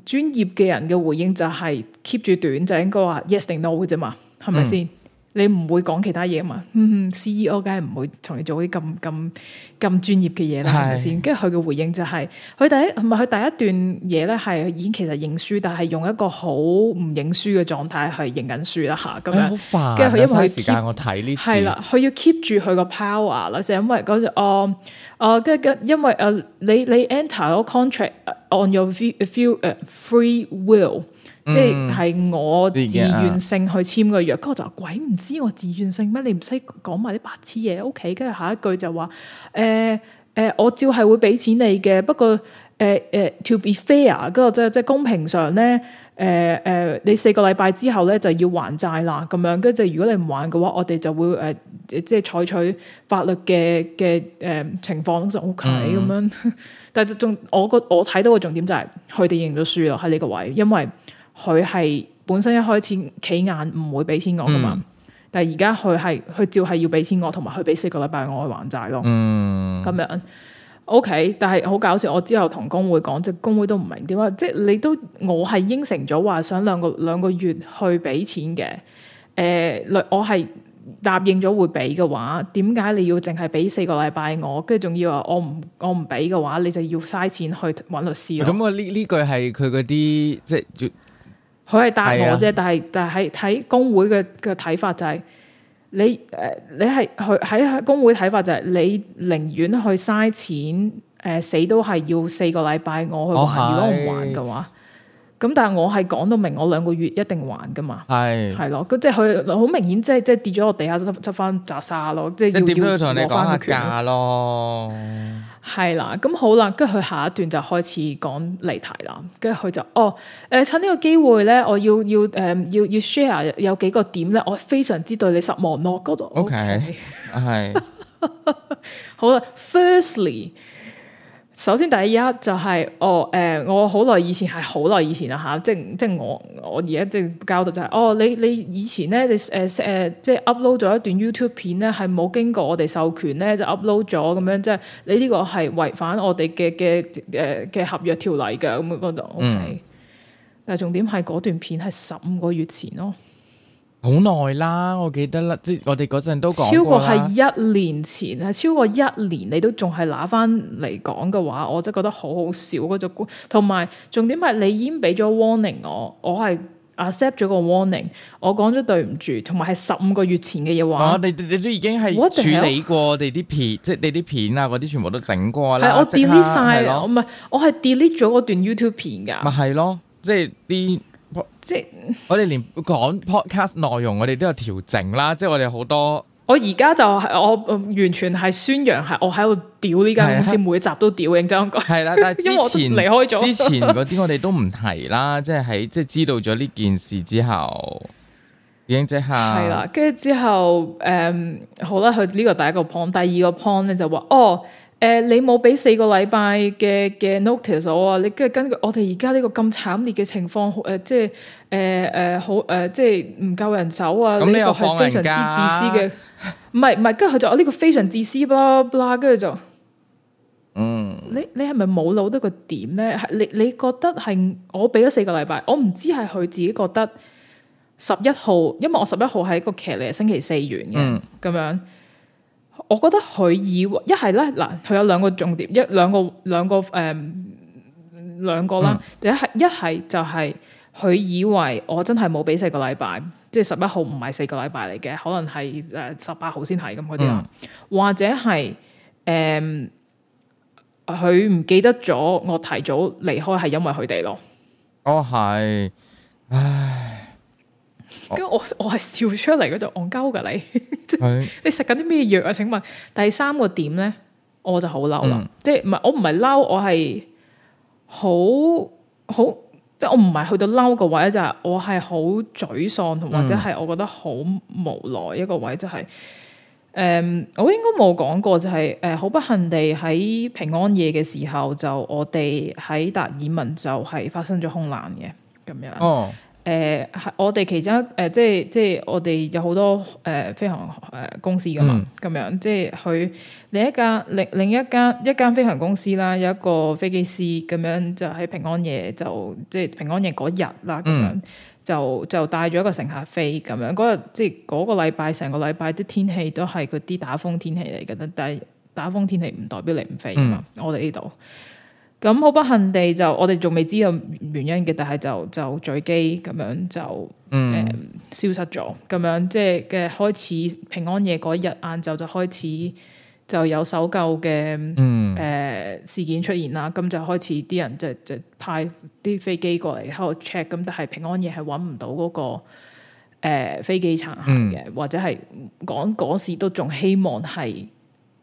專業嘅人嘅回應就係 keep 住短，就應該話 yes 定 no 嘅啫嘛，係咪先？嗯嗯你唔會講其他嘢嘛？嗯哼，C E O 梗係唔會同你做啲咁咁咁專業嘅嘢啦，係咪先？跟住佢嘅回應就係、是、佢第一，唔係佢第一段嘢咧，係已經其實認輸，但係用一個好唔認輸嘅狀態去認緊輸啦嚇。咁樣好快。跟住、哎啊、因為時間我睇呢啲啦，佢要 keep 住佢個 power 啦，就因為嗰陣哦哦，跟住跟因為啊、呃呃，你你 enter 嗰個 contract on your view free will。即係我自願性去簽個約，嗰個、嗯、就話鬼唔知我自願性咩？你唔使講埋啲白痴嘢，OK？跟住下一句就話，誒、呃、誒、呃，我照係會俾錢你嘅，不過誒誒、呃呃，to be fair，個即即係公平上咧，誒、呃、誒、呃，你四個禮拜之後咧就要還債啦，咁樣跟住如果你唔還嘅話，我哋就會誒、呃、即係採取法律嘅嘅誒情況就 OK 咁、嗯、樣。但係仲我個我睇到個重點就係佢哋認咗輸啦喺呢個位，因為。佢係本身一開始企硬唔會俾錢我噶嘛，嗯、但係而家佢係佢照係要俾錢我，同埋佢俾四個禮拜我去還債咯。嗯，咁樣，OK，但係好搞笑，我之後同工會講，即係工會都唔明點解，即係你都我係應承咗話想兩個兩個月去俾錢嘅，誒、呃，我係答應咗會俾嘅話，點解你要淨係俾四個禮拜我？跟住仲要話我唔我唔俾嘅話，你就要嘥錢去揾律師咯。咁我呢呢句係佢嗰啲即係。佢係答我啫是的，但係，但係喺睇工會嘅嘅睇法就係、是，你誒、呃、你係，去喺工會睇法就係、是，你寧願去嘥錢，誒、呃，死都係要四個禮拜我去還，哦、如果唔還嘅話。咁但係我係講到明，我兩個月一定還噶嘛是，係係咯，咁即係佢好明顯即係即係跌咗落地下執執翻揸沙咯，即係要要攞翻個價咯，係啦，咁好啦，跟住佢下一段就開始講離題啦，跟住佢就哦，誒趁呢個機會咧，我要要誒、呃、要要 share 有幾個點咧，我非常之對你失望咯，嗰度，OK，係，好啦，Firstly。首先第一就係、是、哦誒、呃、我好耐以前係好耐以前啊。嚇，即我我即我我而家即交代就係、是、哦你你以前咧你誒誒、呃、即 upload 咗一段 YouTube 片咧係冇經過我哋授權咧就 upload 咗咁樣，即係你呢個係違反我哋嘅嘅誒嘅合約條例㗎咁嗰度，okay? 嗯、但係重點係嗰段片係十五個月前咯。好耐啦，我記得啦，即我哋嗰陣都過超過係一年前，係超過一年，你都仲係拿翻嚟講嘅話，我真覺得好好笑嗰種。同、那、埋、個、重點係你已經俾咗 warning 我，我係 accept 咗個 warning，我講咗對唔住，同埋係十五個月前嘅嘢話，我哋、哦、你，你都已經係處理過哋啲片，即係你啲片啊，嗰啲全部都整過啦，我 delete 晒，唔係我係 delete 咗嗰段 YouTube 片噶，咪係咯，即係啲。即係我哋連講 podcast 內容，我哋都有調整啦。即係我哋好多，我而家就係、我完全係宣揚，係我喺度屌呢間公司，每集都屌認真講。係啦、啊，但係之前離開咗，之前嗰啲我哋都唔提啦。即係喺即係知道咗呢件事之後，已經即刻係啦，跟住、啊、之後，誒、嗯，好啦，佢呢個第一個 point，第二個 point 咧就話哦。誒，你冇俾四個禮拜嘅嘅 notice 我啊，你跟根據我哋而家呢個咁慘烈嘅情況，誒，即係誒誒，好誒，即係唔夠人手啊！咁你又放人假？非常之自私嘅，唔係唔係，跟住佢就我呢個非常自私啦 b 跟住就，嗯，你你係咪冇腦得個點咧？係你你覺得係我俾咗四個禮拜，我唔知係佢自己覺得十一號，因為我十一號係一個劇嚟星期四完嘅，咁、嗯、樣。嗯嗯嗯我覺得佢以為一係咧嗱，佢有兩個重點，一兩個兩個誒、嗯、兩個啦。第、嗯、一係一係就係佢以為我真係冇俾四個禮拜，即係十一號唔係四個禮拜嚟嘅，可能係誒十八號先係咁嗰啲啦。嗯、或者係誒佢唔記得咗我提早離開係因為佢哋咯。哦，係，唉。咁我、oh. 我係笑出嚟，佢就戇鳩㗎你， 你食緊啲咩藥啊？請問第三個點呢？我就好嬲啦，即係唔係我唔係嬲，我係好好即係我唔係去到嬲個位，就係、是、我係好沮喪同或者係我覺得好無奈一個位，就係、是、誒、mm. 嗯，我應該冇講過，就係誒好不幸地喺平安夜嘅時候，就我哋喺達爾文就係發生咗空難嘅咁樣哦。Oh. 誒、呃，我哋其中誒、呃，即係即係，我哋有好多誒飛行誒公司㗎嘛，咁樣即係去另一間另另一間一間飛行公司啦，有一個飛機師咁樣就喺平安夜就即係平安夜嗰日啦，咁樣、嗯、就就帶咗一個乘客飛咁樣，嗰日即係嗰個禮拜成個禮拜啲天氣都係嗰啲打風天氣嚟㗎啦，但係打風天氣唔代表你唔飛啊嘛、嗯，我哋呢度。咁好不幸地就，我哋仲未知有原因嘅，但係就就墜機咁樣就誒、嗯呃、消失咗，咁樣即係嘅開始平安夜嗰日晏晝就開始就有搜救嘅誒事件出現啦，咁、嗯、就開始啲人就就派啲飛機過嚟喺度 check，咁但係平安夜係揾唔到嗰、那個誒、呃、飛機殘骸嘅，嗯、或者係講嗰時都仲希望係。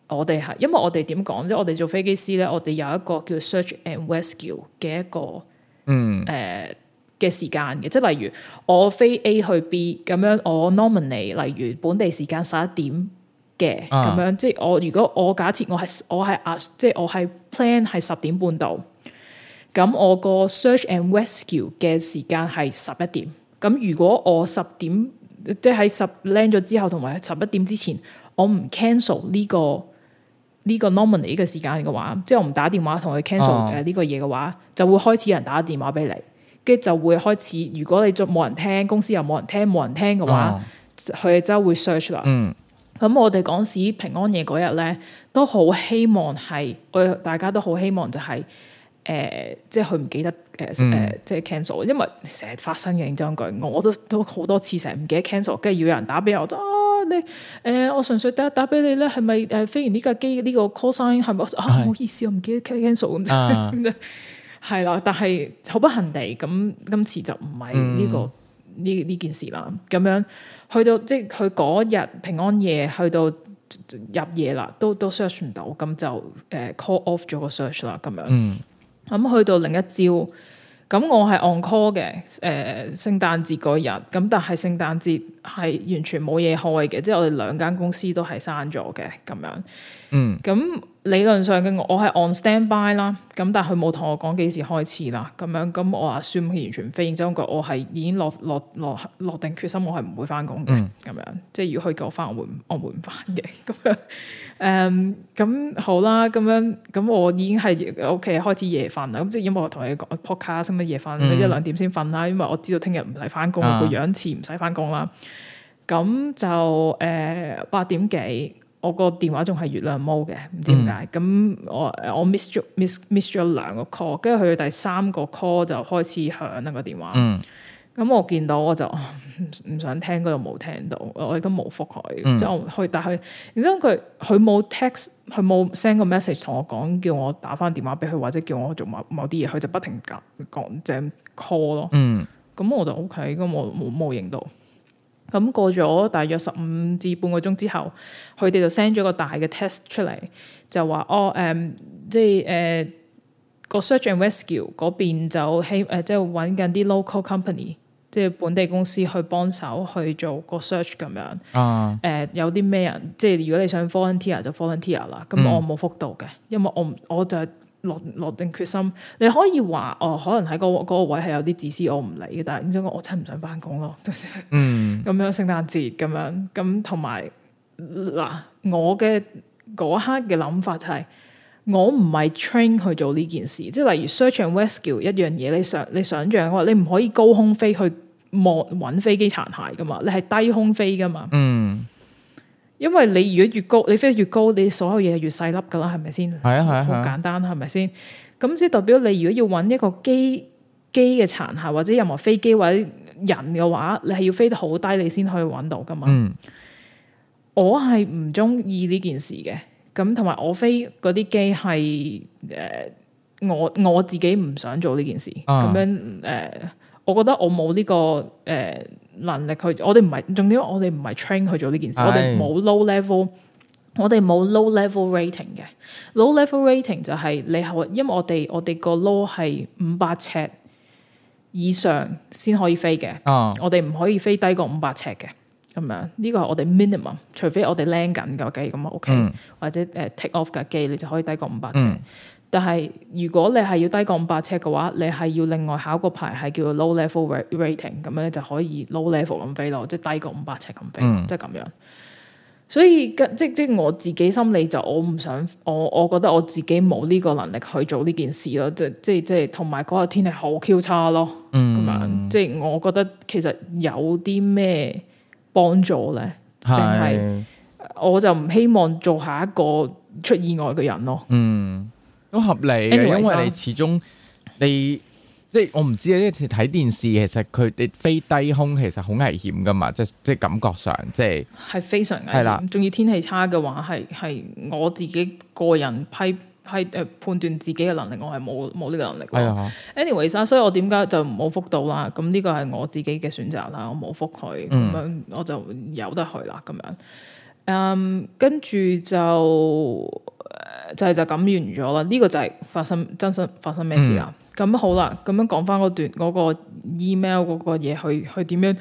我哋係，因為我哋點講啫？我哋做飛機師咧，我哋有一個叫 search and rescue 嘅一個，嗯，誒嘅、呃、時間嘅，即係例如我飛 A 去 B 咁樣，我 nominate 例如本地時間十一點嘅咁樣，啊、即係我如果我假設我係我係壓，即係我係 plan 係十點半到，咁我個 search and rescue 嘅時間係十一點。咁如果我十點，即係喺十 land 咗之後，同埋喺十一點之前，我唔 cancel 呢、這個。呢個 normally 呢個時間嘅話，即係我唔打電話同佢 cancel 誒呢個嘢嘅話，哦、就會開始有人打電話俾你，跟住就會開始。如果你再冇人聽，公司又冇人聽，冇人聽嘅話，佢、哦、就係會 search 啦。咁、嗯、我哋講時平安夜嗰日咧，都好希望係我，大家都好希望就係、是。誒、呃，即係佢唔記得誒誒，即係 cancel，因為成日發生嘅認真句，我都都好多次成日唔記得 cancel，跟住要有人打俾我，得、啊、你誒、呃，我純粹打打俾你咧，係咪誒飛完呢架機呢、呢個 call sign 係咪？啊，唔好意思，是我唔記得 cancel 咁、uh, 嗯，係啦，但係好不幸地，咁今次就唔係呢個呢呢、嗯、件事啦。咁樣去到即係佢嗰日平安夜去到入夜啦，都都 search 唔到，咁就誒 call off 咗個 search 啦。咁樣。嗯咁去到另一朝，咁我係 on call 嘅，誒、呃、聖誕節嗰日，咁但係聖誕節係完全冇嘢開嘅，即係我哋兩間公司都係閂咗嘅咁樣。嗯，咁理論上嘅我係 on standby 啦，咁但係佢冇同我講幾時開始啦，咁樣咁我話算完全飛，然之後我我係已經落落落落定決心我我，我係唔會翻工嘅，咁樣即係如果佢叫我翻，我唔我唔翻嘅，咁、嗯嗯嗯嗯、樣誒咁好啦，咁樣咁我已經係屋企開始夜瞓啦，咁即係因為我同你講 podcast 乜夜瞓一兩點先瞓啦，因為我知道聽日唔使翻工個樣似唔使翻工啦，咁就誒八點幾。呃我個電話仲係月亮毛嘅，唔知點解。咁、嗯、我我 miss 咗 miss 咗兩個 call，跟住佢第三個 call 就開始響啦個電話。咁、嗯、我見到我就唔想聽，嗰度冇聽到，我亦都冇覆佢。嗯、即係我去，但係然之後佢佢冇 text，佢冇 send 個 message 同我講，叫我打返電話俾佢，或者叫我做某某啲嘢，佢就不停講講就 call 咯。咁、嗯、我就 OK，咁我冇冇認到。咁過咗大約十五至半個鐘之後，佢哋就 send 咗個大嘅 text 出嚟，就話哦誒、嗯，即係誒、呃那個 search and rescue 嗰邊就希誒、呃，即係揾緊啲 local company，即係本地公司去幫手去做個 search 咁樣。啊、嗯呃、有啲咩人？即係如果你想 volunteer 就 volunteer 啦。咁我冇覆到嘅，因為我我就。落落定決心，你可以話哦，可能喺嗰嗰個位係有啲自私，我唔理嘅。但係你想我真係唔想翻工咯，嗯，咁樣聖誕節咁樣，咁同埋嗱，我嘅嗰刻嘅諗法就係、是，我唔係 train 去做呢件事，即係例如 search and rescue 一樣嘢，你想你想象嘅話，你唔可以高空飛去望揾飛機殘骸噶嘛，你係低空飛噶嘛，嗯。因為你如果越高，你飛得越高，你所有嘢係越細粒噶啦，係咪先？係啊係啊，好簡單，係咪先？咁即代表你如果要揾一個機機嘅殘骸，或者任何飛機或者人嘅話，你係要飛得好低，你先可以揾到噶嘛？嗯，我係唔中意呢件事嘅，咁同埋我飛嗰啲機係誒、呃，我我自己唔想做呢件事，咁樣誒、呃，我覺得我冇呢個誒。呃能力去，我哋唔係重點，我哋唔係 train 去做呢件事，是我哋冇 low level，我哋冇 low level rating 嘅 ，low level rating 就係你，可，因為我哋我哋個 law 係五百尺以上先可以飛嘅，哦、我哋唔可以飛低過五百尺嘅，咁樣呢個係我哋 minimum，除非我哋 landing 嘅機咁啊，OK, 嗯、或者誒 take off 嘅機你就可以低過五百尺。嗯但係如果你係要低過五百尺嘅話，你係要另外考個牌係叫 low level rating 咁樣就可以 low level 咁飛咯，即係低過五百尺咁飛，即係咁樣。所以即即，即我自己心理就我唔想我我覺得我自己冇呢個能力去做呢件事咯，即即即同埋嗰日天氣好 Q 差咯，嗯、咁樣即係我覺得其實有啲咩幫助咧，定係係我就唔希望做下一個出意外嘅人咯。嗯。都合理嘅，Anyways, 因為你始終你即係我唔知啊！因為睇電視，其實佢你飛低空其實好危險㗎嘛，即係即係感覺上即係係非常危險。仲要啦天氣差嘅話，係係我自己個人批批誒、呃、判斷自己嘅能力，我係冇冇呢個能力。哎、喲 anyway，所以我點解就冇覆到啦？咁呢個係我自己嘅選擇啦，我冇覆佢咁我就由得佢啦咁樣。嗯嗯，um, 跟住就，就係就咁完咗啦。呢、這個就係發生真實發生咩事啊？咁、嗯嗯、好啦，咁樣講翻嗰段嗰個 email 嗰個嘢，去去點樣？誒、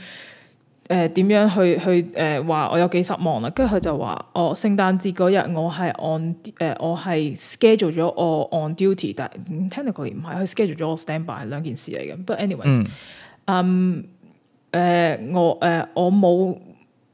呃，點樣去去？誒、呃，話我有幾失望啦。跟住佢就話、哦呃，我聖誕節嗰日我係 on，誒我係 schedule 咗我 on duty，但 i n t e n i c a l l y 唔係，佢 schedule 咗我 standby 兩件事嚟嘅。But anyways，誒、嗯嗯呃、我誒、呃、我冇。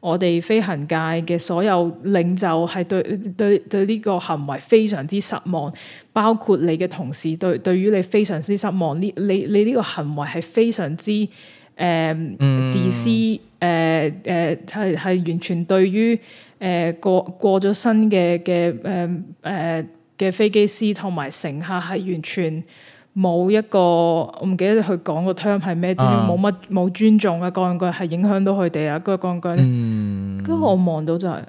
我哋飛行界嘅所有領袖係對對對呢個行為非常之失望，包括你嘅同事對對於你非常之失望。呢你你呢個行為，係非常之誒、呃嗯、自私，誒、呃、誒，係、呃、係完全對於誒、呃、過過咗身嘅嘅誒誒嘅飛機師同埋乘客係完全。冇一個，我唔記得佢講個 tone 係咩，冇乜冇尊重嘅講句，係影響到佢哋啊嗰個講句，跟住、嗯、我望到就係、是，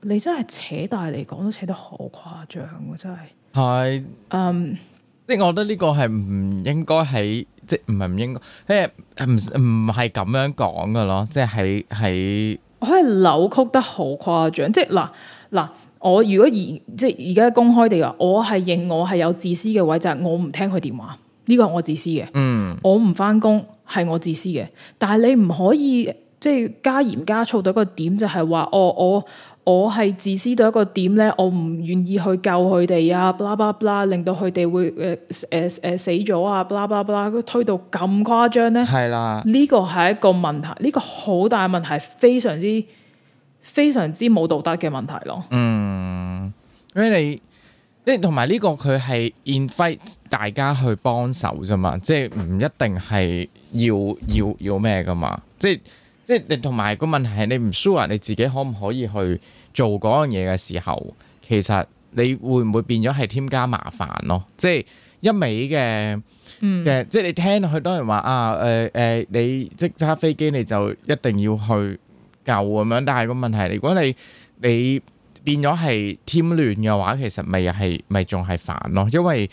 你真係扯大嚟講都扯得好誇張，真係。係是，嗯，um, 即係我覺得呢個係唔應該喺，即係唔係唔應該，即係唔唔係咁樣講㗎囉，即係喺喺，可以扭曲得好誇張，即係嗱嗱。我如果而即係而家公開地話，我係認我係有自私嘅位，就係我唔聽佢電話，呢個係我自私嘅。嗯，我唔翻工係我自私嘅。但係你唔可以即係加鹽加醋到一個點，就係話，哦，我我我係自私到一個點咧，我唔願意去救佢哋啊！巴拉巴拉，令到佢哋會誒誒誒死咗啊！巴拉巴拉。佢推到咁誇張咧，係啦，呢個係一個問題，呢個好大嘅問題，非常之。非常之冇道德嘅問題咯。嗯，因為你即係同埋呢個佢係 invite 大家去幫手啫嘛，即係唔一定係要要要咩噶嘛。即係即係你同埋個問題係你唔 sure 你自己可唔可以去做嗰樣嘢嘅時候，其實你會唔會變咗係添加麻煩咯？即係一味嘅嘅，嗯、即係你聽佢當然話啊誒誒、呃呃，你即揸飛機你就一定要去。舊咁樣，但係個問題，如果你你變咗係添亂嘅話，其實咪係咪仲係煩咯？因為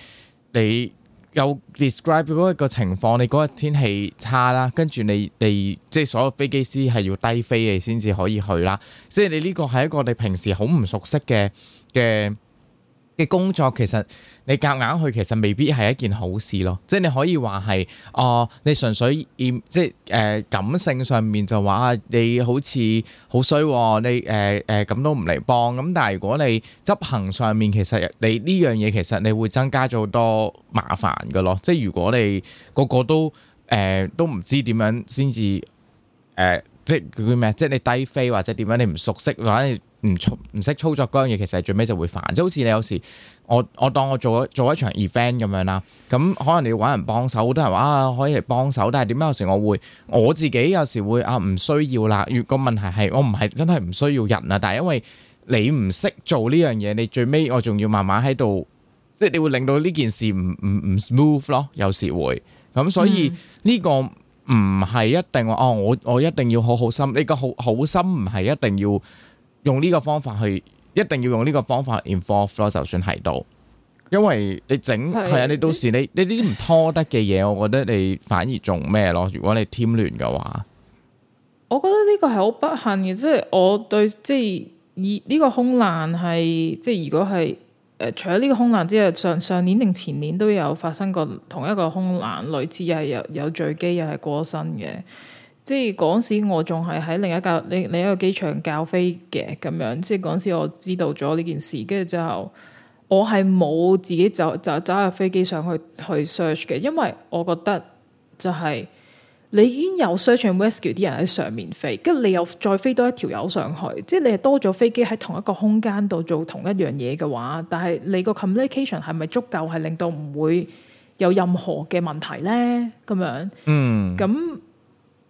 你有 describe 嗰一個情況，你嗰日天氣差啦，跟住你你即係、就是、所有飛機師係要低飛你先至可以去啦。即係你呢個係一個你平時好唔熟悉嘅嘅嘅工作其實你夾硬，硬去其實未必係一件好事咯，即係你可以話係哦，你純粹以即係、呃、感性上面就話啊、哦，你好似好衰喎，你誒誒咁都唔嚟幫，咁但係如果你執行上面其實你呢樣嘢其實你會增加咗好多麻煩噶咯，即係如果你個個都誒、呃、都唔知點樣先至誒。呃即係咩？即係你低飛或者點樣？你唔熟悉或者唔唔識操作嗰樣嘢，其實係最尾就會煩。即係好似你有時，我我當我做咗做咗場 event 咁樣啦，咁可能你要揾人幫手，好多人話啊可以嚟幫手，但係點解有時我會我自己有時會啊唔需要啦。個問題係我唔係真係唔需要人啊，但係因為你唔識做呢樣嘢，你最尾我仲要慢慢喺度，即係你會令到呢件事唔唔唔 smooth 咯。有時會咁，咁所以呢、呢個。嗯唔係一定話哦，我我一定要好好心，你個好好心唔係一定要用呢個方法去，一定要用呢個方法 involve 咯，就算係到，因為你整係啊是，你到時你你啲唔拖得嘅嘢，我覺得你反而做咩咯？如果你添亂嘅話，我覺得呢個係好不幸嘅，即係我對即係以呢個空難係即係如果係。誒、呃、除咗呢個空難之外，上上年定前年都有發生過同一個空難，類似又係有有墜機又係過身嘅。即係嗰時我仲係喺另一架、另一一個機場教飛嘅咁樣。即係嗰時我知道咗呢件事，跟住之後我係冇自己走走走入飛機上去去 search 嘅，因為我覺得就係、是。你已經有 search and rescue 啲人喺上面飛，跟住你又再飛多一條友上去，即係你係多咗飛機喺同一個空間度做同一樣嘢嘅話，但係你個 communication 係咪足夠係令到唔會有任何嘅問題咧？咁樣，嗯、mm.，咁、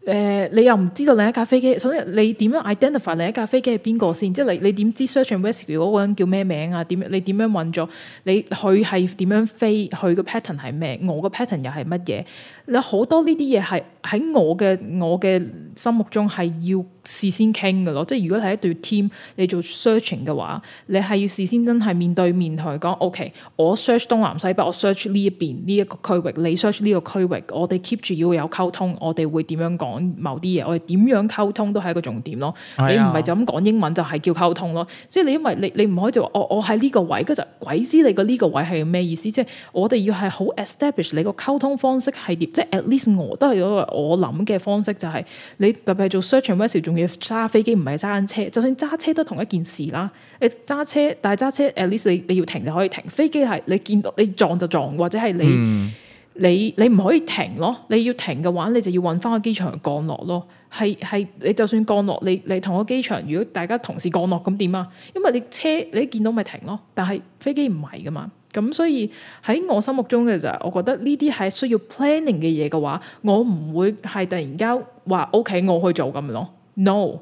呃、誒，你又唔知道另一架飛機，首先你點樣 identify 另一架飛機係邊個先？即係你你點知 search and rescue 嗰個人叫咩名啊？點你點樣運作？你佢係點樣飛？佢個 pattern 係咩？我個 pattern 又係乜嘢？你好多呢啲嘢係。喺我嘅我嘅心目中係要事先傾嘅咯，即係如果係一隊 team 你做 searching 嘅話，你係要事先真係面對面去講。OK，我 search 東南西北，我 search 呢一邊呢一個區域，你 search 呢個區域，我哋 keep 住要有溝通，我哋會點樣講某啲嘢，我哋點樣溝通都係一個重點咯。你唔係就咁講英文，就係叫溝通咯。即係你因為你你唔可以就話我我喺呢個位，跟住就鬼知你嘅呢個位係咩意思？即係我哋要係好 establish 你個溝通方式係點，即係 at least 我都係嗰我諗嘅方式就係、是、你特別係做 search and rescue 仲要揸飛機，唔係揸緊車。就算揸車都同一件事啦。誒，揸車但係揸車，at least 你你要停就可以停。飛機係你見到你撞就撞，或者係你、嗯、你你唔可以停咯。你要停嘅話，你就要搵翻個機場降落咯。係，係你就算降落，你你同個機場，如果大家同時降落咁點啊？因為你車你見到咪停咯，但係飛機唔係噶嘛。咁所以喺我心目中嘅就係，我覺得呢啲係需要 planning 嘅嘢嘅話，我唔會係突然間話 OK 我去做咁樣咯。No，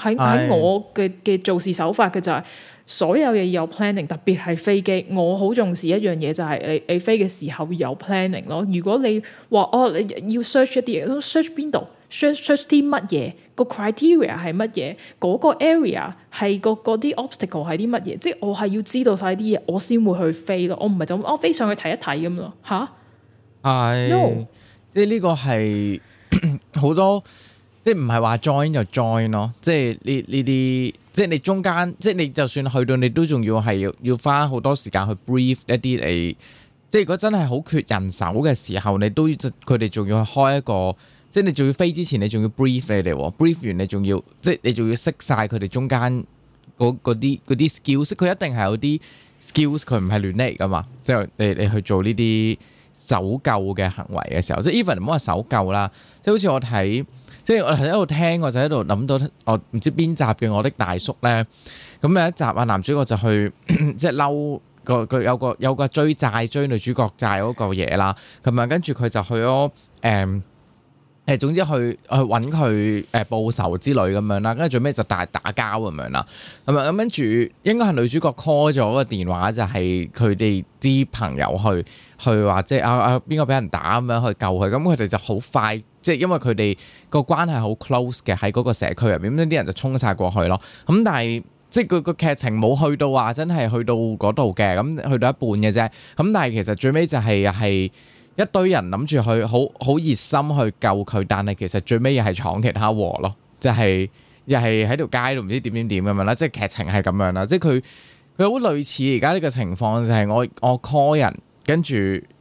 喺喺 我嘅嘅做事手法嘅就係、是、所有嘢有 planning，特別係飛機，我好重視一樣嘢就係、是、你你飛嘅時候有 planning 咯。如果你話哦你要 search 一啲嘢，都 search 邊度？search search 啲乜嘢，個 criteria 係乜嘢，嗰個 area 係個啲 obstacle 係啲乜嘢？即係我係要知道晒啲嘢，我先會去飛咯。我唔係就我飛上去睇一睇咁咯。吓？係、哎，No? 即係呢個係好多，即係唔係話 join 就 join 咯。即係呢呢啲，即係你中間，即係你就算去到，你都仲要係要要花好多時間去 brief 一啲你。即係如果真係好缺人手嘅時候，你都要，佢哋仲要開一個。即係你仲要飛之前，你仲要 brief 你哋哦，brief 完你仲要，即係你仲要識晒佢哋中間嗰啲啲 skills。佢一定係有啲 skills，佢唔係亂嚟㗎嘛。即係你你去做呢啲搜救嘅行為嘅時候，即係 even 唔好話搜救啦，即係好似我睇，即係我係喺度聽，我就喺度諗到，我唔知邊集嘅我的大叔咧，咁有一集啊，男主角就去 即係嬲個個有個有個追債追女主角債嗰個嘢啦，同埋跟住佢就去咗誒。嗯誒，總之去去揾佢誒報仇之類咁樣啦，跟住最尾就大打交咁樣啦，係咪咁？跟住應該係女主角 call 咗個電話，就係佢哋啲朋友去去話、啊啊，即係啊啊邊個俾人打咁樣去救佢，咁佢哋就好快，即係因為佢哋個關係好 close 嘅，喺嗰個社區入邊，咁啲人就衝晒過去咯。咁但係即係個個劇情冇去到話真係去到嗰度嘅，咁去到一半嘅啫。咁但係其實最尾就係、是、係。一堆人諗住去好好熱心去救佢，但係其實最尾又係闖其他禍咯，就係又係喺條街度唔知點點點咁樣啦，即係劇情係咁樣啦，即係佢佢好類似而家呢個情況，就係我我 call 人，跟住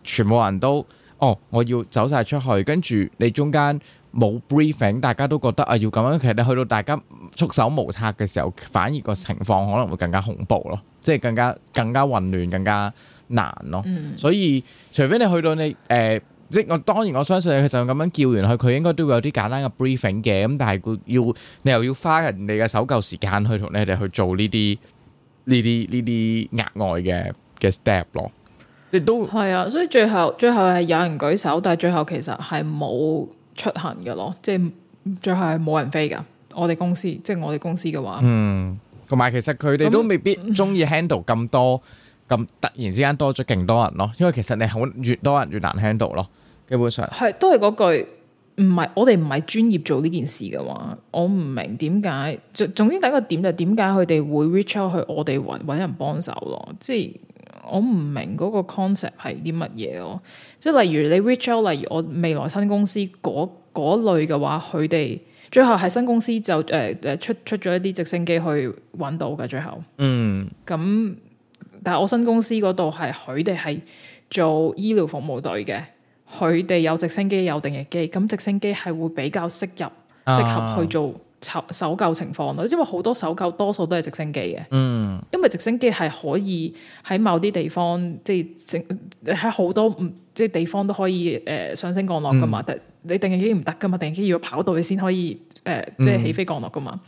全部人都哦，我要走晒出去，跟住你中間。冇 briefing，大家都覺得啊要咁樣。其實你去到大家束手無策嘅時候，反而個情況可能會更加恐怖咯，即係更加更加混亂、更加難咯。所以除非你去到你誒，即係我當然我相信佢就咁樣叫完佢，佢應該都會有啲簡單嘅 briefing 嘅。咁但係佢要你又要花人哋嘅搜救時間去同你哋去做呢啲呢啲呢啲額外嘅嘅 step 咯。即係都係啊，所以最後最後係有人舉手，但係最後其實係冇。出行嘅咯，即係最後係冇人飛噶。我哋公司，即係我哋公司嘅話，嗯，同埋其實佢哋都未必中意 handle 咁多，咁、嗯、突然之間多咗勁多人咯。因為其實你好越多人越難 handle 咯，基本上係都係嗰句，唔係我哋唔係專業做呢件事嘅話，我唔明點解。就總之第一個點就點解佢哋會 reach out 去我哋揾揾人幫手咯，即係。我唔明嗰個 concept 係啲乜嘢咯。即係例如你 reach out 例如我未來新公司嗰類嘅話，佢哋最後係新公司就誒誒、呃、出出咗一啲直升機去揾到嘅最後。嗯，咁但係我新公司嗰度係佢哋係做醫療服務隊嘅，佢哋有直升機有定翼機，咁直升機係會比較適入，適合去做。啊搜救情況咯，因為好多搜救多數都係直升機嘅，因為直升機係可以喺某啲地方，就是、即係喺好多唔即係地方都可以誒、呃、上升降落噶嘛，嗯、但你定翼機唔得噶嘛，定翼機要跑道你先可以誒即係起飛降落噶嘛，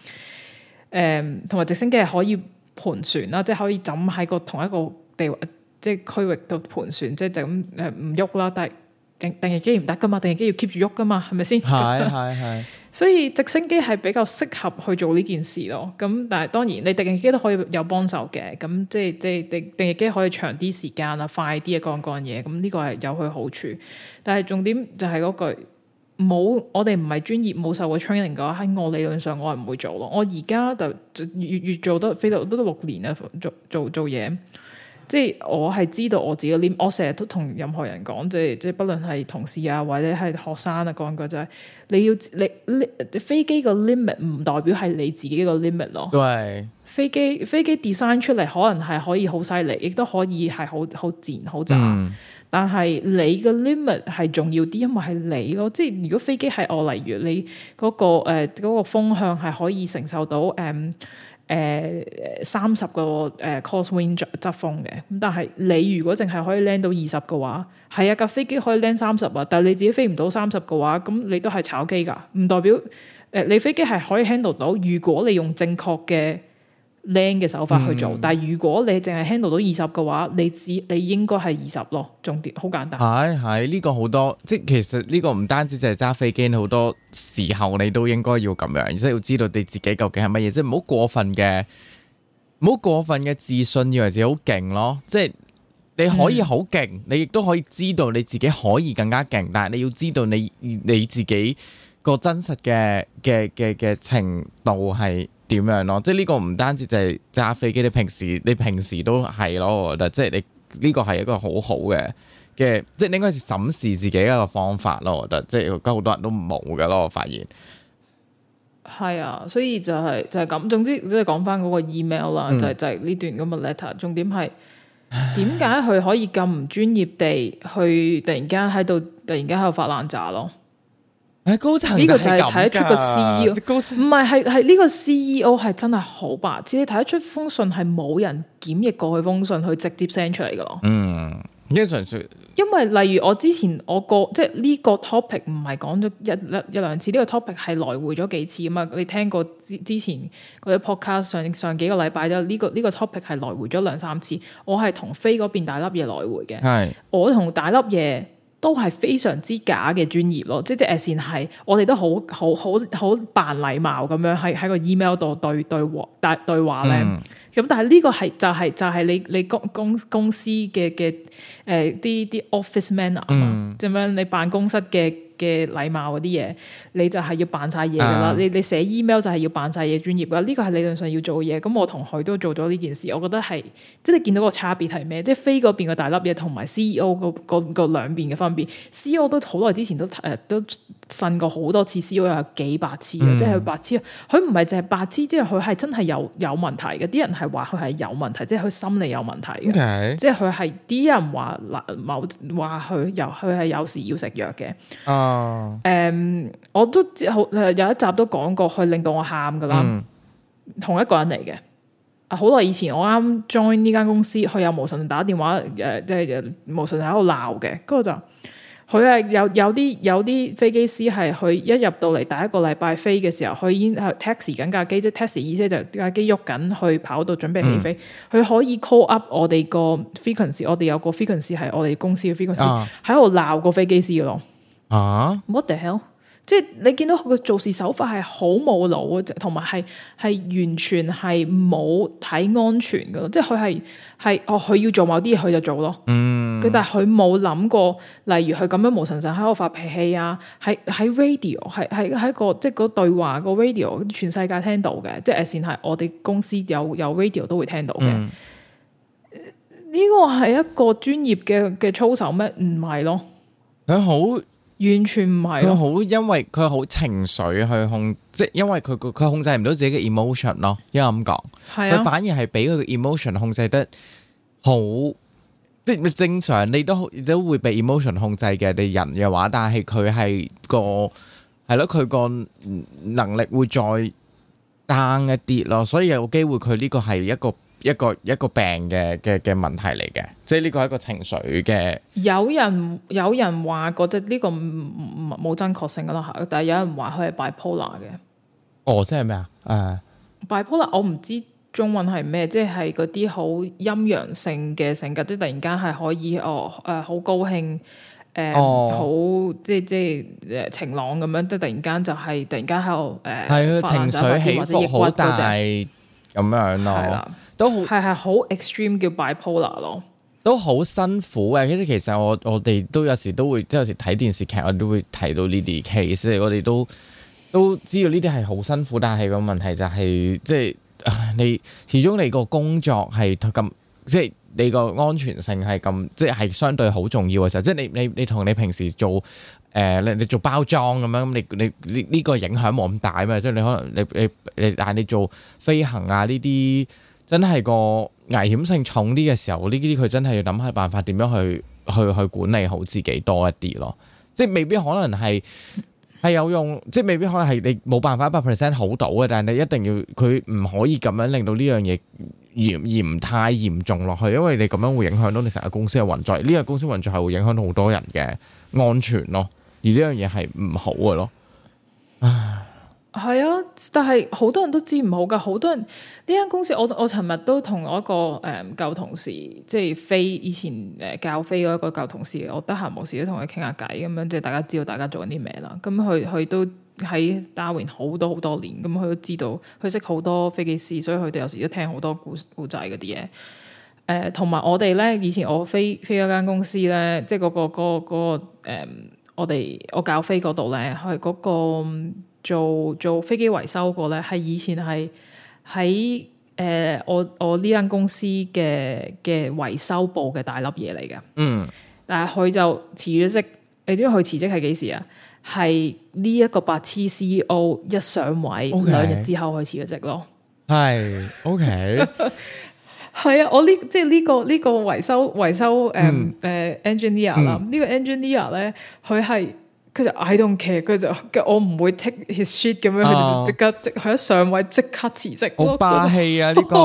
誒同埋直升機係可以盤旋啦，即、就、係、是、可以枕喺個同一個地即係區域度盤旋，即係就咁誒唔喐啦，但係定定翼機唔得噶嘛，定翼機要 keep 住喐噶嘛，係咪先？係係係。所以直升機係比較適合去做呢件事咯，咁但係當然你定翼機都可以有幫手嘅，咁即係即係定定翼機可以長啲時間啦，快啲啊，各樣各樣嘢，咁呢個係有佢好處。但係重點就係嗰句，冇我哋唔係專業，冇受過 training 嘅話，喺我理論上我係唔會做咯。我而家就越越做得飛到都六年啦，做做做嘢。即係我係知道我自己嘅 limit，我成日都同任何人講，即係即係，不論係同事啊，或者係學生啊，講句就係，你要你呢飛機嘅 limit 唔代表係你自己嘅 limit 咯。對飛，飛機飛機 design 出嚟可能係可以好犀利，亦都可以係好好自然、好窄。嗯、但係你嘅 limit 係重要啲，因為係你咯。即係如果飛機係我，例如你嗰、嗰個誒嗰、呃嗰個風向係可以承受到誒。呃誒、呃、三十個誒 crosswind 側風嘅，咁但係你如果淨係可以 land 到二十嘅話，係啊架飛機可以 land 三十啊，但係你自己飛唔到三十嘅話，咁你都係炒機噶，唔代表誒、呃、你飛機係可以 handle 到，如果你用正確嘅。靚嘅手法去做，嗯、但係如果你淨係 handle 到二十嘅話，你只你應該係二十咯，重點好簡單。係係呢個好多，即其實呢個唔單止淨係揸飛機，好多時候你都應該要咁樣，即係要知道你自己究竟係乜嘢？即係唔好過分嘅，唔好過分嘅自信以為自己好勁咯。即係你可以好勁，嗯、你亦都可以知道你自己可以更加勁，但係你要知道你你自己個真實嘅嘅嘅嘅程度係點樣咯？即係呢個唔單止就係揸飛機，你平時你平時都係咯，我覺得即係你呢、這個係一個好好嘅嘅，即係你應該審視自己一個方法咯，我覺得即係好多人都冇㗎咯，我發現。係啊，所以就係、是、就係、是、咁。總之即係講翻嗰個 email 啦，嗯、就係就係呢段咁嘅 letter。重點係點解佢可以咁唔專業地去突然間喺度，突然間喺度發爛渣咯？呢個就係睇得出個 C E O，唔係係係呢個 C E O 係真係好白。只係睇得出封信係冇人檢疫過佢封信，佢直接 send 出嚟噶咯。嗯，嗯，因為例如我之前我個即係呢個 topic 唔係講咗一一兩次，呢個 topic 係來回咗幾次啊嘛？你聽過之之前嗰啲 podcast 上上幾個禮拜都呢個呢個 topic 係來回咗兩三次，我係同飛嗰邊大粒嘢來回嘅，係我同大粒嘢。都係非常之假嘅專業咯，即即係算係我哋都好好好好扮禮貌咁樣喺喺個 email 度對對，對話，嗯、但對話咧，咁但係呢個係就係、係、就係、係、你你公公公司嘅嘅誒啲啲 office manner 啊，咁樣、嗯、你辦公室嘅。嘅禮貌嗰啲嘢，你就係要扮晒嘢噶啦。你、uh, 你寫 email 就係要扮晒嘢專業噶。呢個係理論上要做嘢。咁我同佢都做咗呢件事，我覺得係即係你見到個差別係咩？即係飛嗰邊嘅大粒嘢，同埋 CEO 個個個兩邊嘅分別。Uh, CEO 都好耐之前都誒、呃、都呻過好多次，CEO 有幾百次，嘅、uh,，即係佢白痴。佢唔係淨係白痴，即係佢係真係有有問題嘅。啲人係話佢係有問題，即係佢心理有問題嘅。即係佢係啲人話嗱某話佢有佢係有時要食藥嘅。啊！誒，um, 我都好有一集都講過，佢令到我喊噶啦，mm. 同一個人嚟嘅。好耐以前，我啱 join 呢間公司，佢有無神打電話，誒、呃，即係無神喺度鬧嘅。嗰個就佢係有有啲有啲飛機師係佢一入到嚟第一個禮拜飛嘅時候，佢已經 taxi 緊架機，即係 taxi 意思就架機喐緊去跑到準備起飛，佢、mm. 可以 call up 我哋個 frequency，我哋有個 frequency 係我哋公司嘅 frequency，喺度鬧、mm. 個飛機師嘅咯。啊，what the hell 即係你見到佢個做事手法係好冇腦啊，同埋係係完全係冇睇安全噶咯，即係佢係係哦佢要做某啲嘢，佢就做咯。嗯，佢但係佢冇諗過，例如佢咁樣無神神喺度發脾氣啊，喺喺 radio，係係喺個即係嗰對話個 radio，全世界聽到嘅，即係先係我哋公司有有 radio 都會聽到嘅。呢個係一個專業嘅嘅操守咩？唔係咯，佢、欸、好。完全唔係，佢好因為佢好情緒去控，即係因為佢佢控制唔到自己嘅 emotion 咯，因為咁講，佢、啊、反而係俾佢嘅 emotion 控制得好，即係正常你都都會被 emotion 控制嘅人嘅話，但係佢係個係咯，佢個能力會再硬一啲咯，所以有機會佢呢個係一個。一個一個病嘅嘅嘅問題嚟嘅，即係呢個係一個情緒嘅。有人，這個，有人話覺得呢個冇真確性噶啦，吓，但係有人話佢係 bipolar 嘅。哦，呃呃、哦即係咩啊？誒 bipolar 我唔知中文係咩，即係嗰啲好陰陽性嘅性格，即係突然間係可以哦誒，好高興誒，好即係即係誒晴朗咁樣，即突然間就係突然間喺度誒，係，呃、啊，情緒的起伏好很大。咁樣咯，係啦，都係好係好 extreme 叫 bipolar 咯，都好辛苦嘅。其實其實我我哋都有時都會，即係有時睇電視劇，我哋都會睇到呢啲 case 我。我哋都都知道呢啲係好辛苦，但係個問題就係、是，即係你始終你個工作係咁，即係你個安全性係咁，即係係相對好重要嘅時候，即係你你你同你平時做。誒、呃，你你做包裝咁樣，你你呢、這個影響冇咁大啊嘛，即係你可能你你你，但係你做飛行啊呢啲，真係個危險性重啲嘅時候，呢啲佢真係要諗下辦法點樣去去去管理好自己多一啲咯，即係未必可能係係有用，即係未必可能係你冇辦法一百 percent 好到嘅，但係你一定要佢唔可以咁樣令到呢樣嘢嚴嚴太嚴重落去，因為你咁樣會影響到你成個公司嘅運作，呢、這個公司運作係會影響到好多人嘅安全咯。而呢樣嘢係唔好嘅咯，唉，係啊，但係好多人都知唔好噶，好多人呢間公司，我我尋日都同我一個誒、嗯、舊同事，即係飛以前誒、呃、教飛嗰一個舊同事，我得閒無事都同佢傾下偈咁樣，即係大家知道大家做緊啲咩啦。咁佢佢都喺 Darwin 好多好多年，咁佢都知道佢識好多飛機師，所以佢哋有時都聽好多故故仔嗰啲嘢。誒、呃，同埋我哋咧，以前我飛飛一間公司咧，即係嗰、嗰個、嗰個、嗰個誒。嗰個嗯我哋我教飛嗰度咧，係嗰個做做飛機維修個咧，係以前係喺誒，我我呢間公司嘅嘅維修部嘅大粒嘢嚟嘅。嗯，但係佢就辭咗職。你知道佢辭職係幾時啊？係呢一個白痴 CEO 一上位 Okay 兩日之後，佢辭咗職咯。係，OK。 係啊，我呢即係呢個呢個維修維修誒誒 engineer 啦，呢個 engineer 咧佢係佢就嗌動佢，佢就,就我唔會 take his shit 咁樣，佢、哦、就即刻即佢一上位即刻辭職。好霸氣啊呢、這個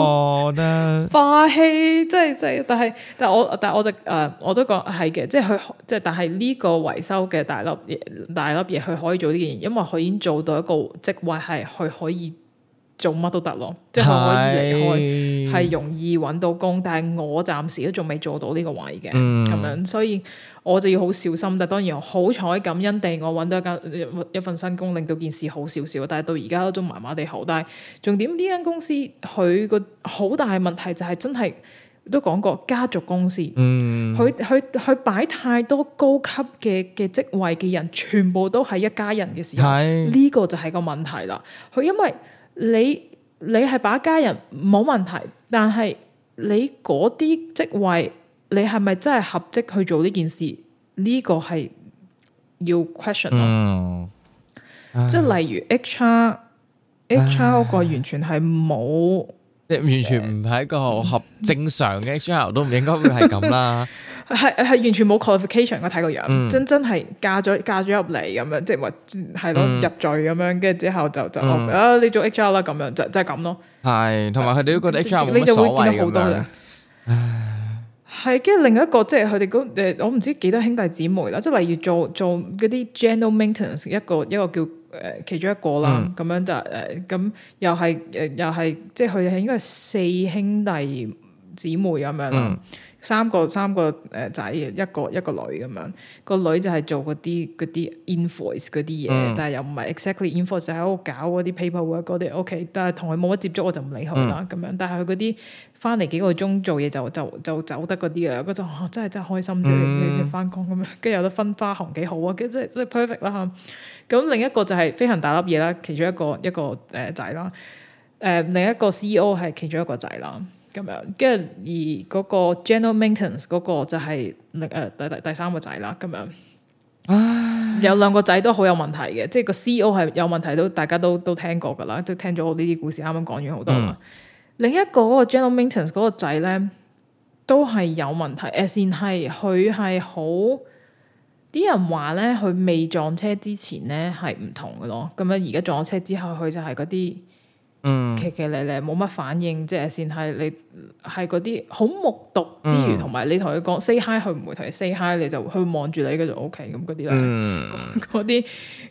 啦， 霸氣即係即係，但係但係我但係我就誒、呃、我都講係嘅，即係佢即係但係呢個維修嘅大粒嘢大粒嘢，佢可以做呢件，因為佢已經做到一個職位係佢可以。做乜都得咯，即係可以離開，係是容易揾到工。但係我暫時都仲未做到呢個位嘅，咁樣、嗯，所以我就要好小心。但當然好彩，感恩地我揾到一間一份新工，令到件事好少少。但係到而家都仲麻麻地好。但係重點，呢間公司佢個好大問題就係真係都講過家族公司，佢佢佢擺太多高級嘅嘅職位嘅人，全部都係一家人嘅時候，呢是個就係個問題啦。佢因為你你係把家人冇問題，但係你嗰啲職位，你係咪真係合職去做呢件事？呢、這個係要 question 咯，嗯、即係例如 HR 唉 HR 嗰個完全係冇，完全唔係一個合正常嘅 HR 都唔應該會係咁啦。 係係完全冇 qualification，我睇個樣、嗯、樣，真真係嫁咗嫁咗入嚟咁樣，即係話係咯入罪咁樣，跟住之後就、嗯、就啊你做 HR 啦咁樣，就即係咁咯。係，同埋佢哋都覺得 HR 你就見到好多嘢。係跟住另一個，即係佢哋嗰我唔知幾多兄弟姊妹啦，即係例如做做嗰啲 general maintenance 一個一個叫誒、呃、其中一個啦，咁、嗯、樣就誒咁、呃、又係誒又係即係佢哋應該係四兄弟姊妹咁樣啦。嗯三個三個誒仔，一個一個女咁樣。個女就係做嗰啲嗰啲 invoice 嗰啲嘢，嗯、但係又唔係 exactly invoice，就喺度搞嗰啲 paperwork 嗰啲。O、okay, K，但係同佢冇乜接觸，我就唔理佢啦咁樣。但係佢嗰啲翻嚟幾個鐘做嘢就就就，就走得嗰啲啦。嗰陣真係真係開心，即係你翻工咁樣，跟住有得分花紅幾好啊！跟住即係 perfect 啦。咁另一個就係飛行大粒嘢啦，其中一個一個誒仔啦。誒、呃、另一個 C E O 係其中一個仔啦。咁樣，跟住而嗰個 General Maintenance 嗰個就係、係呃、第第第三個仔啦，咁樣唉有兩個仔都好有問題嘅，即係個 CEO 係有問題都大家都都聽過噶啦，即係聽咗我呢啲故事啱啱講完好多。嗯、另一個嗰個 General Maintenance 嗰個仔咧都係有問題，誒，先係佢係好啲人話咧，佢未撞車之前咧係唔同嘅咯，咁樣而家撞車之後佢就係嗰啲。嗯，奇奇咧咧冇乜反應，即係先係你係嗰啲好目睹之餘，同埋、嗯、你同佢講 say hi，佢唔會同你 say hi，你就去望住你嘅就 OK 咁嗰啲啦。嗯，嗰啲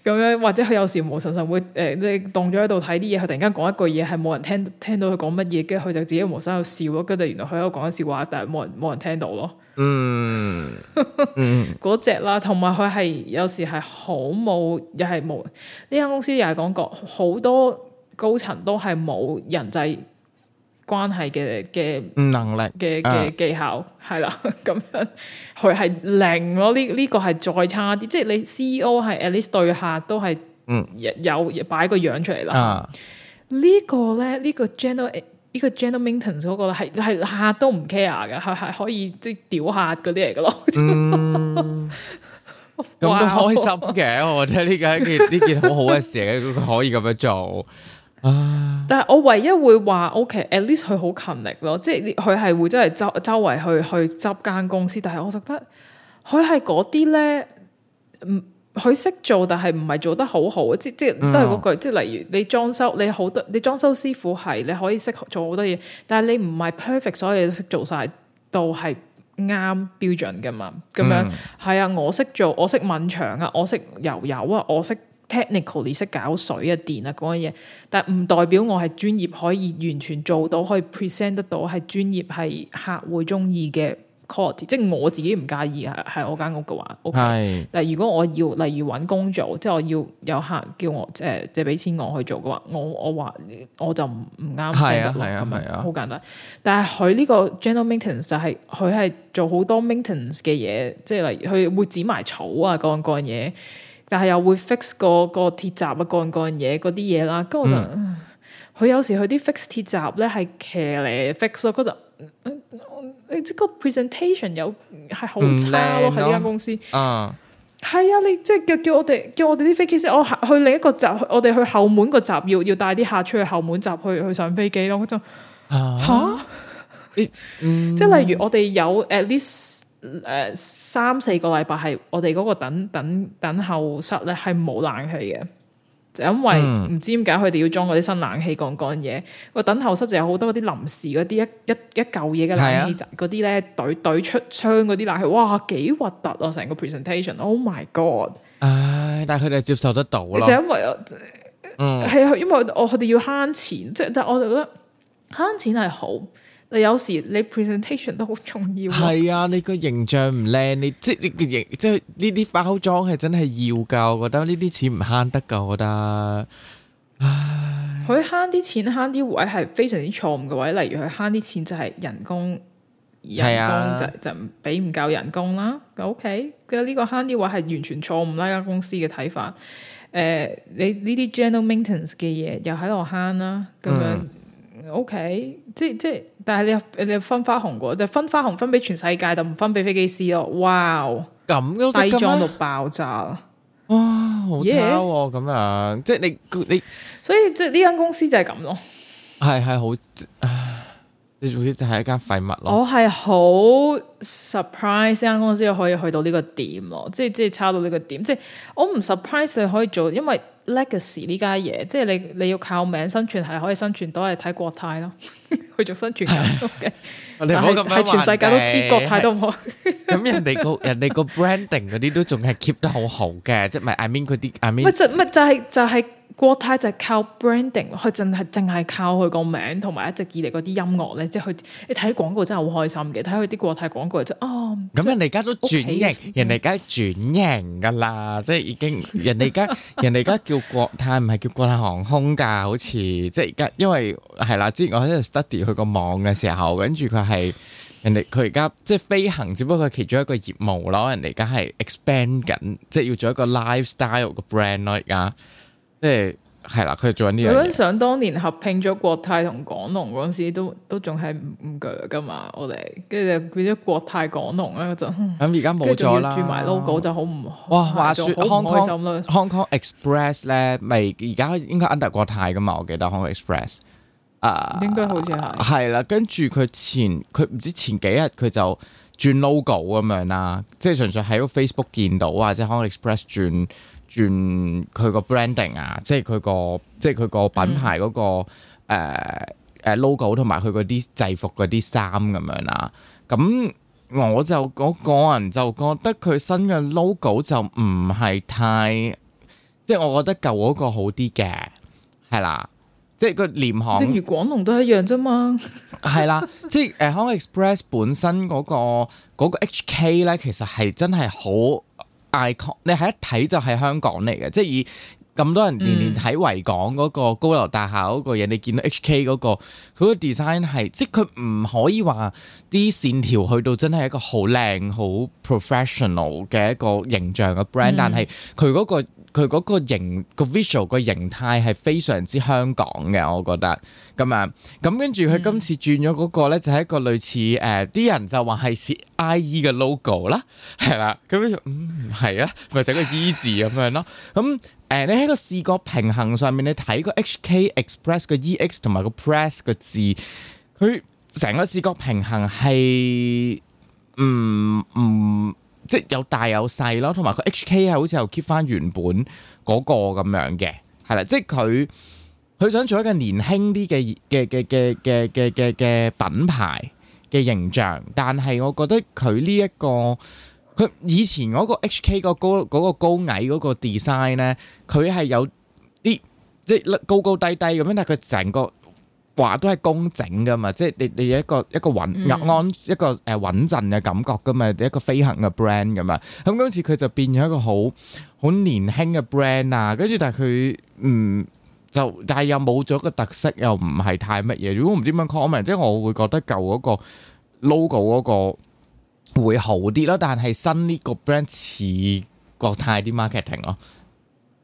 咁樣，或者佢有時無神神會誒、呃，你動咗喺度睇啲嘢，佢突然間講一句嘢係冇人聽聽到佢講乜嘢，跟住佢就自己無神喺度笑咯，跟住原來佢喺度講緊笑話，但係冇人冇人聽到咯。嗯，嗰、嗯、隻 啦，同埋佢係有時係好冇，又係冇呢間公司又係講過好多。高層都係冇人際關係嘅嘅能力嘅嘅技巧。係啦，咁樣佢係零咯，呢呢個係再差啲。即係你 CEO 係 at least 對客都係嗯，有擺個樣出嚟啦。呢個咧，呢個 general 呢個 general minton 嗰個係係下下都唔 care 噶，係係可以即係屌客嗰啲嚟噶咯。咁都開心嘅，我覺得呢個係一件呢件好好嘅事，可以咁樣做。啊！Uh, 但係我唯一會話，OK，at least 佢好勤力咯，即係佢係會真係周周圍去去執間公司。但係我覺得佢係嗰啲咧，唔佢識做，但係唔係做得好好。即即都係嗰句，即例如你裝修，你好多你裝修師傅係你可以識做好多嘢，但係你唔係 perfect，所有嘢都識做晒到係啱標準㗎嘛？咁樣係、um, 啊，我識做，我識吻牆啊，我識油油啊，我識。我 technically 識搞水啊、電啊嗰樣嘢，但唔代表我係專業可以完全做到，可以 present 得到係專業係客會中意嘅 quality。即係我自己唔介意係係我間屋嘅話，OK 是。但係如果我要例如揾工做，即係我要有客人叫我誒、呃、借俾錢我去做嘅話，我我話我就唔唔啱。係啊係啊係啊，好簡單。但係佢呢個 general maintenance 就係佢係做好多 maintenance 嘅嘢，即係例如佢會剪埋草啊，嗰樣嗰樣嘢。但係又會 fix 個個鐵閘啊，嗰樣嗰樣嘢嗰啲嘢啦，咁我就，佢、嗯、有時佢啲 fix 鐵閘咧係騎嚟 fix，咗嗰陣，你即個 presentation 有係好差咯喺呢間公司，係、嗯、啊，你即係叫叫我哋叫我哋啲飛機師，我去另一個閘，我哋去後門個閘，要要帶啲客出去後門閘去去上飛機咯，我就，吓，即係例如我哋有 at least。誒、呃，三四個禮拜係我哋嗰個等等等候室咧，係冇冷氣嘅，就因為唔知點解佢哋要裝嗰啲新冷氣，干干嘢，個等候室就有好多嗰啲臨時嗰啲一一一舊嘢嘅冷氣嗰啲咧隊隊出窗嗰啲冷氣，哇，幾核突啊！成個 presentation，oh my god！唉，但係佢哋接受得到咯，就因為嗯係啊，因為我佢哋要慳錢，即係但我就覺得慳錢係好。你有時你 presentation 都好重要。係啊，你個形象唔靚，你即係你個形，即係呢啲包裝係真係要㗎。我覺得呢啲錢唔慳得㗎，我覺得。唉、佢慳啲錢慳啲位係非常之錯誤嘅位，例如佢慳啲錢就係人工，人工就係、啊、就俾唔夠人工啦。OK，呢個慳啲位係完全錯誤、呃、啦，間公司嘅睇法。誒，你呢啲 general maintenance 嘅嘢又喺度慳啦，咁樣 OK，即即。即但係你你分花紅嘅，就分花紅分俾全世界，就唔分俾飛機師咯。哇，咁都裝到爆炸啦！哇，好差咁啊！Yeah. 樣即係你你，你所以即係呢間公司就係咁咯。係係好，你主要就係一間廢物咯。我係好 surprise 呢間公司可以去到呢個點咯，即係即係差到呢個點，即係我唔 surprise 你可以做，因為。legacy 呢家嘢，即係你你要靠名生存係可以生存到，都係睇國泰咯，佢仲生存緊嘅。你唔好咁樣話，係全世界都知國泰都唔好。咁人哋個人哋個 branding 嗰啲都仲係 keep 得好好嘅，即係咪？I mean 嗰啲，I mean 乜就乜就係就係國泰就係靠 branding，佢淨係淨係靠佢個名同埋一直以嚟嗰啲音樂咧，即係佢你睇廣告真係好開心嘅，睇佢啲國泰廣告就哦。咁人哋而家都轉型，人哋而家轉型噶啦，即係已經人哋而家人哋而家叫。叫國泰唔係叫國泰航空㗎，好似即係而家，因為係啦。之前我喺度 study 佢個網嘅時候，跟住佢係人哋佢而家即係飛行，只不過係其中一個業務咯。人哋而家係 expand 緊，即係要做一個 lifestyle 嘅 brand 咯，而家即係。係啦，佢做緊呢樣。我想當年合併咗國泰同港龍嗰陣時，都都仲係唔鋸噶嘛，我哋，跟住就變咗國泰港龍啊嗰陣。咁而家冇咗啦。跟住轉埋 logo 就好唔。哇，話說 Hong Kong, Hong Kong Express 咧，咪而家應該 under 國泰噶嘛？我記得 Hong Kong Express 啊，uh, 應該好似係。係啦，跟住佢前，佢唔知前幾日佢就轉 logo 咁樣啦，即係純粹喺個 Facebook 見到啊，即係 Hong Kong Express 轉。轉佢個 branding 啊，即係佢個即係佢個品牌嗰、那個誒、嗯呃、logo 同埋佢嗰啲制服嗰啲衫咁樣啦。咁我就嗰個人就覺得佢新嘅 logo 就唔係太，即係我覺得舊嗰個好啲嘅，係啦。即係個廉航，正如廣龍都一樣啫嘛。係 啦，即係誒 Hong Kong Express 本身嗰、那個、那個、HK 咧，其實係真係好。Icon，你係一睇就係香港嚟嘅，即係以咁多人年年睇維港嗰個高樓大廈嗰個嘢，嗯、你見到 HK 嗰、佢嗰個 design 係即係佢唔可以話啲線條去到真係一個好靚好 professional 嘅一個形象嘅 brand，嗯、但係佢嗰個。佢嗰個形、嗰個 visual 個形態係非常之香港嘅，我覺得咁啊，咁跟住佢今次轉咗嗰個咧，嗯、就係一個類似誒啲、呃、人就話係寫 IE 嘅 logo 啦，係啦、 嗯，咁嗯係啊，咪、就、寫、是、個 E 字咁樣咯，咁誒、呃、你喺個，個，個視覺平衡上面，你睇個 HK Express 個 EX 同埋個 Press 個字，佢成個視覺平衡係唔唔。即係有大有細咯，同埋佢 HK 係好似又 keep 翻原本嗰個咁樣嘅，係啦，即係佢佢想做一個年輕啲嘅嘅嘅嘅嘅嘅嘅品牌嘅形象，但係我覺得佢呢一個佢以前嗰個 HK 個高嗰個高矮嗰個 design 咧，佢係有啲即係高高低低咁樣，但係佢成個。話都係工整㗎嘛，即係你你有一個一個穩壓安、嗯、一個誒穩陣嘅感覺㗎嘛，一個飛行嘅 brand 咁嘛。咁嗰次佢就變咗一個好好年輕嘅 brand 啊，跟住但係佢嗯就但係又冇咗個特色，又唔係太乜嘢。如果唔知點樣 comment，即係我會覺得舊嗰、嗰個 logo 嗰個會好啲啦，但係新呢個 brand 似過泰國泰啲 marketing 咯。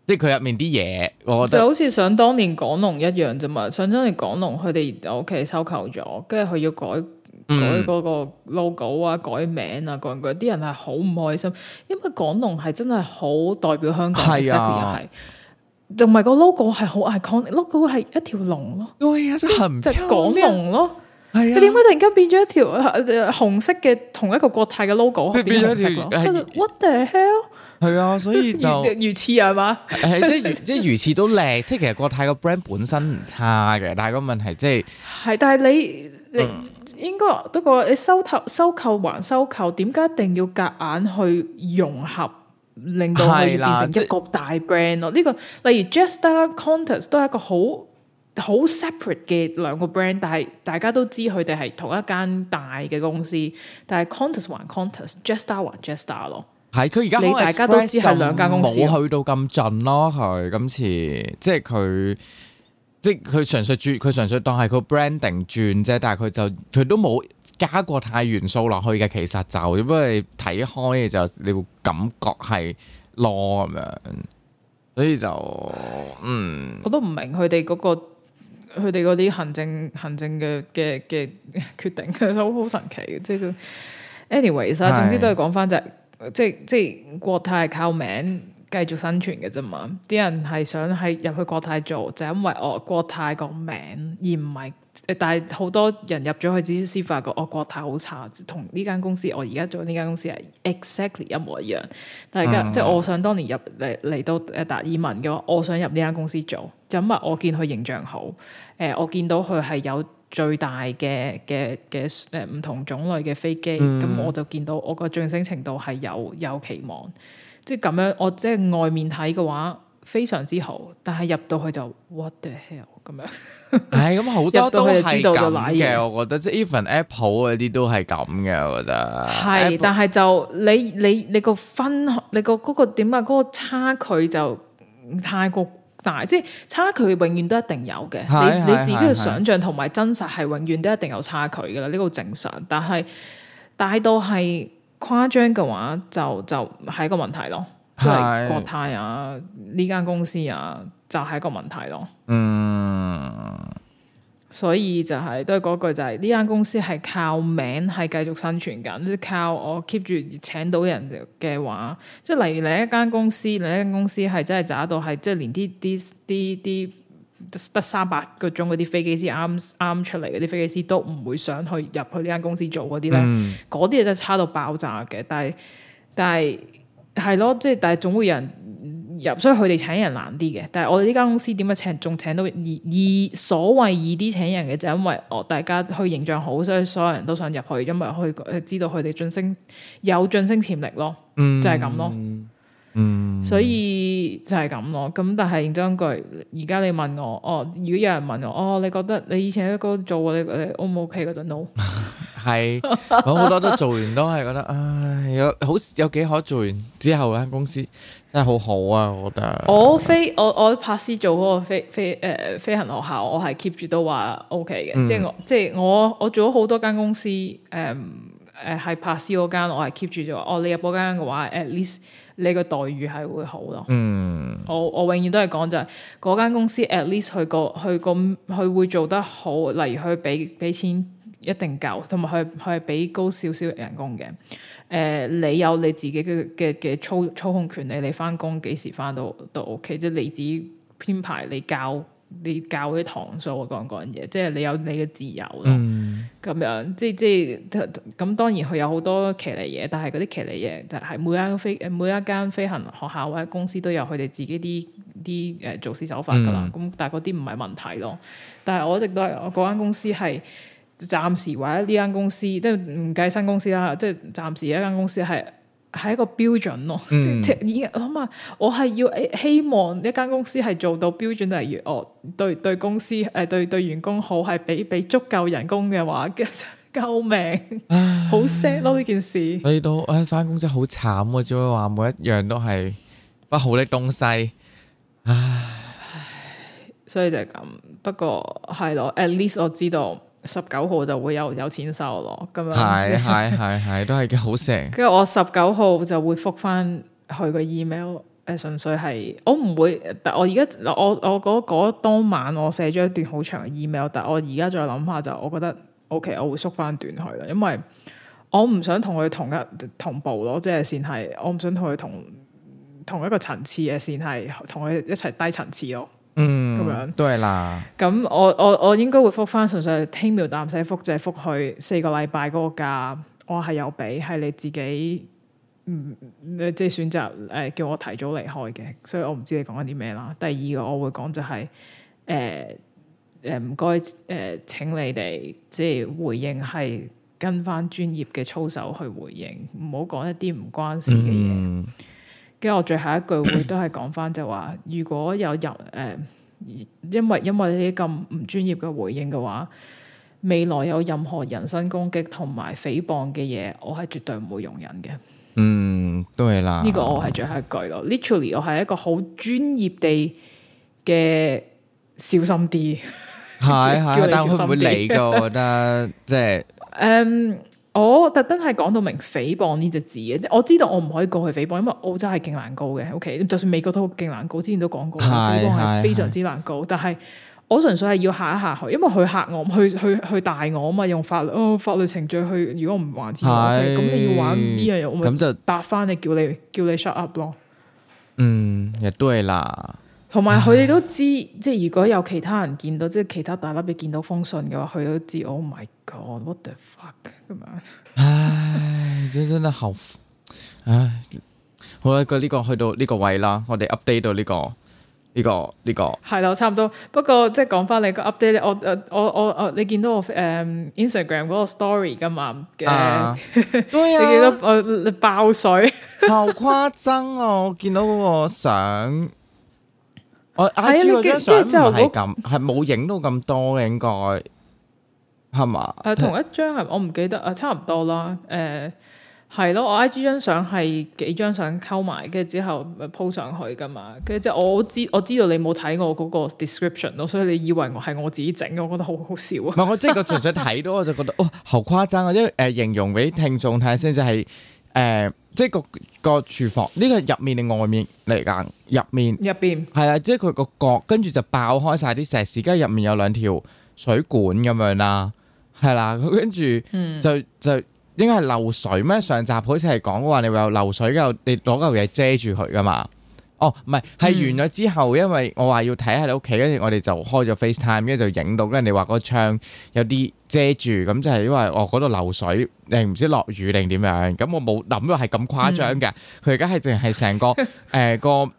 即係佢入面啲嘢，就好似想當年港龍一樣啫嘛。想當年港龍佢哋我屋企收購咗，跟住佢要改改嗰個 logo 啊，改名啊，各樣各樣。啲人係好唔開心，因為港龍係真係好代表香港，係又係。同埋個 logo 係好 iconic，logo 係一條龍咯，即、哎、啊，就係港龍咯，係啊。點解突然間變咗一條紅色嘅同一個國泰嘅 logo？即係變咗一條，what the hell？係啊，所以就魚翅係嘛？即係即係魚翅都靚，即係其實國泰個 brand 本身唔差嘅，但係個問題即係係，但係你你應該不過你收購收購還收購，點解一定要夾硬去融合，令到變成一個大 brand 咯，啊？呢、呢個例如 Jetstar Qantas 都係一個好好 separate 嘅兩個 brand，但係大家都知佢哋係同一間大嘅公司，但係 Qantas 還 Qantas，Jetstar 還 Jetstar 咯。係佢而家，大家都知係兩間公司，去到咁盡咯。佢今次即係佢，即係佢純粹轉，佢純粹當係佢 branding 轉啫。但係佢就佢都冇加過太元素落去嘅。其實就只不過睇開嘅就，你會感覺係囉咁樣。所以就嗯，我都唔明佢哋嗰個，佢哋嗰啲行政、行政嘅嘅嘅決定，好好神奇嘅。即係 Anyways，總之都係講翻隻。即係即係國泰係靠名繼續生存嘅啫嘛，啲人係想喺入去國泰做，就因為我國泰個名，而唔係，但係好多人入咗去之先先發覺，我國泰好差，同呢間公司我而家做呢間公司係 exactly 一模一樣。但係而家、嗯、即係我想當年入嚟嚟到達爾文嘅話，我想入呢間公司做，就因為我見佢形象好，誒、呃、我見到佢係有。最大嘅嘅嘅誒唔同種類嘅飛機，咁、嗯、我就見到我個晉升程度係有有期望，即係咁樣，我即係、就是、外面睇嘅話非常之好，但係入到去就 what the hell 咁樣，係咁好多都係係咁嘅，我覺得。即係 even Apple 嗰啲都係咁嘅，我覺得。係，但係就你你你，你，分你、嗰個分你、嗰個、嗰個點啊，嗰個嗰個差距就太過。但係即係差距，永遠都一定有嘅。 你你自己嘅想象同埋真實係永遠都一定有差距嘅啦，呢、這個正常。但係，大到係誇張嘅話，就就係、是、一個問題咯。即係 國泰啊，呢間公司啊，就係、是、一個問題咯。嗯。 所以就係、是、都係嗰句，就係呢間公司係靠名係繼續生存緊，即係靠我 keep 住請到人嘅話，即係例如另一間公司，另一間公司係真係渣到係即係連啲啲啲啲得三百個鐘嗰啲飛機師啱啱出嚟嗰啲飛機師都唔會想去入去呢間公司做嗰啲咧，嗰啲嘢真係差到爆炸嘅。但係但係係咯，即係但係總會有人。入，所以佢哋請人難啲嘅。但係我哋呢間公司點解請仲請到易易，所謂易啲請人嘅？就係、因為哦大家去形象好，所以所有人都想入去，因為可知道佢哋晉升有晉升潛力咯，嗯、就係咁咯。嗯，所以就係咁咯。咁但係認真句，而家你問我，哦，如果有人問我，哦，你覺得你以前喺嗰度做，你你 O 唔 O K 嗰陣 no。 .係 我好多都做完，都係覺得唉，有好有幾可做完之後，間公司真係好好啊！我覺得我飛我我拍師做嗰個飛飛誒飛行學校，我係 keep 住都話 OK 嘅，即係我即係我我做咗好多間公司誒誒係拍師嗰間，我係 keep 住就哦你入嗰間嘅話，at least 你個待遇係會好咯。嗯，我嗯我，我永遠都係講就係嗰間公司 at least 佢個佢個佢會做得好，例如佢俾俾錢。一定夠，同埋佢佢係俾高少少人工嘅。誒、呃，你有你自己嘅嘅嘅操操控權利，你你翻工幾時翻都都 OK。即係你自己編排你教你教啲堂數講講嘢，即係你有你嘅自由咯。咁、嗯、樣即即咁當然佢有好多騎呢嘢，但係嗰啲騎呢嘢就係、是、每間飛每一間飛行學校或者公司都有佢哋自己啲啲誒做事手法噶啦。咁、嗯、但係嗰啲唔係問題咯。但係我一直都係我嗰間公司係。暫時或者呢間公司，即係唔計新公司啦，即係暫時一間公司係係一個標準咯。嗯即，好嘛，我係要希望一間公司係做到標準，例如哦，對對公司誒對對員工好，係俾俾足夠人工嘅話，嘅救命，唉好 sad 咯呢件事。所以都誒，返、哎、工真係好慘啊！只會話每一樣都係不好的東西，唉，所以就係咁。不過係咯，at least 我知道。十九號就會有有錢收咯，咁樣。係係係係，都係嘅好成。跟住我十九號就會覆返佢個 email，誒、呃、純粹係我唔會，但我而家我我嗰嗰當晚我寫咗一段好長嘅 email，但我而家再諗下就，我覺得 OK，我會縮翻段去啦，因為我唔想同佢同一同步咯，即係線係我唔想同佢同同一個層次嘅線係同佢一齊低層次咯。嗯，咁樣對啦了。咁我我我應該會覆翻純粹輕描淡寫覆就係覆去四個禮拜嗰個價，我係有俾，係你自己，嗯，即係選擇誒、呃，叫我提早離開嘅，所以我唔知你講緊啲咩啦。第二個我會講就係、是，誒誒唔該，誒、呃呃、請你哋即係回應係跟翻專業嘅操守去回應，唔好講一啲唔關事嘅嘢。嗯跟住我最後一句會都係講翻就話、是，如果有任誒、呃，因為因為呢啲咁唔專業嘅回應嘅話，未來有任何人身攻擊同埋誹謗嘅嘢，我係絕對唔會容忍嘅。嗯，都係啦。呢個我係最後一句咯。啊、Literally，我係一個好專業地嘅小心啲。係係是， 叫你小心啲，但係會唔會理噶？我覺得即係。Um, 我、oh, 特登係講到明誹謗呢隻字嘅，即我知道我唔可以告佢誹謗，因為澳洲係勁難告嘅，O K，就算美國都勁難告，之前都講過，誹謗係非常之難告。但係我純粹係要嚇一嚇佢，因為佢嚇我，去去去大我啊嘛，用法律、哦、法律程序去，如果我唔還錢，咁、okay? 是你要玩呢樣嘢，我咪咁就打返你，叫你叫你 shut up 咯。嗯，亦都係啦。同埋佢哋都知，即係如果有其他人見到，即係其他大粒俾見到封信嘅話，佢都知。Oh my god, what the fuck 咁樣？唉，真真真好。唉，好啦，佢、這、呢個去到呢個位啦，我哋 update 到呢個呢個呢個。係、這、啦、個這個，差唔多。不過即係講翻你個 update，我誒我我你見到我誒、嗯、Instagram 嗰個 story 㗎嘛？啊， 你對你見到爆水，好誇張哦！ 我見到嗰個相。我 I G 張相唔係咁，係冇影到咁多嘅，應該係嘛？誒，同一張係我唔記得誒，差唔多啦。誒，係咯，我 I G 張相係幾張相溝埋，跟住之後咪鋪上去噶嘛。跟住即係我知，我知道你冇睇我嗰個 description 咯，所以你以為我係我自己整，我覺得好好笑啊！唔係我即係個純粹睇到，我就覺得哇好誇張啊！因為誒形容俾聽眾睇下先，就係誒。即係個個廚房呢、這個入面定外面嚟噶？入面入邊係啦，即係佢個角跟住就爆開晒啲石屎，跟住入面有兩條水管咁樣啦，係啦，跟住就就，就應該係漏水咩？上集好似係講話你會有漏水，又你攞嚿嘢遮住佢噶嘛。哦，唔係，係完咗之後，因為我話要睇下你屋企，跟住、嗯、我哋就開咗 FaceTime，跟住就影到，跟住你話個窗有啲遮住，咁就係因為我嗰度漏水，你唔知落雨定點樣，咁我冇諗到係咁誇張嘅。佢而家係淨係成個誒、呃、 個個，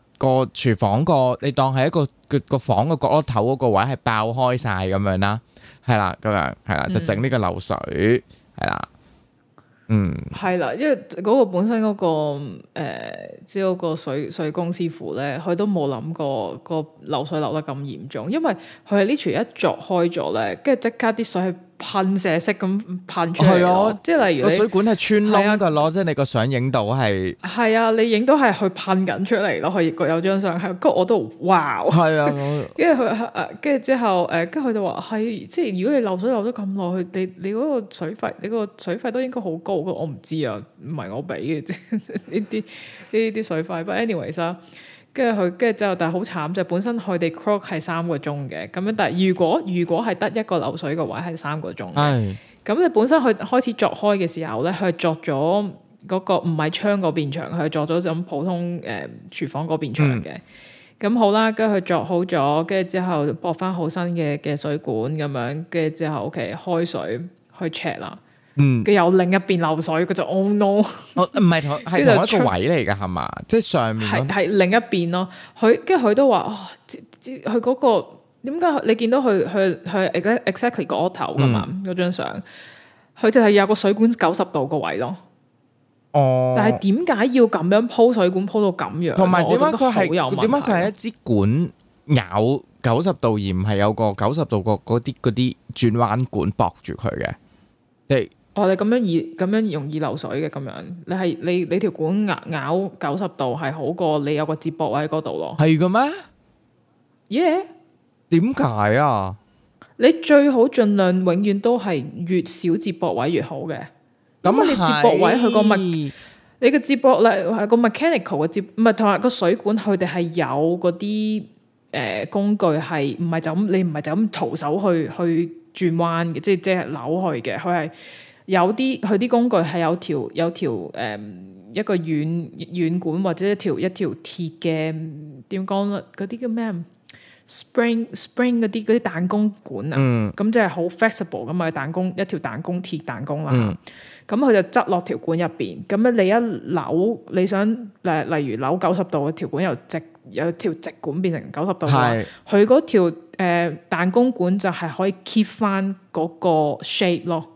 個廚房個，你當係一個個，個房個角落頭嗰個位係爆開晒咁樣啦，係啦，咁樣係啦，就整呢個漏水，係啦、嗯。嗯，係啦，因為嗰個本身嗰、嗰個誒，即係嗰個水水工師傅呢，佢都冇諗過個漏水漏得咁嚴重，因為佢係呢處一鑿開咗呢，跟住即刻啲水係。噴射式咁噴出去，哦、咯，啊、即係例如個水管係穿窿一噶咯，即係你個相影到係係啊，你影到係去噴緊出嚟咯，佢亦各有張相，係跟我都哇，係啊，跟住佢，跟住之後，誒，跟住佢就話係，即係如果你漏水漏咗咁耐，你你嗰個水費，你個水費都應該好高噶，我唔知啊，唔係我俾嘅，呢啲呢啲水費，不 anyway 跟住佢，跟住之後，但係好慘就本身佢哋 clock 係三個鐘嘅，咁樣但係如果如果係得一個漏水嘅位係三個鐘嘅，咁你唉本身佢開始鑿開嘅時候咧，佢係鑿咗嗰個唔係窗嗰邊牆，佢係鑿咗種普通誒廚、呃、房嗰邊牆嘅。咁、嗯、好啦，跟住佢鑿好咗，跟住之後駁翻好新嘅嘅水管咁樣，跟住之後 OK 開水去 check 啦。佢有、嗯、另一邊漏水，佢就 oh no，唔係、哦、同係同一個位嚟噶係嘛，即係上面係另一邊咯。佢跟住佢都話，佢、哦、嗰、嗰個點解你見到佢佢佢 exactly 個頭噶嘛？嗰、嗯、張相，佢就係有個水管九十度個位咯。哦，但係點解要咁樣鋪水管鋪到咁樣？同埋點解佢係有？點解佢係一支管咬九十度而唔係有個九十度個嗰啲嗰啲轉彎管駁住佢嘅？我哋咁樣易咁樣容易漏水嘅，咁樣，你係你你條管壓咬九十度係好過你有個接駁位喺嗰度咯。係嘅咩？耶？Yeah？點解啊？你最好盡量永遠都係越少接駁位越好嘅。咁你接駁位佢個物，你個接駁咧係個 mechanical 嘅接，唔係同埋個水管佢哋係有嗰啲誒工具係唔係就咁，你唔係就咁徒手去去轉彎嘅，即係即係扭去嘅，佢係。有啲佢啲工具係有條有條誒、呃、一個軟軟管或者一條一條鐵嘅，點講咧？嗰啲叫咩？spring spring 嗰啲啲彈弓管啊，咁、嗯、即係好 flexible 噶嘛？彈弓一條彈弓鐵彈弓啦，咁佢、嗯、就塞落條管入邊。咁咧你一扭，你想誒例如扭九十度嘅條管由直有條直管變成九十度，佢嗰是條誒彈、呃、弓管就係可以 keep 翻嗰個 shape 咯。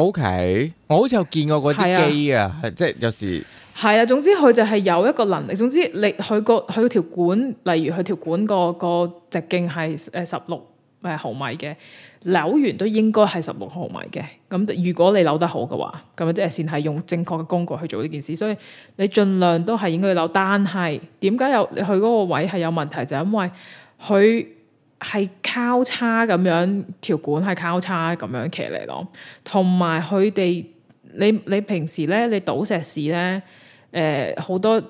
OK，我好似有見過嗰啲機啊，即係有時係啊，總之佢就係有一個能力。總之你佢個佢條管，例如佢條管個個直徑係誒十六誒毫米嘅，扭完都應該係十六毫米嘅。咁如果你扭得好嘅話，咁即係先係用正確嘅工具去做呢件事，所以你盡量都係應該扭。但係點解有你佢嗰個位係有問題？就因為佢。係交叉咁樣，條管係交叉咁樣騎嚟咯。同埋佢哋，你你平時咧，你倒石屎咧，誒、呃，好多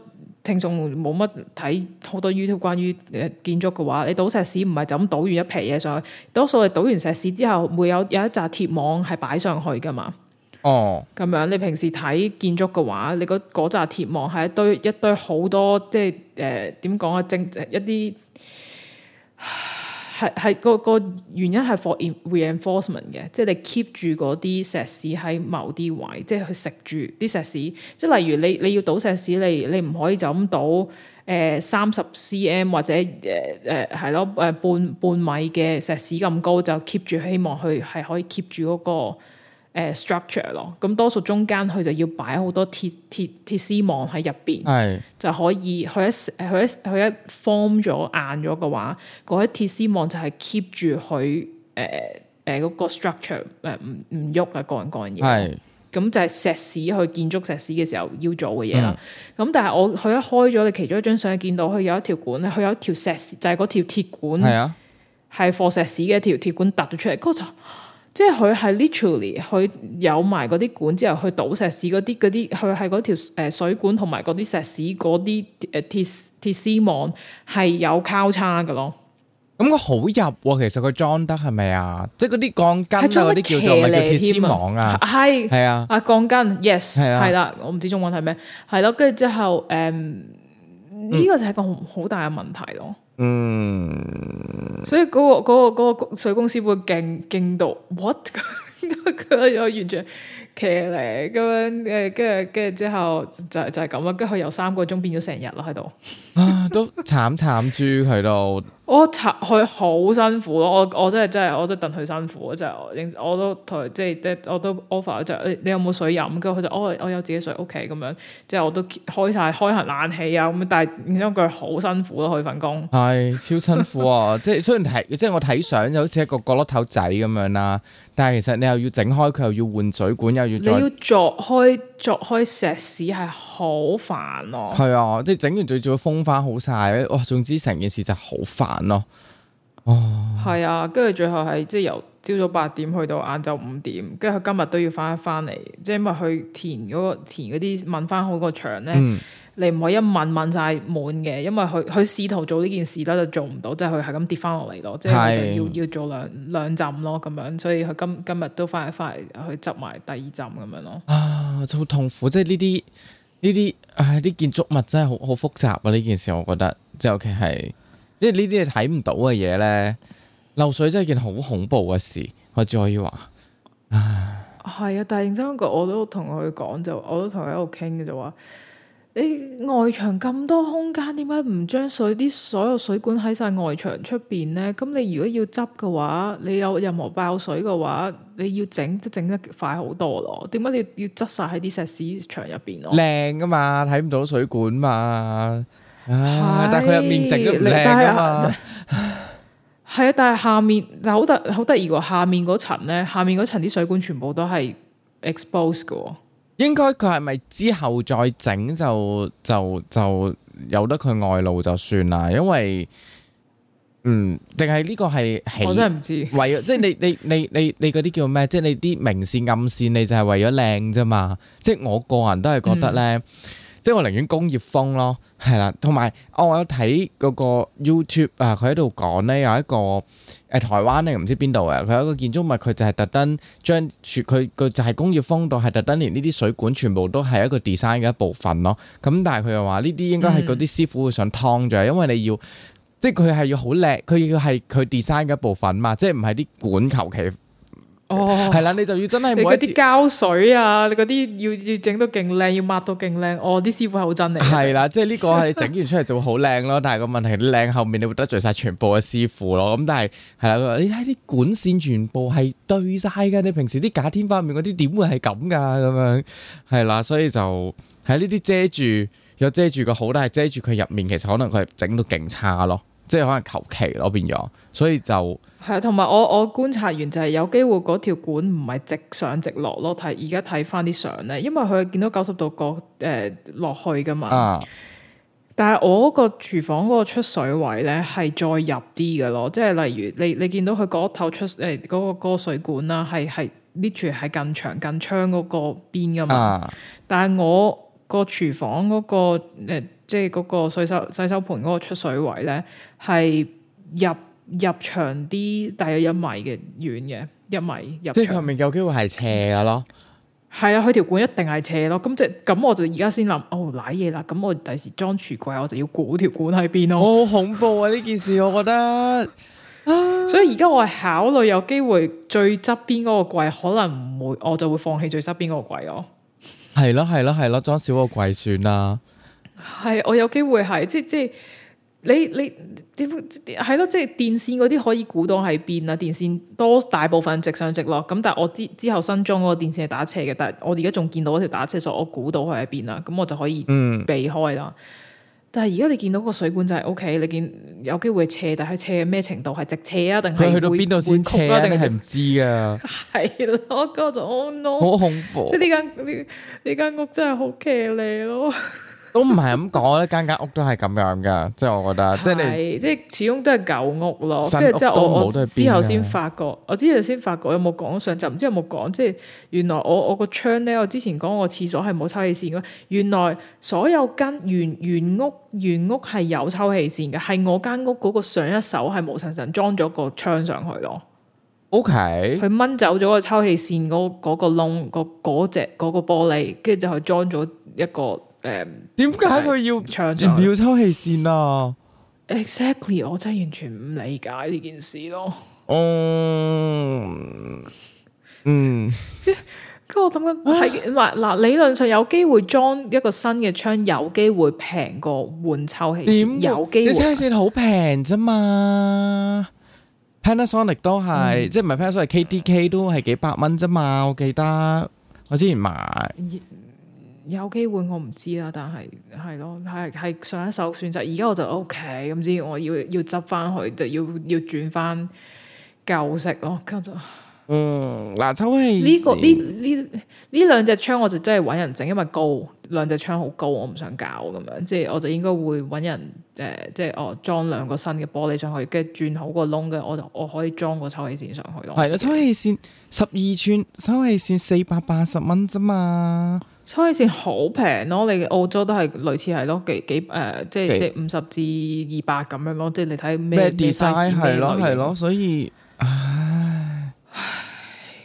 聽眾冇乜睇，好多 YouTube 關於誒建築嘅話，你倒石屎唔係就咁倒完一皮嘢上去，多數係倒完石屎之後，會有有一紮鐵網係擺上去噶嘛。哦，咁樣你平時睇建築嘅話，你嗰紮鐵網係一堆一堆好多，即係誒點講啊，正一啲。係係個個原因係 for reinforcement 嘅，即係你 keep 住嗰啲石屎喺某啲位，即係去食住啲石屎。即係例如你你要倒石屎，你你唔可以就咁倒誒三十 cm 或者誒誒係咯誒半半米嘅石屎咁高，就 keep 住希望佢係可以 keep 住嗰個。誒 structure 咯，咁多數中間佢就要擺好多鐵鐵鐵絲網喺入邊，就可以佢一佢一佢一 form 咗硬咗嘅話，嗰一鐵絲網就係 keep 住佢誒誒嗰個 structure 誒唔唔喐啊，嗰樣嗰樣嘢。係，咁就係石屎去建築石屎嘅時候要做嘅嘢啦。咁但係我佢一開咗你其中一張相，見到佢有一條管咧，佢有一條石屎，就係嗰條鐵管，係啊，係 for 石屎嘅一條鐵管凸咗出嚟，即係佢係 literally 佢有埋嗰啲管之後去倒石屎嗰啲啲，佢係嗰條水管同埋嗰啲石屎嗰啲誒鐵鐵絲網係有交叉嘅咯。咁佢好入喎，其實佢裝得係咪啊？即係嗰啲鋼筋啊，嗰啲叫做咩叫做鐵絲網啊？係係啊，啊鋼筋 yes 係啦、啊，我唔知中文係咩，係咯，跟住之後誒，呢、嗯嗯、個就係一個好大嘅問題咯。嗯，所以嗰、嗰個、嗰個、嗰個水公司會勁勁到 what？佢 佢又完全騎呢咁樣誒，跟住跟住之後就就係咁啦，跟住佢由三個鐘變咗成日咯喺度，啊，都慘慘豬喺度。 我拆佢好辛苦咯，我我真係真係我真係戥佢辛苦，真係我我都同即係即係我都 offer 就你有冇水飲？跟住佢就哦，我有自己水屋企咁樣。即係我都開晒開下冷氣啊咁，但係唔知佢好辛苦咯，佢份工係、哎、超辛苦啊！ 即係雖然睇即係我睇相就好似一個角落頭仔咁樣啦，但係其實你又要整開佢又要換水管又要你要鑿開鑿開石屎係好煩咯。係啊，即係整完最仲要封翻好晒。哇、哦！總之成件事就好煩。咯，哦，係啊，跟住最後係即係由朝早八點去到晏晝五點，跟住佢今日都要翻一翻嚟，即係因日為佢填嗰個填嗰啲問翻好個牆咧，嗯、你唔可以一問問晒滿嘅，因為佢佢試圖做呢件事咧就做唔到，即係佢係咁跌翻落嚟咯，即係要是要做兩兩浸咯咁樣，所以佢今今日都翻嚟翻嚟去執埋第二浸咁樣咯啊、就是。啊，就好痛苦！即係呢啲呢啲唉，啲建築物真係好好複雜啊！呢件事我覺得，即係尤其係。即係呢啲你睇唔到嘅嘢咧，漏水真係件好恐怖嘅事。我只可以話，唉，係啊，但係認真講，我都同佢講就，我都同佢喺度傾嘅就話，你外牆咁多空間，點解唔將水啲所有水管喺晒外牆出邊咧？咁你如果要執嘅話，你有任何爆水嘅話，你要整都整得快好多咯。點解你要要執晒喺啲石屎牆入邊咯？靚㗎嘛，睇唔到水管嘛。但係佢入面整咁靚啊嘛，係啊，但係、 啊、下面但好特好得意嘅，下面嗰層咧，下面嗰層啲水管全部都係 expose 嘅。應該佢係咪之後再整就就就，就由得佢外露就算啦？因為嗯，淨係呢個係起，我真係唔知為咗即係你你你你你嗰啲叫咩？即係你啲明綫暗綫，你就係為咗靚啫嘛。即係我個人都係覺得咧。嗯即係我寧願工業風咯，係啦，同埋我有睇嗰個 YouTube 啊，佢喺度講咧有一個誒、呃、台灣咧唔知邊度嘅，佢有一個建築物，佢就係特登將佢佢就係工業風度，係特登連呢啲水管全部都係一個 design 嘅一部分咯。咁但係佢又話呢啲應該係嗰啲師傅會想劏咗，因為你要即係佢係要好叻，佢要係佢 design 嘅一部分嘛，即係唔係啲管求其。哦，係啦， 你就要真係你啲膠水啊，你嗰啲要要整到勁靚，要抹到勁靚，哦，啲師傅好憎你啊。係啦，即係呢個係整完出嚟就會好靚咯， 但係個問題，靚後面你會得罪晒全部嘅師傅咯。咁但係係啦，你睇啲管線全部係對晒嘅，你平時啲假天花面嗰啲點會係咁噶。咁樣係啦，所以就喺呢啲遮住，有遮住個好，但係遮住佢入面，其實可能佢係整到勁差咯。即係可能求其咯，變咗，所以就係啊。同埋我我觀察完就係有機會嗰條管唔係直上直落咯。睇而家睇翻啲相咧，因為佢見到九十度角誒落去噶嘛。啊、但係我個廚房嗰個出水位咧係再入啲噶咯。即係例如你你見到佢嗰頭出誒嗰、呃嗰個過、嗰個、水管啦、啊，係係 lift 住係近牆近窗嗰個邊噶嘛。啊、但係我個廚房嗰、嗰個、呃、即係嗰個洗手洗手盆嗰個出水位咧。係入入場啲，大約一米嘅遠嘅一米入。即係上面有機會係斜嘅咯。係啊，佢條管一定係斜咯。咁即係咁，我就而家先諗，哦，瀨嘢啦。咁、嗯、我第時裝櫥櫃，我就要估條管喺邊咯。好、哦、恐怖啊！呢件事，我覺得。 所以而家我係考慮有機會最側邊嗰個櫃可能唔會，我就會放棄最側邊嗰個櫃咯。係咯係咯係咯，裝少個櫃算啦。係， 我有機會係即即。即即你你點係咯？即係電線嗰啲可以估到喺邊啊？電線多大部分直上直落咁，但係我之之後新裝嗰個電線係打斜嘅，但係我而家仲見到嗰條打斜，所以我估到佢喺邊啦，咁我就可以避開啦。嗯、但係而家你見到個水管就係 O K，你見有機會斜，但係斜咩程度係直斜啊？定係去到邊度先斜？定係唔知啊？係咯、啊，嗰、啊、 種好、oh no, 恐怖，即係呢間呢呢間屋真係好騎呢咯。都唔係咁講， 一間間屋都係咁樣噶，即係 我覺得，是即係即係始終都係舊屋咯。新屋都冇，我之後先發覺，我之後先發覺有冇講上，就唔知有冇講。即係原來我我個窗咧，我之前講我廁所係冇抽氣扇噶，原來所有間原原屋原屋係有抽氣扇嘅，係我間屋嗰個上一手係無神神裝咗個窗上去咯。OK，佢掹走咗個抽氣扇嗰嗰個窿、嗰個嗰隻嗰個玻璃，跟住就係裝咗一個。誒，點解佢要唔了要抽氣線啊？Exactly，我真係完全唔理解呢件事咯。Um, 嗯，嗯 咁我諗緊係唔係嗱，理論上有機會裝一個新嘅窗，有機會平過換抽氣線。點有機會？你抽氣線好平啫嘛，Panasonic 都係，嗯、即係唔係 Panasonic？KDK 都係幾百蚊啫嘛，我記得我之前買。有機會我唔知啦，但係，係咯，係係上一手選擇。而家我就 O K 咁，先我要要執翻去，就要要轉翻舊式咯。咁就嗯，嗱抽氣呢、這個呢呢呢兩隻窗我就真係揾人整，因為高兩隻窗好高，我唔想搞咁樣，即係我就應該會揾人誒、呃，即係我裝兩個新嘅玻璃上去，跟住轉好個窿嘅，我就我可以裝個抽氣扇上去咯。係啦，抽氣扇十二寸抽氣扇四百八十蚊啫嘛。抽氣扇好平咯，你澳洲都係類似係咯，幾幾誒、呃，即係幾即係五十至二百咁樣咯，即係你睇咩嘢嘅抽氣扇，咩類型？係咯係咯，所以，唉。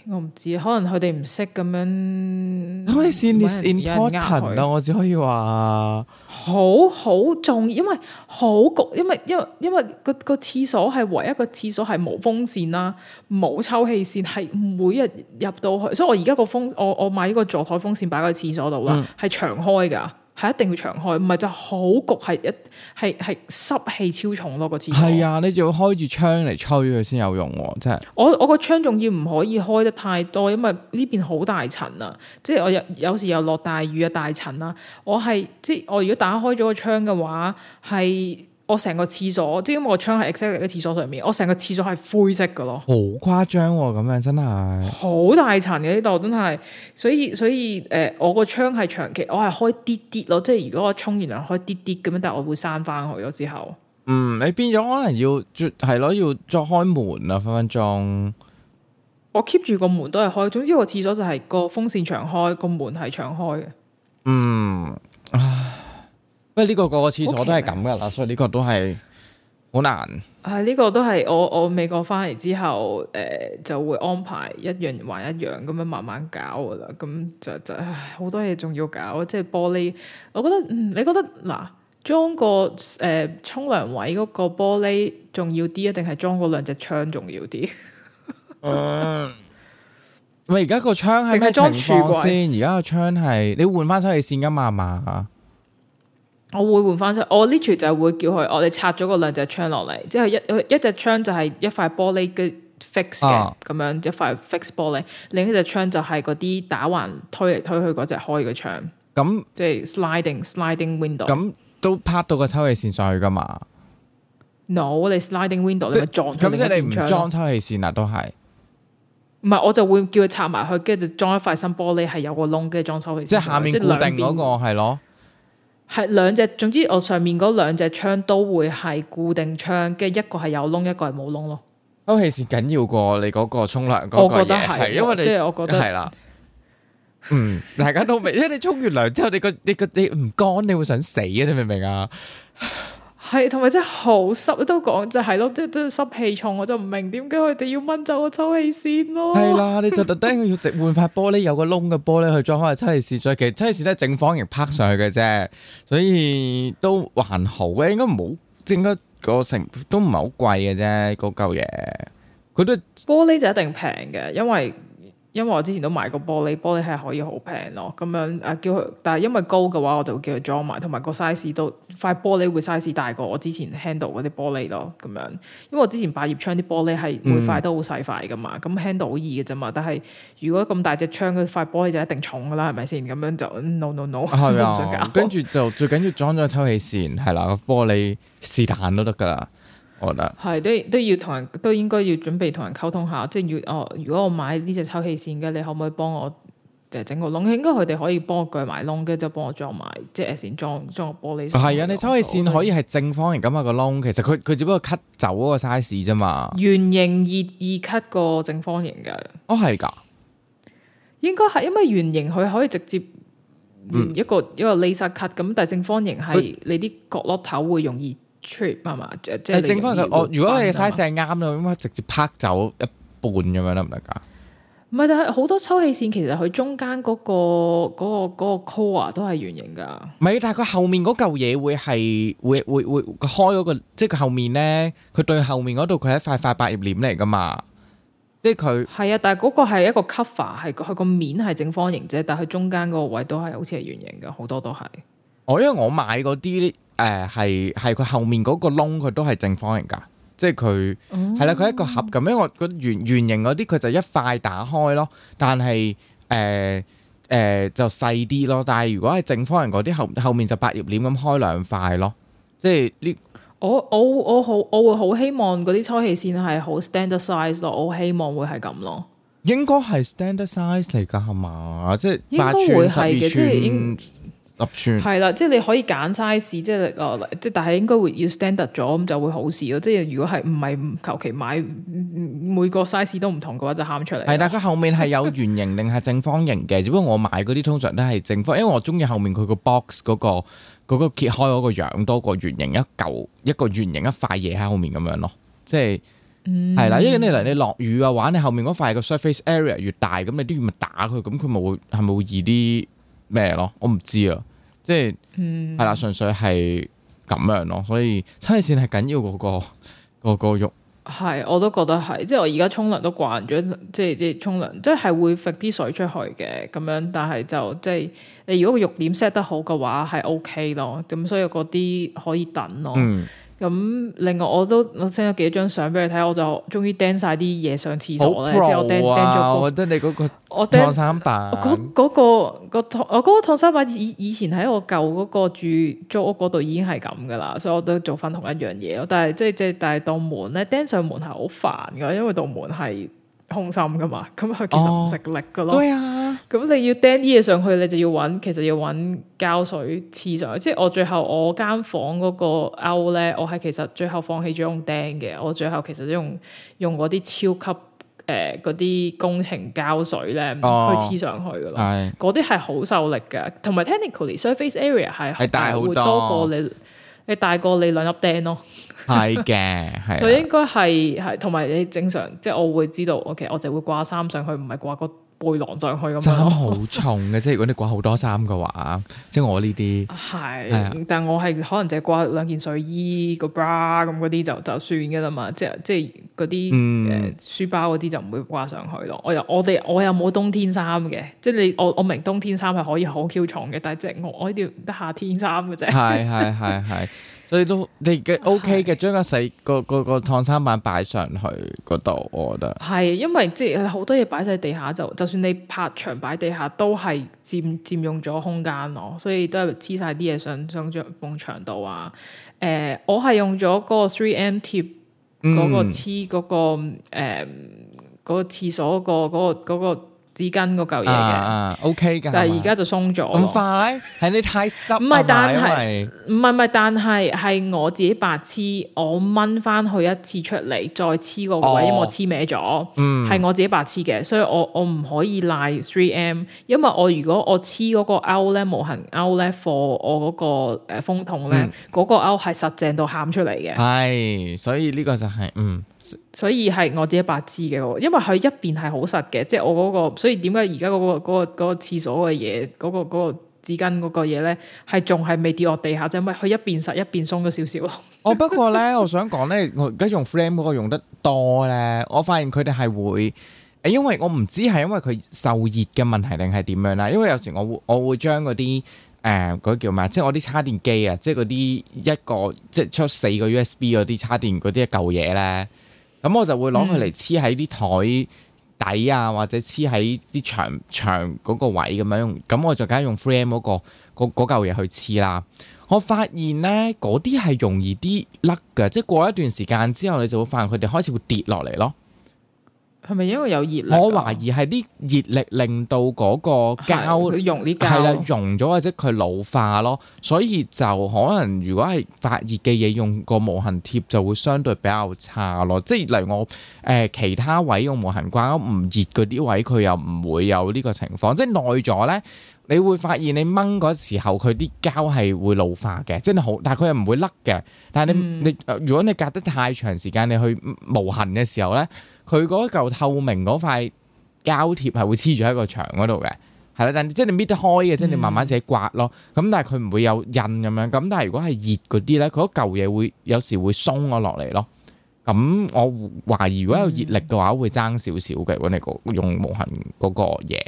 我唔知，可能佢哋唔識咁樣。風扇呢啲 important 啊！我只可以話好好重要，因為好焗，因為因為因為嗰個廁所係唯一個廁所係冇風扇啦，冇抽氣扇，係每日入到去，所以我而家個風，我我買呢個座台風扇擺喺個廁所度啦，係、嗯、長開噶。係一定要長開，唔係就好焗，係一係係濕氣超重咯。個廁所係啊，你就要開住窗嚟吹佢先有用，真係我我個窗仲要唔可以開得太多，因為呢邊好大塵啊，即係我有有時又落大雨啊，大塵啊。我係即係我如果打開咗個窗嘅話係。我成個廁所，即係因為我窗係 exactly 喺廁所上面，我成個廁所係灰色嘅咯。好誇張咁、啊、樣真，真係好大層嘅呢度，真係。所以所以誒、呃，我個窗係長期，我係開啲啲咯，即係如果我沖完涼開啲啲咁樣，但係我會閂翻去咗之後。嗯，你、呃、變咗可能要係咯，要再開門啊，分分鐘。我 keep 住個門都係開，總之個廁所就係個風扇長開，個門係長開嘅。嗯。因為呢個個廁所都係咁噶啦，所以呢個都係好難，啊。係，這，呢個都係我我美國翻嚟之後誒、呃、就會安排一樣還一樣咁樣慢慢搞噶啦。咁就就唉，好多嘢仲要搞，即係玻璃。我覺得，嗯，你覺得嗱、啊，裝個誒沖涼位嗰個玻璃重要啲，定係裝嗰兩隻窗重要啲？喂，而家個窗係咩情況先？而家個窗係你換翻手氣線噶嘛？嘛？我會換翻出，我呢處就係會叫佢，我、哦、哋拆咗個兩隻窗落嚟，之後，一一隻窗就係一塊玻璃嘅 fix 嘅，咁、啊、樣一塊 fix 玻璃，另一隻窗就係嗰啲打橫推嚟推去嗰隻開嘅窗。咁、嗯、即係 sliding sliding window。咁、嗯、都拍到個抽氣扇上去噶嘛？No，你 sliding window 即你咪撞咗，咁即係你唔裝抽氣扇啊？都係，唔係我就會叫佢拆埋佢，跟住裝一塊新玻璃，係有個窿，跟住裝抽氣扇。即係下面固定嗰、那個係咯。係兩隻，總之我上面嗰兩隻窗都會係固定窗，跟住一個係有窿，一個係冇窿咯。空氣是緊要過你嗰個沖涼嗰個嘢，係因為你即係我覺得係啦。嗯，大家都明，因為 你沖完涼之後，你個你個你唔乾，你會想死啊！你明唔明啊？係，同埋真係好濕，都講就係咯，即係真係濕氣重，我就唔明點解佢哋要掹走個抽氣扇咯。係啦，你就特登要直換塊玻璃，有個窿嘅玻璃去裝開個抽氣扇，所以其實抽氣扇咧整方形拍上去嘅啫，所以都還好嘅，應該冇，應該個成都唔係好貴嘅啫，嗰嚿嘢。佢啲玻璃就一定平嘅，因為。因為我之前都買過玻璃，玻璃係可以好平咯，咁樣啊，叫佢，但係因為高嘅話，我就叫佢裝埋，同埋個 size 都塊玻璃會 size 大過我之前 handle 嗰啲玻璃咯，咁樣。因為我之前百葉窗啲玻璃係每塊都好細塊噶嘛，咁 handle 好易嘅啫嘛。但係如果咁大隻窗，個塊玻璃就一定重噶啦，係咪先？咁樣就 no no no，係、no，啊。跟住就， 就最緊要裝咗抽氣扇，係啦，個玻璃試彈都得噶啦。我得係都都要同人都應該要準備同人溝通下，即係要哦。如果我買呢隻抽氣扇嘅，你可唔可以幫我誒整個窿？應該佢哋可以幫我鋸埋窿，跟住幫我裝埋即係線裝裝個玻璃。係啊、oh, yeah, 嗯，你抽氣扇可以係正方形咁啊個窿，其實佢佢只不過 cut 走個 size 啫嘛。圓形易易 cut 過正方形嘅，哦係噶，應該係因為圓形佢可以直接一個、嗯、一個 laser cut 咁，但係正方形係你啲角落頭會容易。trip 嘛嘛，即係正方形。我如果你個 size 啱啦，咁咪直接拍走一半咁樣得唔得噶？唔係，但係好多抽氣扇其實佢中間嗰個嗰個嗰個 core 都係圓形噶。唔係，但係佢後面嗰嚿嘢會係會會會開嗰個，即係佢後面咧，佢對後面嗰度佢係一塊塊百葉簾嚟噶嘛。即係佢係啊，但係嗰個係一個 cover，係佢個面係正方形啫，但係佢中間嗰個位都係好似係圓形噶，好多都係。我、嗯、因為我買嗰啲。誒係係佢後面嗰個窿，佢都係正方形㗎，即係佢係啦，佢、啊、一個盒咁，因為個圓,圓形嗰啲佢就一塊打開咯，但係誒誒就細啲咯，但係如果係正方形嗰啲後後面就百葉簾咁開兩塊咯，即係呢、這個，我我我好我會好希望嗰啲抽氣線係好 standard size 咯，我希望會係咁咯，應該係 standard size 嚟㗎係嘛，即係八寸十二寸。係啦、啊，即係你可以揀 size，即係哦，即、呃、但係應該會要 standard 咗，咁就會好事咯。即係如果係唔係求其買每個 size 都唔同嘅話，就喊出嚟。係， 但佢後面係有圓形定係正方形嘅，只不過我買嗰啲通常都係正方形，因為我中意後面佢、個 box 嗰個嗰個揭開嗰個樣多過圓形一嚿一個圓形一塊嘢喺後面咁樣咯。即係係啦，因為你嚟你落雨嘅話，你後面嗰塊個 surface area 越大，咁你都要咪打佢，咁佢咪會係咪會易啲？咩咯？我唔知啊，即係係啦，純、嗯、粹係咁樣咯，所以清洗線係緊要嗰個嗰、嗰個浴。係，我都覺得係，即係我而家沖涼都慣咗，即係即係沖涼，即係會甩啲水出去嘅咁樣，但係就即係你如果個浴簾 set 得好嘅話，係 O K 咯，咁所以嗰啲可以等咯。嗯咁另外我都我 send 咗幾張相俾你睇，我就終於釘晒啲嘢上廁所咧，即係我釘釘咗個燙衫釘板。我嗰、嗰個、嗰個燙我嗰個燙衫板以以前喺我舊嗰個住租屋嗰度已經係咁噶啦，所以我都做翻同一樣嘢咯。但係即係即係但係道門咧，釘上門係好煩噶，因為道門係。空心噶嘛，咁佢其實唔食力噶咯。哦、對啊，咁你要釘啲嘢上去，你就要揾，其實要揾膠水黐上去。即係我最後我間房嗰個勾咧，我係其實最後放棄咗用釘嘅，我最後其實都用用嗰啲超級誒嗰啲工程膠水咧、哦、去黐上去噶啦。嗰啲係好受力噶，同埋 technically surface area 係係大好多，多過你你大過你兩粒釘咯。係嘅，佢 應該係係，同埋你正常，即係我會知道，OK，我就會掛衫上去，唔係掛個背囊上去咁。真好重嘅，即係 如果你掛好多衫嘅話，即係我呢啲係，是的但係我係可能就係掛兩件睡衣個 bra 咁嗰啲就就算嘅啦嘛，即係即係嗰啲誒書包嗰啲就唔會掛上去咯，嗯。我又我哋我又冇冬天衫嘅，即係你我我明冬天衫係可以好 Q 重嘅，但係即係我我呢啲得夏天衫嘅啫。係係係係。所以都你嘅 O K 嘅，將個細個個個燙衫板擺上去嗰度，我覺得係因為即係好多嘢擺晒地下，就就算你拍牆擺地下都係佔佔用咗空間咯，所以都係黐晒啲嘢上上張牆度啊。誒、呃，我係用咗個 three M 貼，嗰、嗰個黐嗰、嗯嗰個誒嗰、呃嗰個廁所個嗰個嗰個。嗰個嗰個紙巾嗰嚿嘢嘅，OK 㗎，但係而家就鬆咗。咁快係你太濕，唔係， 但係唔係唔係，但係係我自己白黐，我掹翻去一次出嚟，再黐個位，哦、因為我黐歪咗，係、嗯、我自己白黐嘅，所以我我唔可以賴 3M，因為我如果我黐嗰個勾咧無痕勾咧，for 我嗰個誒風筒咧，嗰、嗯、個勾係實淨到喊出嚟嘅，係、嗯，所以呢個就係、是、嗯。所以係我自己白痴嘅，我因為佢一邊係好實嘅，即係我嗰、嗰個，所以點解而家嗰個嗰、嗰個、嗰個嗰個廁所嘅嘢，嗰、嗰個嗰、嗰個嗰個紙巾嗰個嘢咧，係仲係未跌落地下啫？咪佢一邊實一邊鬆咗少少咯。哦， 不過咧，我想講咧，我而家用 frame 嗰個用得多咧，我發現佢哋係會誒，因為我唔知係因為佢受熱嘅問題定係點樣啦。因為有時我會我會將嗰啲誒嗰叫咩即係我啲插電機啊，即係嗰啲一個即係出四個 USB 嗰啲插電嗰啲舊嘢咧。咁我就會攞佢嚟黐喺啲台底啊，或者黐喺啲牆牆嗰個位咁樣。咁我就梗係用 3M 嗰個嗰嚿嘢去黐啦。我發現咧，嗰啲係容易啲甩㗎，即係過一段時間之後，你就會發現佢哋開始會跌落嚟咯。係咪因為有熱力？我懷疑係啲熱力令到嗰個膠，係啦，溶咗或者佢老化咯，所以就可能如果係發熱嘅嘢，用個無痕貼就會相對比較差咯。即係例如我誒、呃、其他位用無痕掛鈎唔熱嗰啲位，佢又唔會有呢個情況。即係耐咗咧，你會發現你掹嗰時候佢啲膠係會老化嘅，即係好，但係佢又唔會甩嘅。但係你、嗯、你、呃、如果你隔得太長時間，你去無痕嘅時候咧。佢嗰嚿透明嗰塊膠貼係會黐住喺個牆嗰度嘅，係啦。但即係你搣得開嘅，即係你慢慢自己刮咯。咁、嗯、但係佢唔會有印咁樣。咁但係如果係熱嗰啲咧，佢嗰嚿嘢會有時會鬆咗落嚟咯。咁我懷疑如果有熱力嘅話，嗯、會爭少少嘅。如果你用無痕嗰個嘢，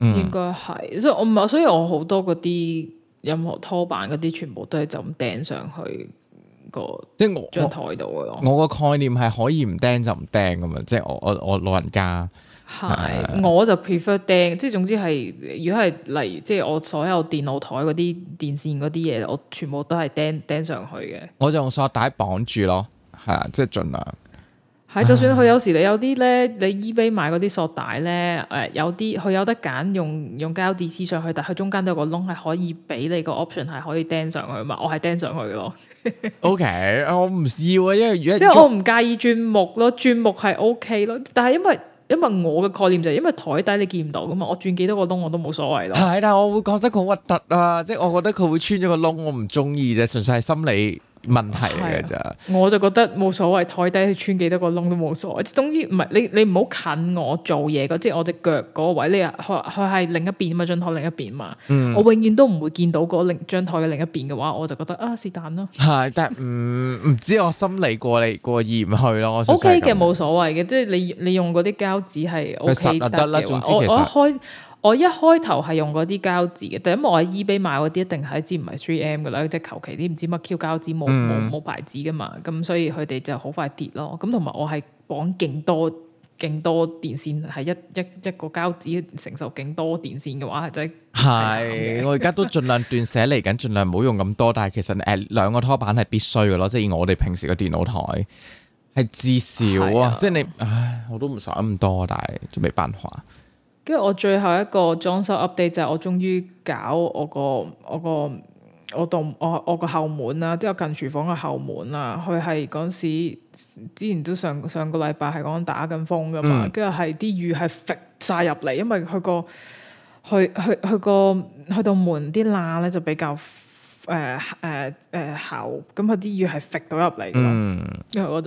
嗯，應該係。所以，我唔係，所以我好多嗰啲任何拖板嗰啲，全部都係就咁掟上去。個即係我張台度咯，我個概念係可以唔釘就唔釘咁嘛。即係我我我老人家係我就 prefer 釘，即係總之係如果係嚟即係我所有電腦台嗰啲電線嗰啲嘢，我全部都係釘釘上去嘅。我就用索帶綁住咯，係啊，即係盡量。係，就算佢有時你有啲咧，你 eBay 買嗰啲索帶咧，誒有啲佢有得揀用用膠紙黐上去，但係佢中間都有個窿，係可以俾你個 option 係可以釘上去嘛？我係釘上去嘅咯。 o、okay, K，我唔要啊，因為如果即係我唔介意鑽木咯，鑽木係 O K 咯。但係因為因為我嘅概念就係因為台底你見唔到噶嘛，我鑽幾多個窿我都冇所謂咯。係，但係我會覺得佢好核突啊！即係我覺得佢會穿咗個窿，我唔中意啫，純粹係心理。問題嚟嘅咋？我就覺得冇所謂，台底去穿幾多個窿都冇所謂。總之唔係你，你唔好近我做嘢㗎，即係我隻腳嗰個位，你啊佢佢係另一邊嘛，張台另一邊嘛。嗯，我永遠都唔會見到嗰，另張台嘅另一邊嘅話，我就覺得啊是啊但咯。係但唔唔知我心理過嚟過意唔去咯。O K 嘅，冇所謂嘅，即係你，你用嗰啲膠紙係 O K 得嘅話，我其實 我一開。我一開頭係用嗰啲膠紙嘅，但因為我喺 Ebay 買嗰啲一定係一支唔係 3M 嘅啦，即係求其啲唔知乜 Q 膠紙冇冇、嗯、牌子嘅嘛，咁所以佢哋就好快跌咯。咁同埋我係綁勁多勁多電線，係一一一個膠紙承受勁多電線嘅話，即係是。 我而家都盡量斷捨離緊，盡量唔好用咁多。但係其實誒兩個拖板係必須嘅咯，即以我哋平時嘅電腦枱係至少啊，的即係你，唉，我都唔想咁多，但係就冇辦法。跟住我最後一個裝修 update 就係我終於搞我個我個我棟我我個後門啦，都有近廚房嘅後門啦。佢係嗰陣時之前都上上個禮拜係講打緊風噶嘛，跟住係啲雨係揈晒入嚟，因為佢個佢佢佢個去到門啲罅咧就比較。誒誒誒口，咁佢啲雨係揈到入嚟㗎。呃呃嗯、因為我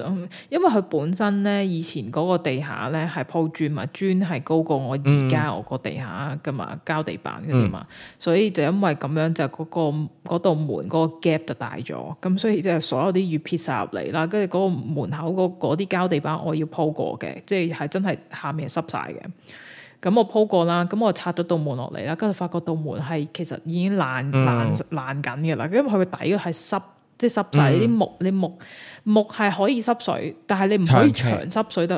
因為佢本身咧，以前嗰個地下咧係鋪磚嘛，磚係高過我而家我個地下㗎嘛，膠、嗯、地板㗎嘛，嗯、所以就因為咁樣就嗰、是那個嗰道門嗰個 gap 就大咗，咁所以即係所有啲雨撇晒入嚟啦。跟住嗰個門口嗰啲膠地板，我要鋪過嘅，即係係真係下面係濕晒嘅。咁我鋪過啦，咁我拆咗道門落嚟啦，跟住發覺道門係其實已經爛、嗯、爛爛緊嘅啦，因為佢個底係濕。即係濕晒啲木，嗯、你木木係可以濕水，但係你唔可以長濕水度，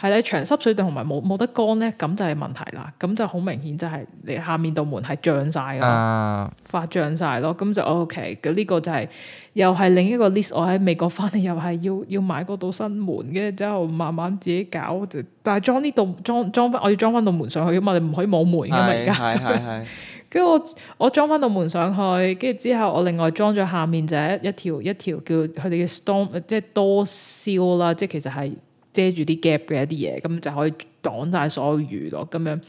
係啦，長，長濕水度同埋冇冇得乾咧，咁就係問題啦。咁就好明顯，就係你下面道門係漲晒咯，啊、發漲晒咯。咁就 OK，咁呢個就係、是、又係另一個 list。我喺美國翻嚟，又係要要買嗰道新門，跟住之後慢慢自己搞。但係裝呢度，裝裝翻，我要裝翻道門上去啊嘛，你唔可以冇門嘅嘛。跟住我，我裝翻到門上去，跟住之後我另外裝咗下面就係一條一條叫佢哋嘅 storm 即係 door seal 啦，即係其實係遮住啲 gap 嘅一啲嘢，咁就可以擋曬所有雨咯咁樣。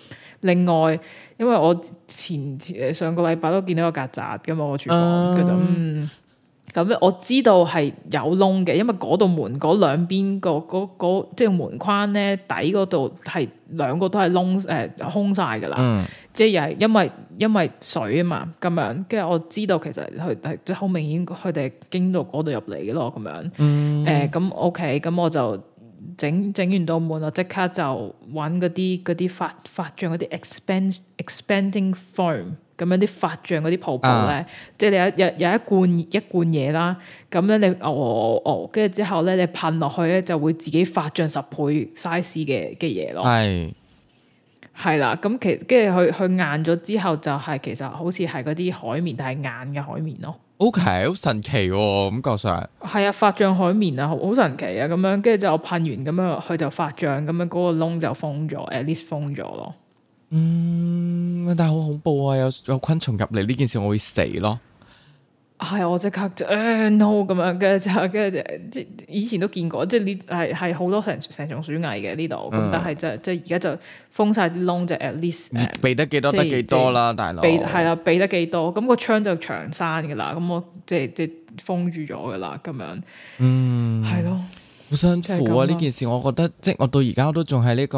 另外，因為我前、呃、上個禮拜都見到個曱甴㗎嘛，我廚房嗰陣。Um, 嗯咁我知道係有窿嘅，因為嗰度門嗰兩邊個嗰嗰即係門框咧底嗰度係兩個都係窿，誒空晒噶啦，即係又係因為因為水啊嘛咁樣，跟住我知道其實佢係即係好明顯佢哋經過嗰度入嚟嘅咯咁樣，誒咁 OK，咁我就。嗯嗯整整完到滿，我即刻就揾嗰啲嗰啲發發脹嗰啲 expanding expanding foam 咁樣啲發脹嗰啲泡泡咧，即係有有有一罐一罐嘢啦，咁咧你哦哦哦，跟住之後咧你噴落去咧就會自己發脹十倍 size 嘅嘅嘢咯，係係是啦，咁其跟住佢佢硬咗之後就係、是、其實好似係嗰啲海綿，但係硬嘅海綿咯。OK，好神奇喎、哦，咁講上係啊，發脹海綿啊，好神奇啊，咁樣跟住就噴完咁樣，佢就，就發脹，咁樣嗰個窿就封咗，at least 封咗咯。嗯，但係好恐怖啊，有有昆蟲入嚟呢件事，我會死咯。係、 哎、我即刻就誒、哎、no 咁樣嘅，就跟住即以前都見過，即係呢係係好多成成蟲鼠蟻嘅呢度，嗯、但係即係即係而家就封晒啲窿，就 at least 避、um, 得幾多得幾多啦，大佬避。係啦，避得幾多？咁個窗就長山噶啦，咁我即係即係封住咗噶啦，咁樣。樣樣樣樣樣樣嗯，係咯了，好辛苦啊！呢件事，我覺得即係我到而家都仲係呢、這個，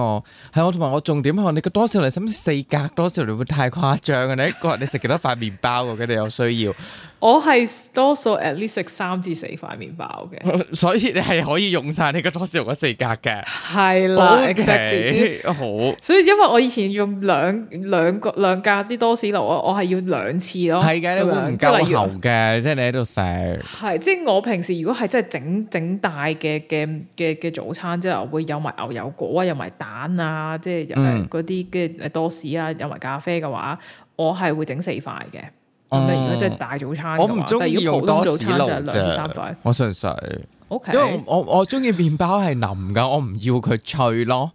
係我同埋我重點係你嘅多少人？使唔使四格多少人會，會太誇張啊？你一個人你食幾多塊麵包嘅？你有需要？ 我係多數 at least 食三至四塊麵包嘅，所以你係可以用晒你個多士爐嘅四格嘅，係啦的 Okay, 好。所以因為我以前用兩兩個兩格啲多士爐啊，我係要兩次咯。係嘅的，樣你會唔夠喉嘅，即係你喺度食。係，即係我平時如果係真係整整大嘅嘅嘅嘅早餐之後，我會有埋牛油果啊，有埋蛋啊，即係嗰啲嘅多士啊，有埋咖啡嘅話，嗯、我係會整四塊嘅。如果、嗯、即係大早餐，我唔中意，用多士爐我純粹，Okay 因為我我中意麵包係淋噶，我唔要佢脆咯。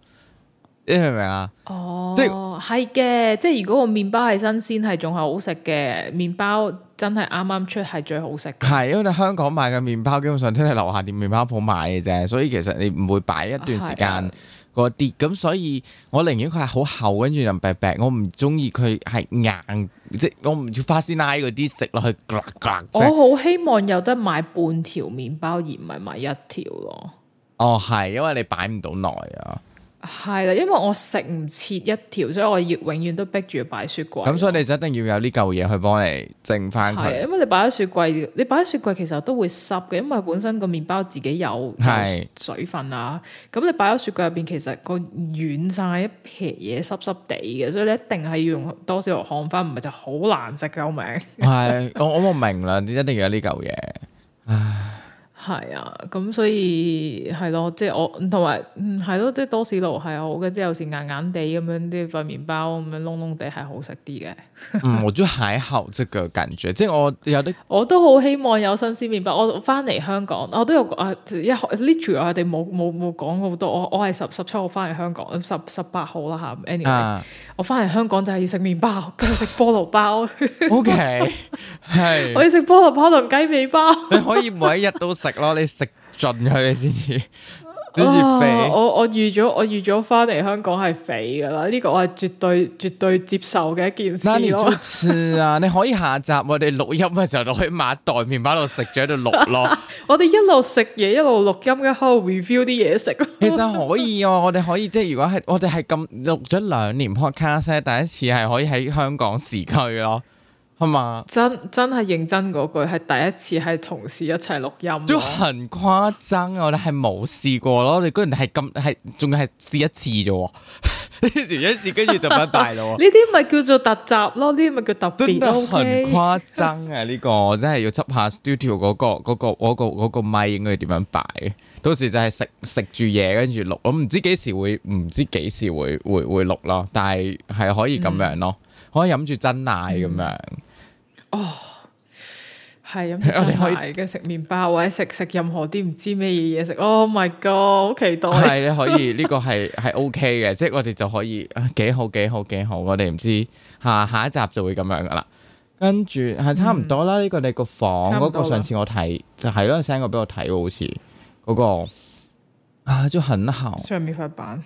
你明唔明啊？哦，即係嘅，即係如果個麵包係新鮮，係仲係好食嘅。麵包真係啱啱出係最好食。係，因為你香港買嘅麵包，基本上都係樓下店麵包鋪買嘅啫，所以其實你唔會擺一段時間。嗰啲咁，所以我寧願佢係好厚，跟住又白白，我唔中意佢係硬，即係我唔要花師奶嗰啲食落去咯咯咯咯，我好希望有得買半條麵包，而唔係買一條咯。哦，係因為你擺唔到耐啊。係啦，因為我食唔切一條，所以我永遠要永遠都逼住要擺雪櫃。咁所以你就一定要有呢嚿嘢去幫你剩翻佢。因為你擺喺雪櫃，你擺喺雪櫃其實都會濕嘅，因為本身個麵包自己有、就係、水分啊。咁是你擺喺雪櫃入邊，其實個軟晒一撇嘢濕濕地嘅，所以你一定係要用多少度烘翻，唔係就好難食救命。係，我我明啦，你 一定要有呢嚿嘢。唉。係啊，咁所以係咯，即係我同埋，嗯係咯，即係多士爐係好嘅，即係有時硬硬地咁樣啲塊麵包咁樣窿窿地係好食啲嘅。嗯，我就還好，即個感覺，即係我有啲，我都好希望有新鮮麵包。我翻嚟香港，我都有啊，一 literally 我哋冇冇冇講好多。我我係十十七號翻嚟香港，十十八號啦吓。anyways 我翻嚟香港就係要食麵包，跟住食菠蘿包。O K，係我要食菠蘿包同雞尾包，你可以每一日都食。咯，你食盡佢，你先至肥。啊！我我預咗，我預咗翻嚟香港係肥噶啦，呢個我係絕對絕對接受嘅一件事咯。次啊， 你可以下集我哋錄音嘅時， 時候，可以買袋麵包度食咗，喺度錄咯。我哋一路食嘢，一路錄音，跟住 review 啲嘢食。其實可以啊，我哋可以即係，如果係我哋係咁錄咗兩年 Podcast 第一次係可以喺香港市區咯。係嘛？真真係認真嗰句，係第一次係同事一齊錄音。都痕誇張，我哋係冇試過咯，你居然係咁，係仲係試一次啫？試一次跟住就咁大咯。呢啲咪叫做特集咯，呢啲咪叫特別。特真係好誇張啊！呢個真係要執下 studio 嗰個、嗰、嗰個、嗰、嗰個、嗰、嗰個咪，嗰個、應該點樣擺？到時就係食食住嘢，跟住錄。我唔知幾時會，唔知幾時會時會時會錄咯。但係係可以咁樣咯，可以飲住真奶咁樣。哦，係咁樣，我哋可以食麵包或者食食任何啲唔知咩嘢嘢食。Oh my god，好期待！係你可以呢個係係 OK 嘅，即係我哋就可以幾好幾好幾好。我哋唔知下下一集就會咁樣噶啦。跟住係差唔多啦。呢個你個房嗰個上次我睇就係咯，send 過俾我睇好似嗰個啊，就很好。上面塊板，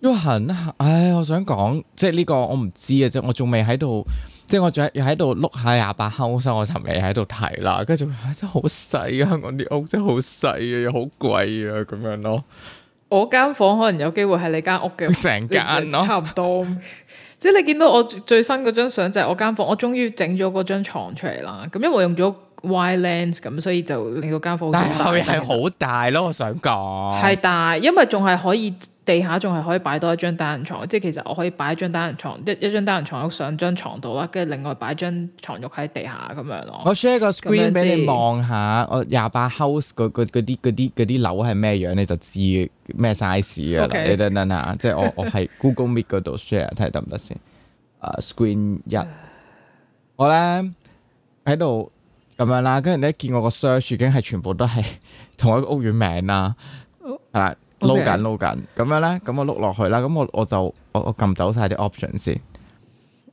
都為很唉，我想講即係呢個我唔知啊，即我仲未喺度。即係我仲要喺度碌下廿八 House，我尋日喺度睇啦，跟住真係好細啊！香港啲屋真係好細啊，又好貴啊，咁樣咯。我間房可能有機會係你間屋嘅成間咯，差唔多。 即係你見到我最新嗰張相就係我間房，我終於整咗嗰張床出嚟啦。咁因為我用咗 wide lens，咁所以就令到間房但係係好大咯。我想講係大，因為仲係可以。地下仲係可以擺多一張單人床，即係其實我可以擺一張單人床，一一張單人床喺上張床度啦，跟住另外擺張床褥喺地下咁樣咯。我 share 個 screen 俾你望下，我廿八 house 嗰啲嗰啲啲樓係咩樣，你就知咩 size 㗎啦。你等等下，即係我我係 Google Meet 嗰度 share 睇得唔得先？啊，screen 一，我咧喺度咁樣啦，跟住咧見我個 search 已經係全部都係同一個屋苑名啦，係嘛？撈緊撈緊，咁樣咧，咁我碌落去啦。咁我我就我我撳走晒啲 option 先。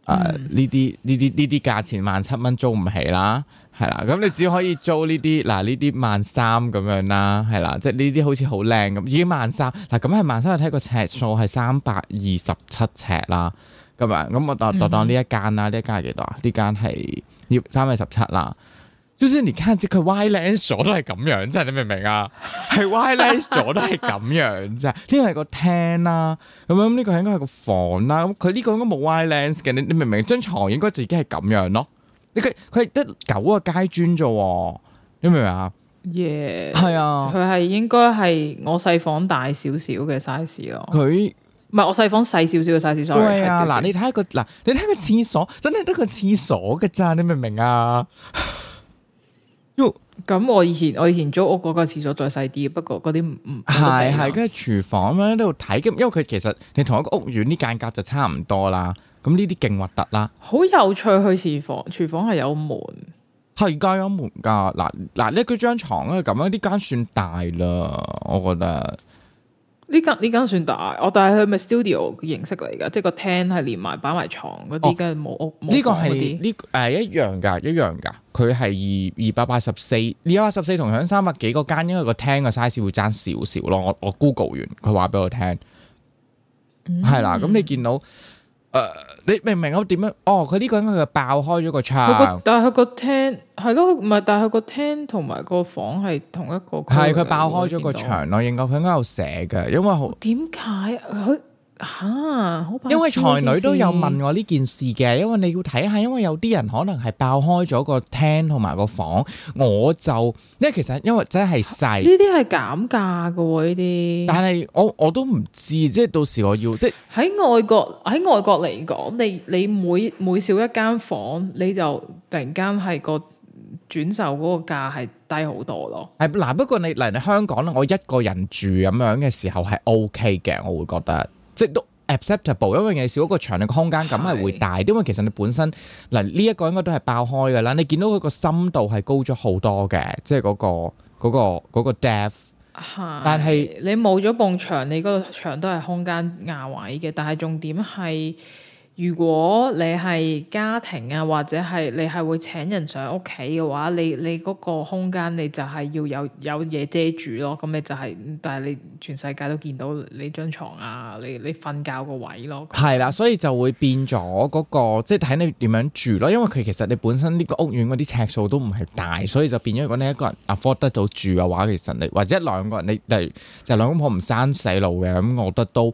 啊、呃，呢啲呢啲呢啲價錢萬七蚊租唔起啦，係啦。咁你只可以租呢啲嗱，呢啲萬三咁樣啦，係啦。即係呢啲好似好靚咁，已經萬三。嗱，咁係萬三，睇個尺數係三百二十七尺啦。咁啊，咁我當當當呢一間啦，呢一間係幾多啊？呢間係要三百一十七啦。就算你睇下只佢 wide lens 咗都係咁樣，真係你明唔明啊？係 wide lens 咗都係咁樣，真呢個係個廳啦，咁樣呢個應該係個房啦。咁佢呢個應該冇 wide lens 嘅，你你明唔明？張床應該自己係咁樣咯。你佢佢係得九個階磚啫，你明唔明啊？耶，係啊，佢係應該係我細房大少少嘅 size 咯。佢唔係我細房細少少嘅 size。對啊，嗱，你睇個嗱，你睇個廁所，真係得個廁所嘅咋，你明唔明啊？咁、嗯嗯、我以前我以前租屋嗰個廁所再細啲，不過嗰啲唔係係跟廚房咧喺度睇，咁、那個、因為佢其實你同一個屋苑啲間隔就差唔多啦，咁呢啲勁核突啦。好有趣，去廚房，廚房係有門，係加有門噶。嗱嗱，呢個張床咧、啊、咁樣呢間算大啦，我覺得。呢間呢間算大，我但係佢咪 studio 形式嚟㗎，即係個廳係連埋擺埋床嗰啲嘅冇屋。呢、哦、個係呢誒一樣㗎，一樣㗎。佢係二二百八十四，二百八十四同響三百幾個間，因為個廳個 size 會爭少少咯。我我 Google 完佢話俾我聽，係啦、嗯、咁、嗯、你見到誒。呃你明唔明我點樣？哦，佢、這、呢個應該係爆開咗個窗，但係個廳係咯，唔係，但係個廳同埋個房係同一個。係佢爆開咗個牆咯，我應該佢應該有寫嘅，因為好，點解佢？吓，因為才女都有問我呢件事嘅，因為你要睇下，因為有啲人可能係爆開咗個廳同埋個房，我就因為其實因為真係細，呢啲係減價噶喎，呢啲。但係我我都唔知，即係到時我要即係喺外國喺外國嚟講，你你每每少一間房，你就突然間係個轉售嗰個價係低好多咯。係嗱，不過你嚟嚟香港咧，我一個人住咁樣嘅時候係 OK 嘅，我會覺得。即都 acceptable，因為你少嗰個牆嘅空間感係會大，是因為其實你本身嗱呢一個應該都係爆開嘅啦。你見到佢個深度係高咗好多嘅，即係嗰個嗰個嗰個 depth 是。嚇是！但係你冇咗埲牆，你嗰個牆都係空間壓位嘅，但係重點係。如果你係家庭啊，或者係你係會請人上屋企嘅話，你你嗰個空間你就係要有有嘢遮住咯。咁你就係、係，但係你全世界都見到你張床啊，你你瞓覺個位咯。係啦，所以就會變咗嗰、嗰個，即係睇你點樣住咯。因為佢其實你本身呢個屋苑嗰啲尺數都唔係大，所以就變咗。如果你一個人 afford 得到住嘅話，其實你或者兩個人，你例如就兩公婆唔生細路嘅，咁我覺得都。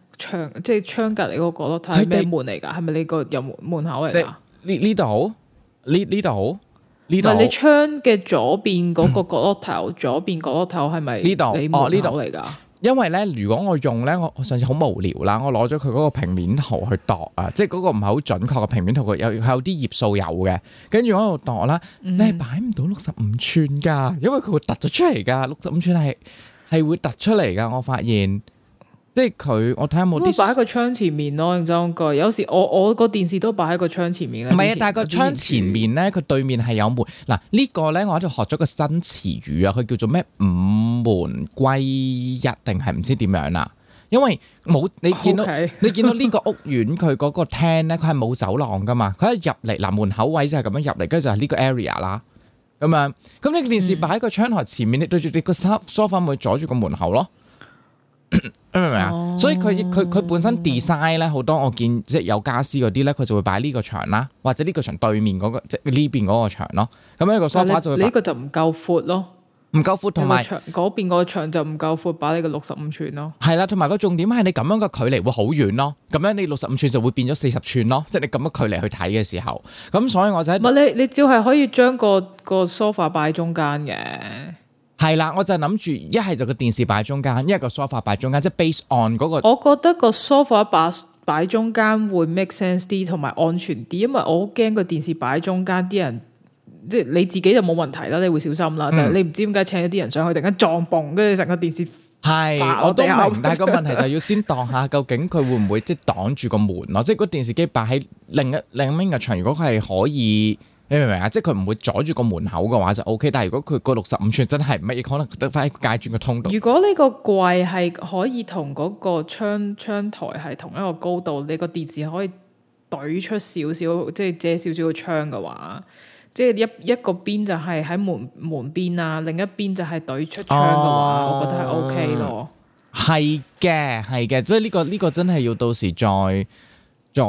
即窗即係地窗隔籬嗰個角落頭係咩門嚟噶？係咪你個入門門口嚟噶？呢呢度？呢呢度？呢度？你窗嘅左邊嗰個角落頭，左邊角落頭係咪呢度？呢度嚟噶？因為咧，如果我用咧，我上次好無聊啦，我攞咗佢嗰個平面圖去度啊，即係嗰個唔係好準確嘅平面圖，佢有頁數有啲頁數有嘅，跟住我度度啦，量量嗯、你係擺唔到六十五寸噶，因為佢會凸咗出嚟噶，六十五寸係係會凸出嚟噶，我發現。即係佢，我睇下有冇啲。都擺喺個窗前面咯，啊，認真講，有時我我個電視都擺喺個窗前面嘅。唔係啊，但係個窗前面咧，佢視對面係有門。嗱，這個、呢個咧，我喺度學咗個新詞語啊，佢叫做咩五門歸一，定係唔知點樣啦、啊。因為冇你見到，Okay. 你見到呢個屋苑個，佢嗰個廳咧，佢係冇走廊噶嘛。佢一入嚟嗱，門口位就係咁樣入嚟，跟住就係呢個 area 啦。咁樣，咁你電視擺喺個窗台前面，嗯、你對住你個 so 梳化咪阻住個門口咯。 明唔明啊？Oh. 所以佢佢佢本身 design 咧，好多我見即係有家私嗰啲咧，佢就會擺呢個牆啦，或者呢個牆對面嗰個即係呢邊嗰個牆咯。咁呢個梳化就呢個就唔夠闊咯，唔夠闊同埋牆嗰邊個牆就唔夠闊，擺呢個六十五寸咯。係啦，同埋個重點係你咁樣個距離會好遠咯。咁樣你六十五寸就會變咗四十寸咯，即係你咁樣距離去睇嘅時候。咁所以我就唔係你你照係可以將個個梳化擺中間嘅。係啦，我就諗住一係就個電視擺中間，一係個沙發擺中間，即係 based on 嗰、那個。我覺得個沙發擺擺中間會 make sense 啲，同埋安全啲，因為我驚個電視擺中間啲人，即係你自己就冇問題啦，你會小心啦。嗯、但係你唔知點解請一啲人上去，突然間撞崩，跟住成個電視係，我都明白。 但係個問題就要先當下，究竟佢會唔會即係擋住個門咯？ 即係個電視機擺喺另一另一邊嘅牆，如果佢係可以。你明唔明啊？即係佢唔會阻住個門口嘅話就 O、OK, K，但係如果佢個六十五寸真係乜嘢，可能得翻街磚嘅通道。如果呢個櫃係可以同嗰個窗窗台係同一個高度，你個電視可以懟出少少，即係遮少少個窗嘅話，即係一一個邊就係喺門門邊啦，啊，另一邊就係懟出窗嘅話，呃、我覺得 O、OK、K 咯。係嘅，係嘅，所以呢、這個呢、這個真係要到時再再。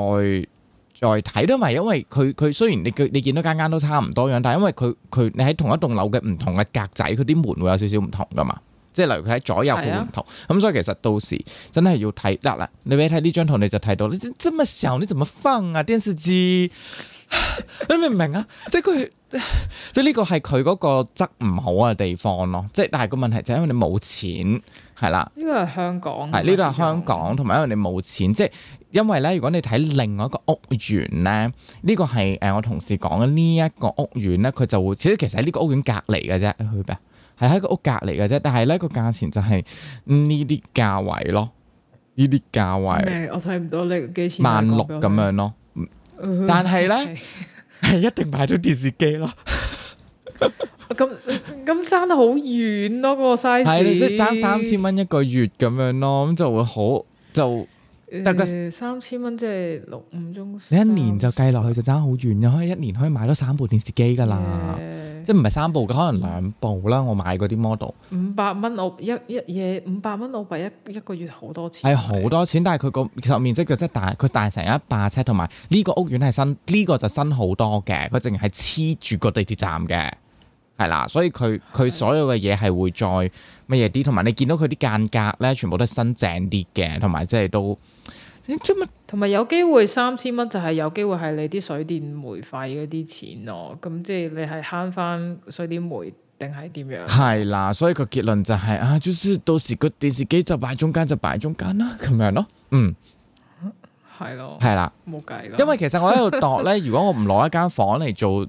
再睇都唔係，因為佢佢雖然你佢你見到間間都差唔多樣，但係因為佢佢你喺同一棟樓嘅唔同嘅格仔，佢啲門會有少少唔同㗎嘛。即係例如佢喺左右佢會唔同，咁、哎呀嗯、所以其實到時真係要睇嗱，啦。你俾睇呢張圖，你就睇到你這麼小，你怎麼放啊？電視機。 你明唔明啊？即係佢，即係呢個係佢嗰個質唔好嘅地方咯。即係，但係個問題就係因為你冇錢，係啦。呢個係香港，係呢度係香港，同埋港因為你冇錢。即係，因為咧，如果你睇另外一個屋苑咧，呢、這個係誒我同事講嘅呢一個屋苑咧，佢就會，即其實喺呢個屋苑隔籬嘅啫，去邊？係喺個屋隔籬嘅啫，但係咧個價錢就係呢啲價位咯，呢啲價位。我睇唔到呢幾錢萬六咁樣咯。但係咧，係 一定買咗電視機咯 、啊。咁咁爭得好遠咯，啊啊啊啊啊啊個 size。係即係爭三千蚊一個月咁樣咯，咁就會好就。誒、呃、三千蚊即係六五中，你一年就計落去就爭好遠，可以一年可以買到三部電視機㗎啦，是即係唔係三部嘅，可能兩部啦。我買嗰啲 model，五百蚊澳一一嘢，五百蚊澳幣一一個月好多錢，係好多錢。但係佢個其實面積就真係大，佢大成一百尺，同埋呢個屋苑係新，呢、呢個就新好多嘅。佢淨係黐住個地鐵站嘅，係啦，所以佢佢的所有嘅嘢係會再。乜嘢啲，同埋你見到佢啲間隔咧，全部都係新淨啲嘅，同埋即係都，咁同埋有機會三千蚊就係有機會係你啲水電煤費嗰啲錢咯。咁即係你係慳翻水電煤定係點樣？係啦，所以個結論就係、是、啊，就是、到時個電視機就擺中間，就擺中間啦，咁樣咯。嗯，係咯的，係啦的，冇計咯。因為其實我喺度度咧， 如果我唔攞一間房嚟做。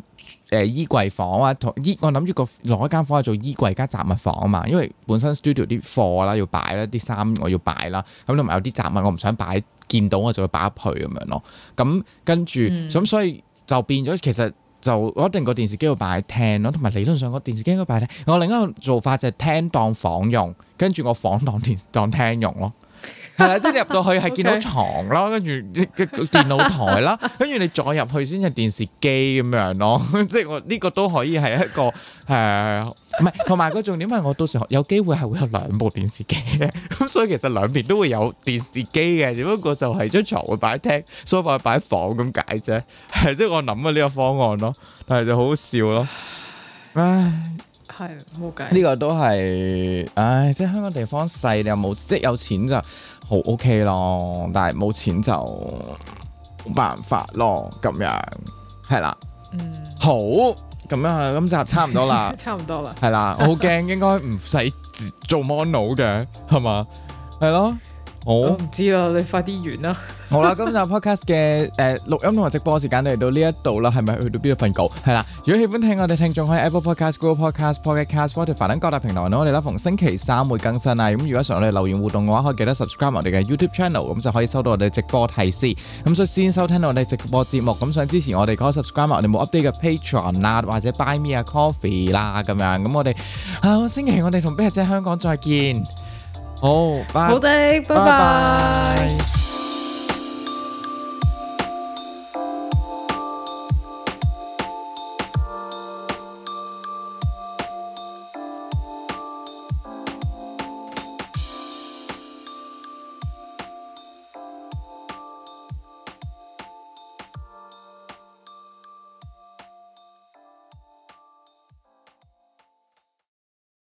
誒、呃、衣櫃房啊，衣我諗住個攞一間房做衣櫃加雜物房啊嘛，因為本身 studio 啲貨啦要擺啦，啲衫我要擺啦，咁同埋有啲雜物我唔想擺，見到我就會擺入去咁樣咯。咁跟住，咁、嗯、所以就變咗，其實就我一定個電視機要擺喺廳咯，同埋理論上個電視機應該擺喺廳。我另一個做法就係廳當房用，跟住我房電當電當廳用咯。係啊，即係入到去係見到牀啦，跟住即個電腦台啦，跟住你再入去先係電視機咁樣咯。即係我呢個都可以係一個誒。唔係，同埋個重點係我到時候有機會係會有兩部電視機嘅，咁所以其實兩邊都會有電視機嘅，只不過就係張牀會擺廳，所以機擺房咁解啫。係，即係我諗嘅呢個方案咯，但係就好笑咯。唉，係冇計。呢個都係唉，即係香港地方細，你又冇即係有錢就～好 OK 咯，但係冇錢就冇辦法咯，咁樣係啦。嗯，好，咁樣咁就差唔多啦， 差唔多啦，係 啦。我好驚應該唔使做 mono 嘅，係嘛？係咯，oh？我唔知啦，你快啲完啦。 好啦，今日 podcast 嘅誒錄音同埋直播時間都嚟到呢一度啦，係咪去到邊度瞓覺？係啦，如果喜歡聽我哋聽眾，可以 Apple Podcast、Google Podcast、Pocket Casts、Spotify 等各大平台度我哋啦。逢星期三會更新啊。咁如果想我哋留言互動嘅話，可以記得 subscribe 我哋嘅 YouTube channel，咁就可以收到我哋直播提示。咁所以先收聽到我哋直播節目，咁想支持我哋可以 subscribe 我哋冇 update 嘅 Patreon 啊，或者 Buy Me a Coffee 啦咁樣。咁我哋下個星期我哋同 Becky 姐香港再見。好，好的，拜拜。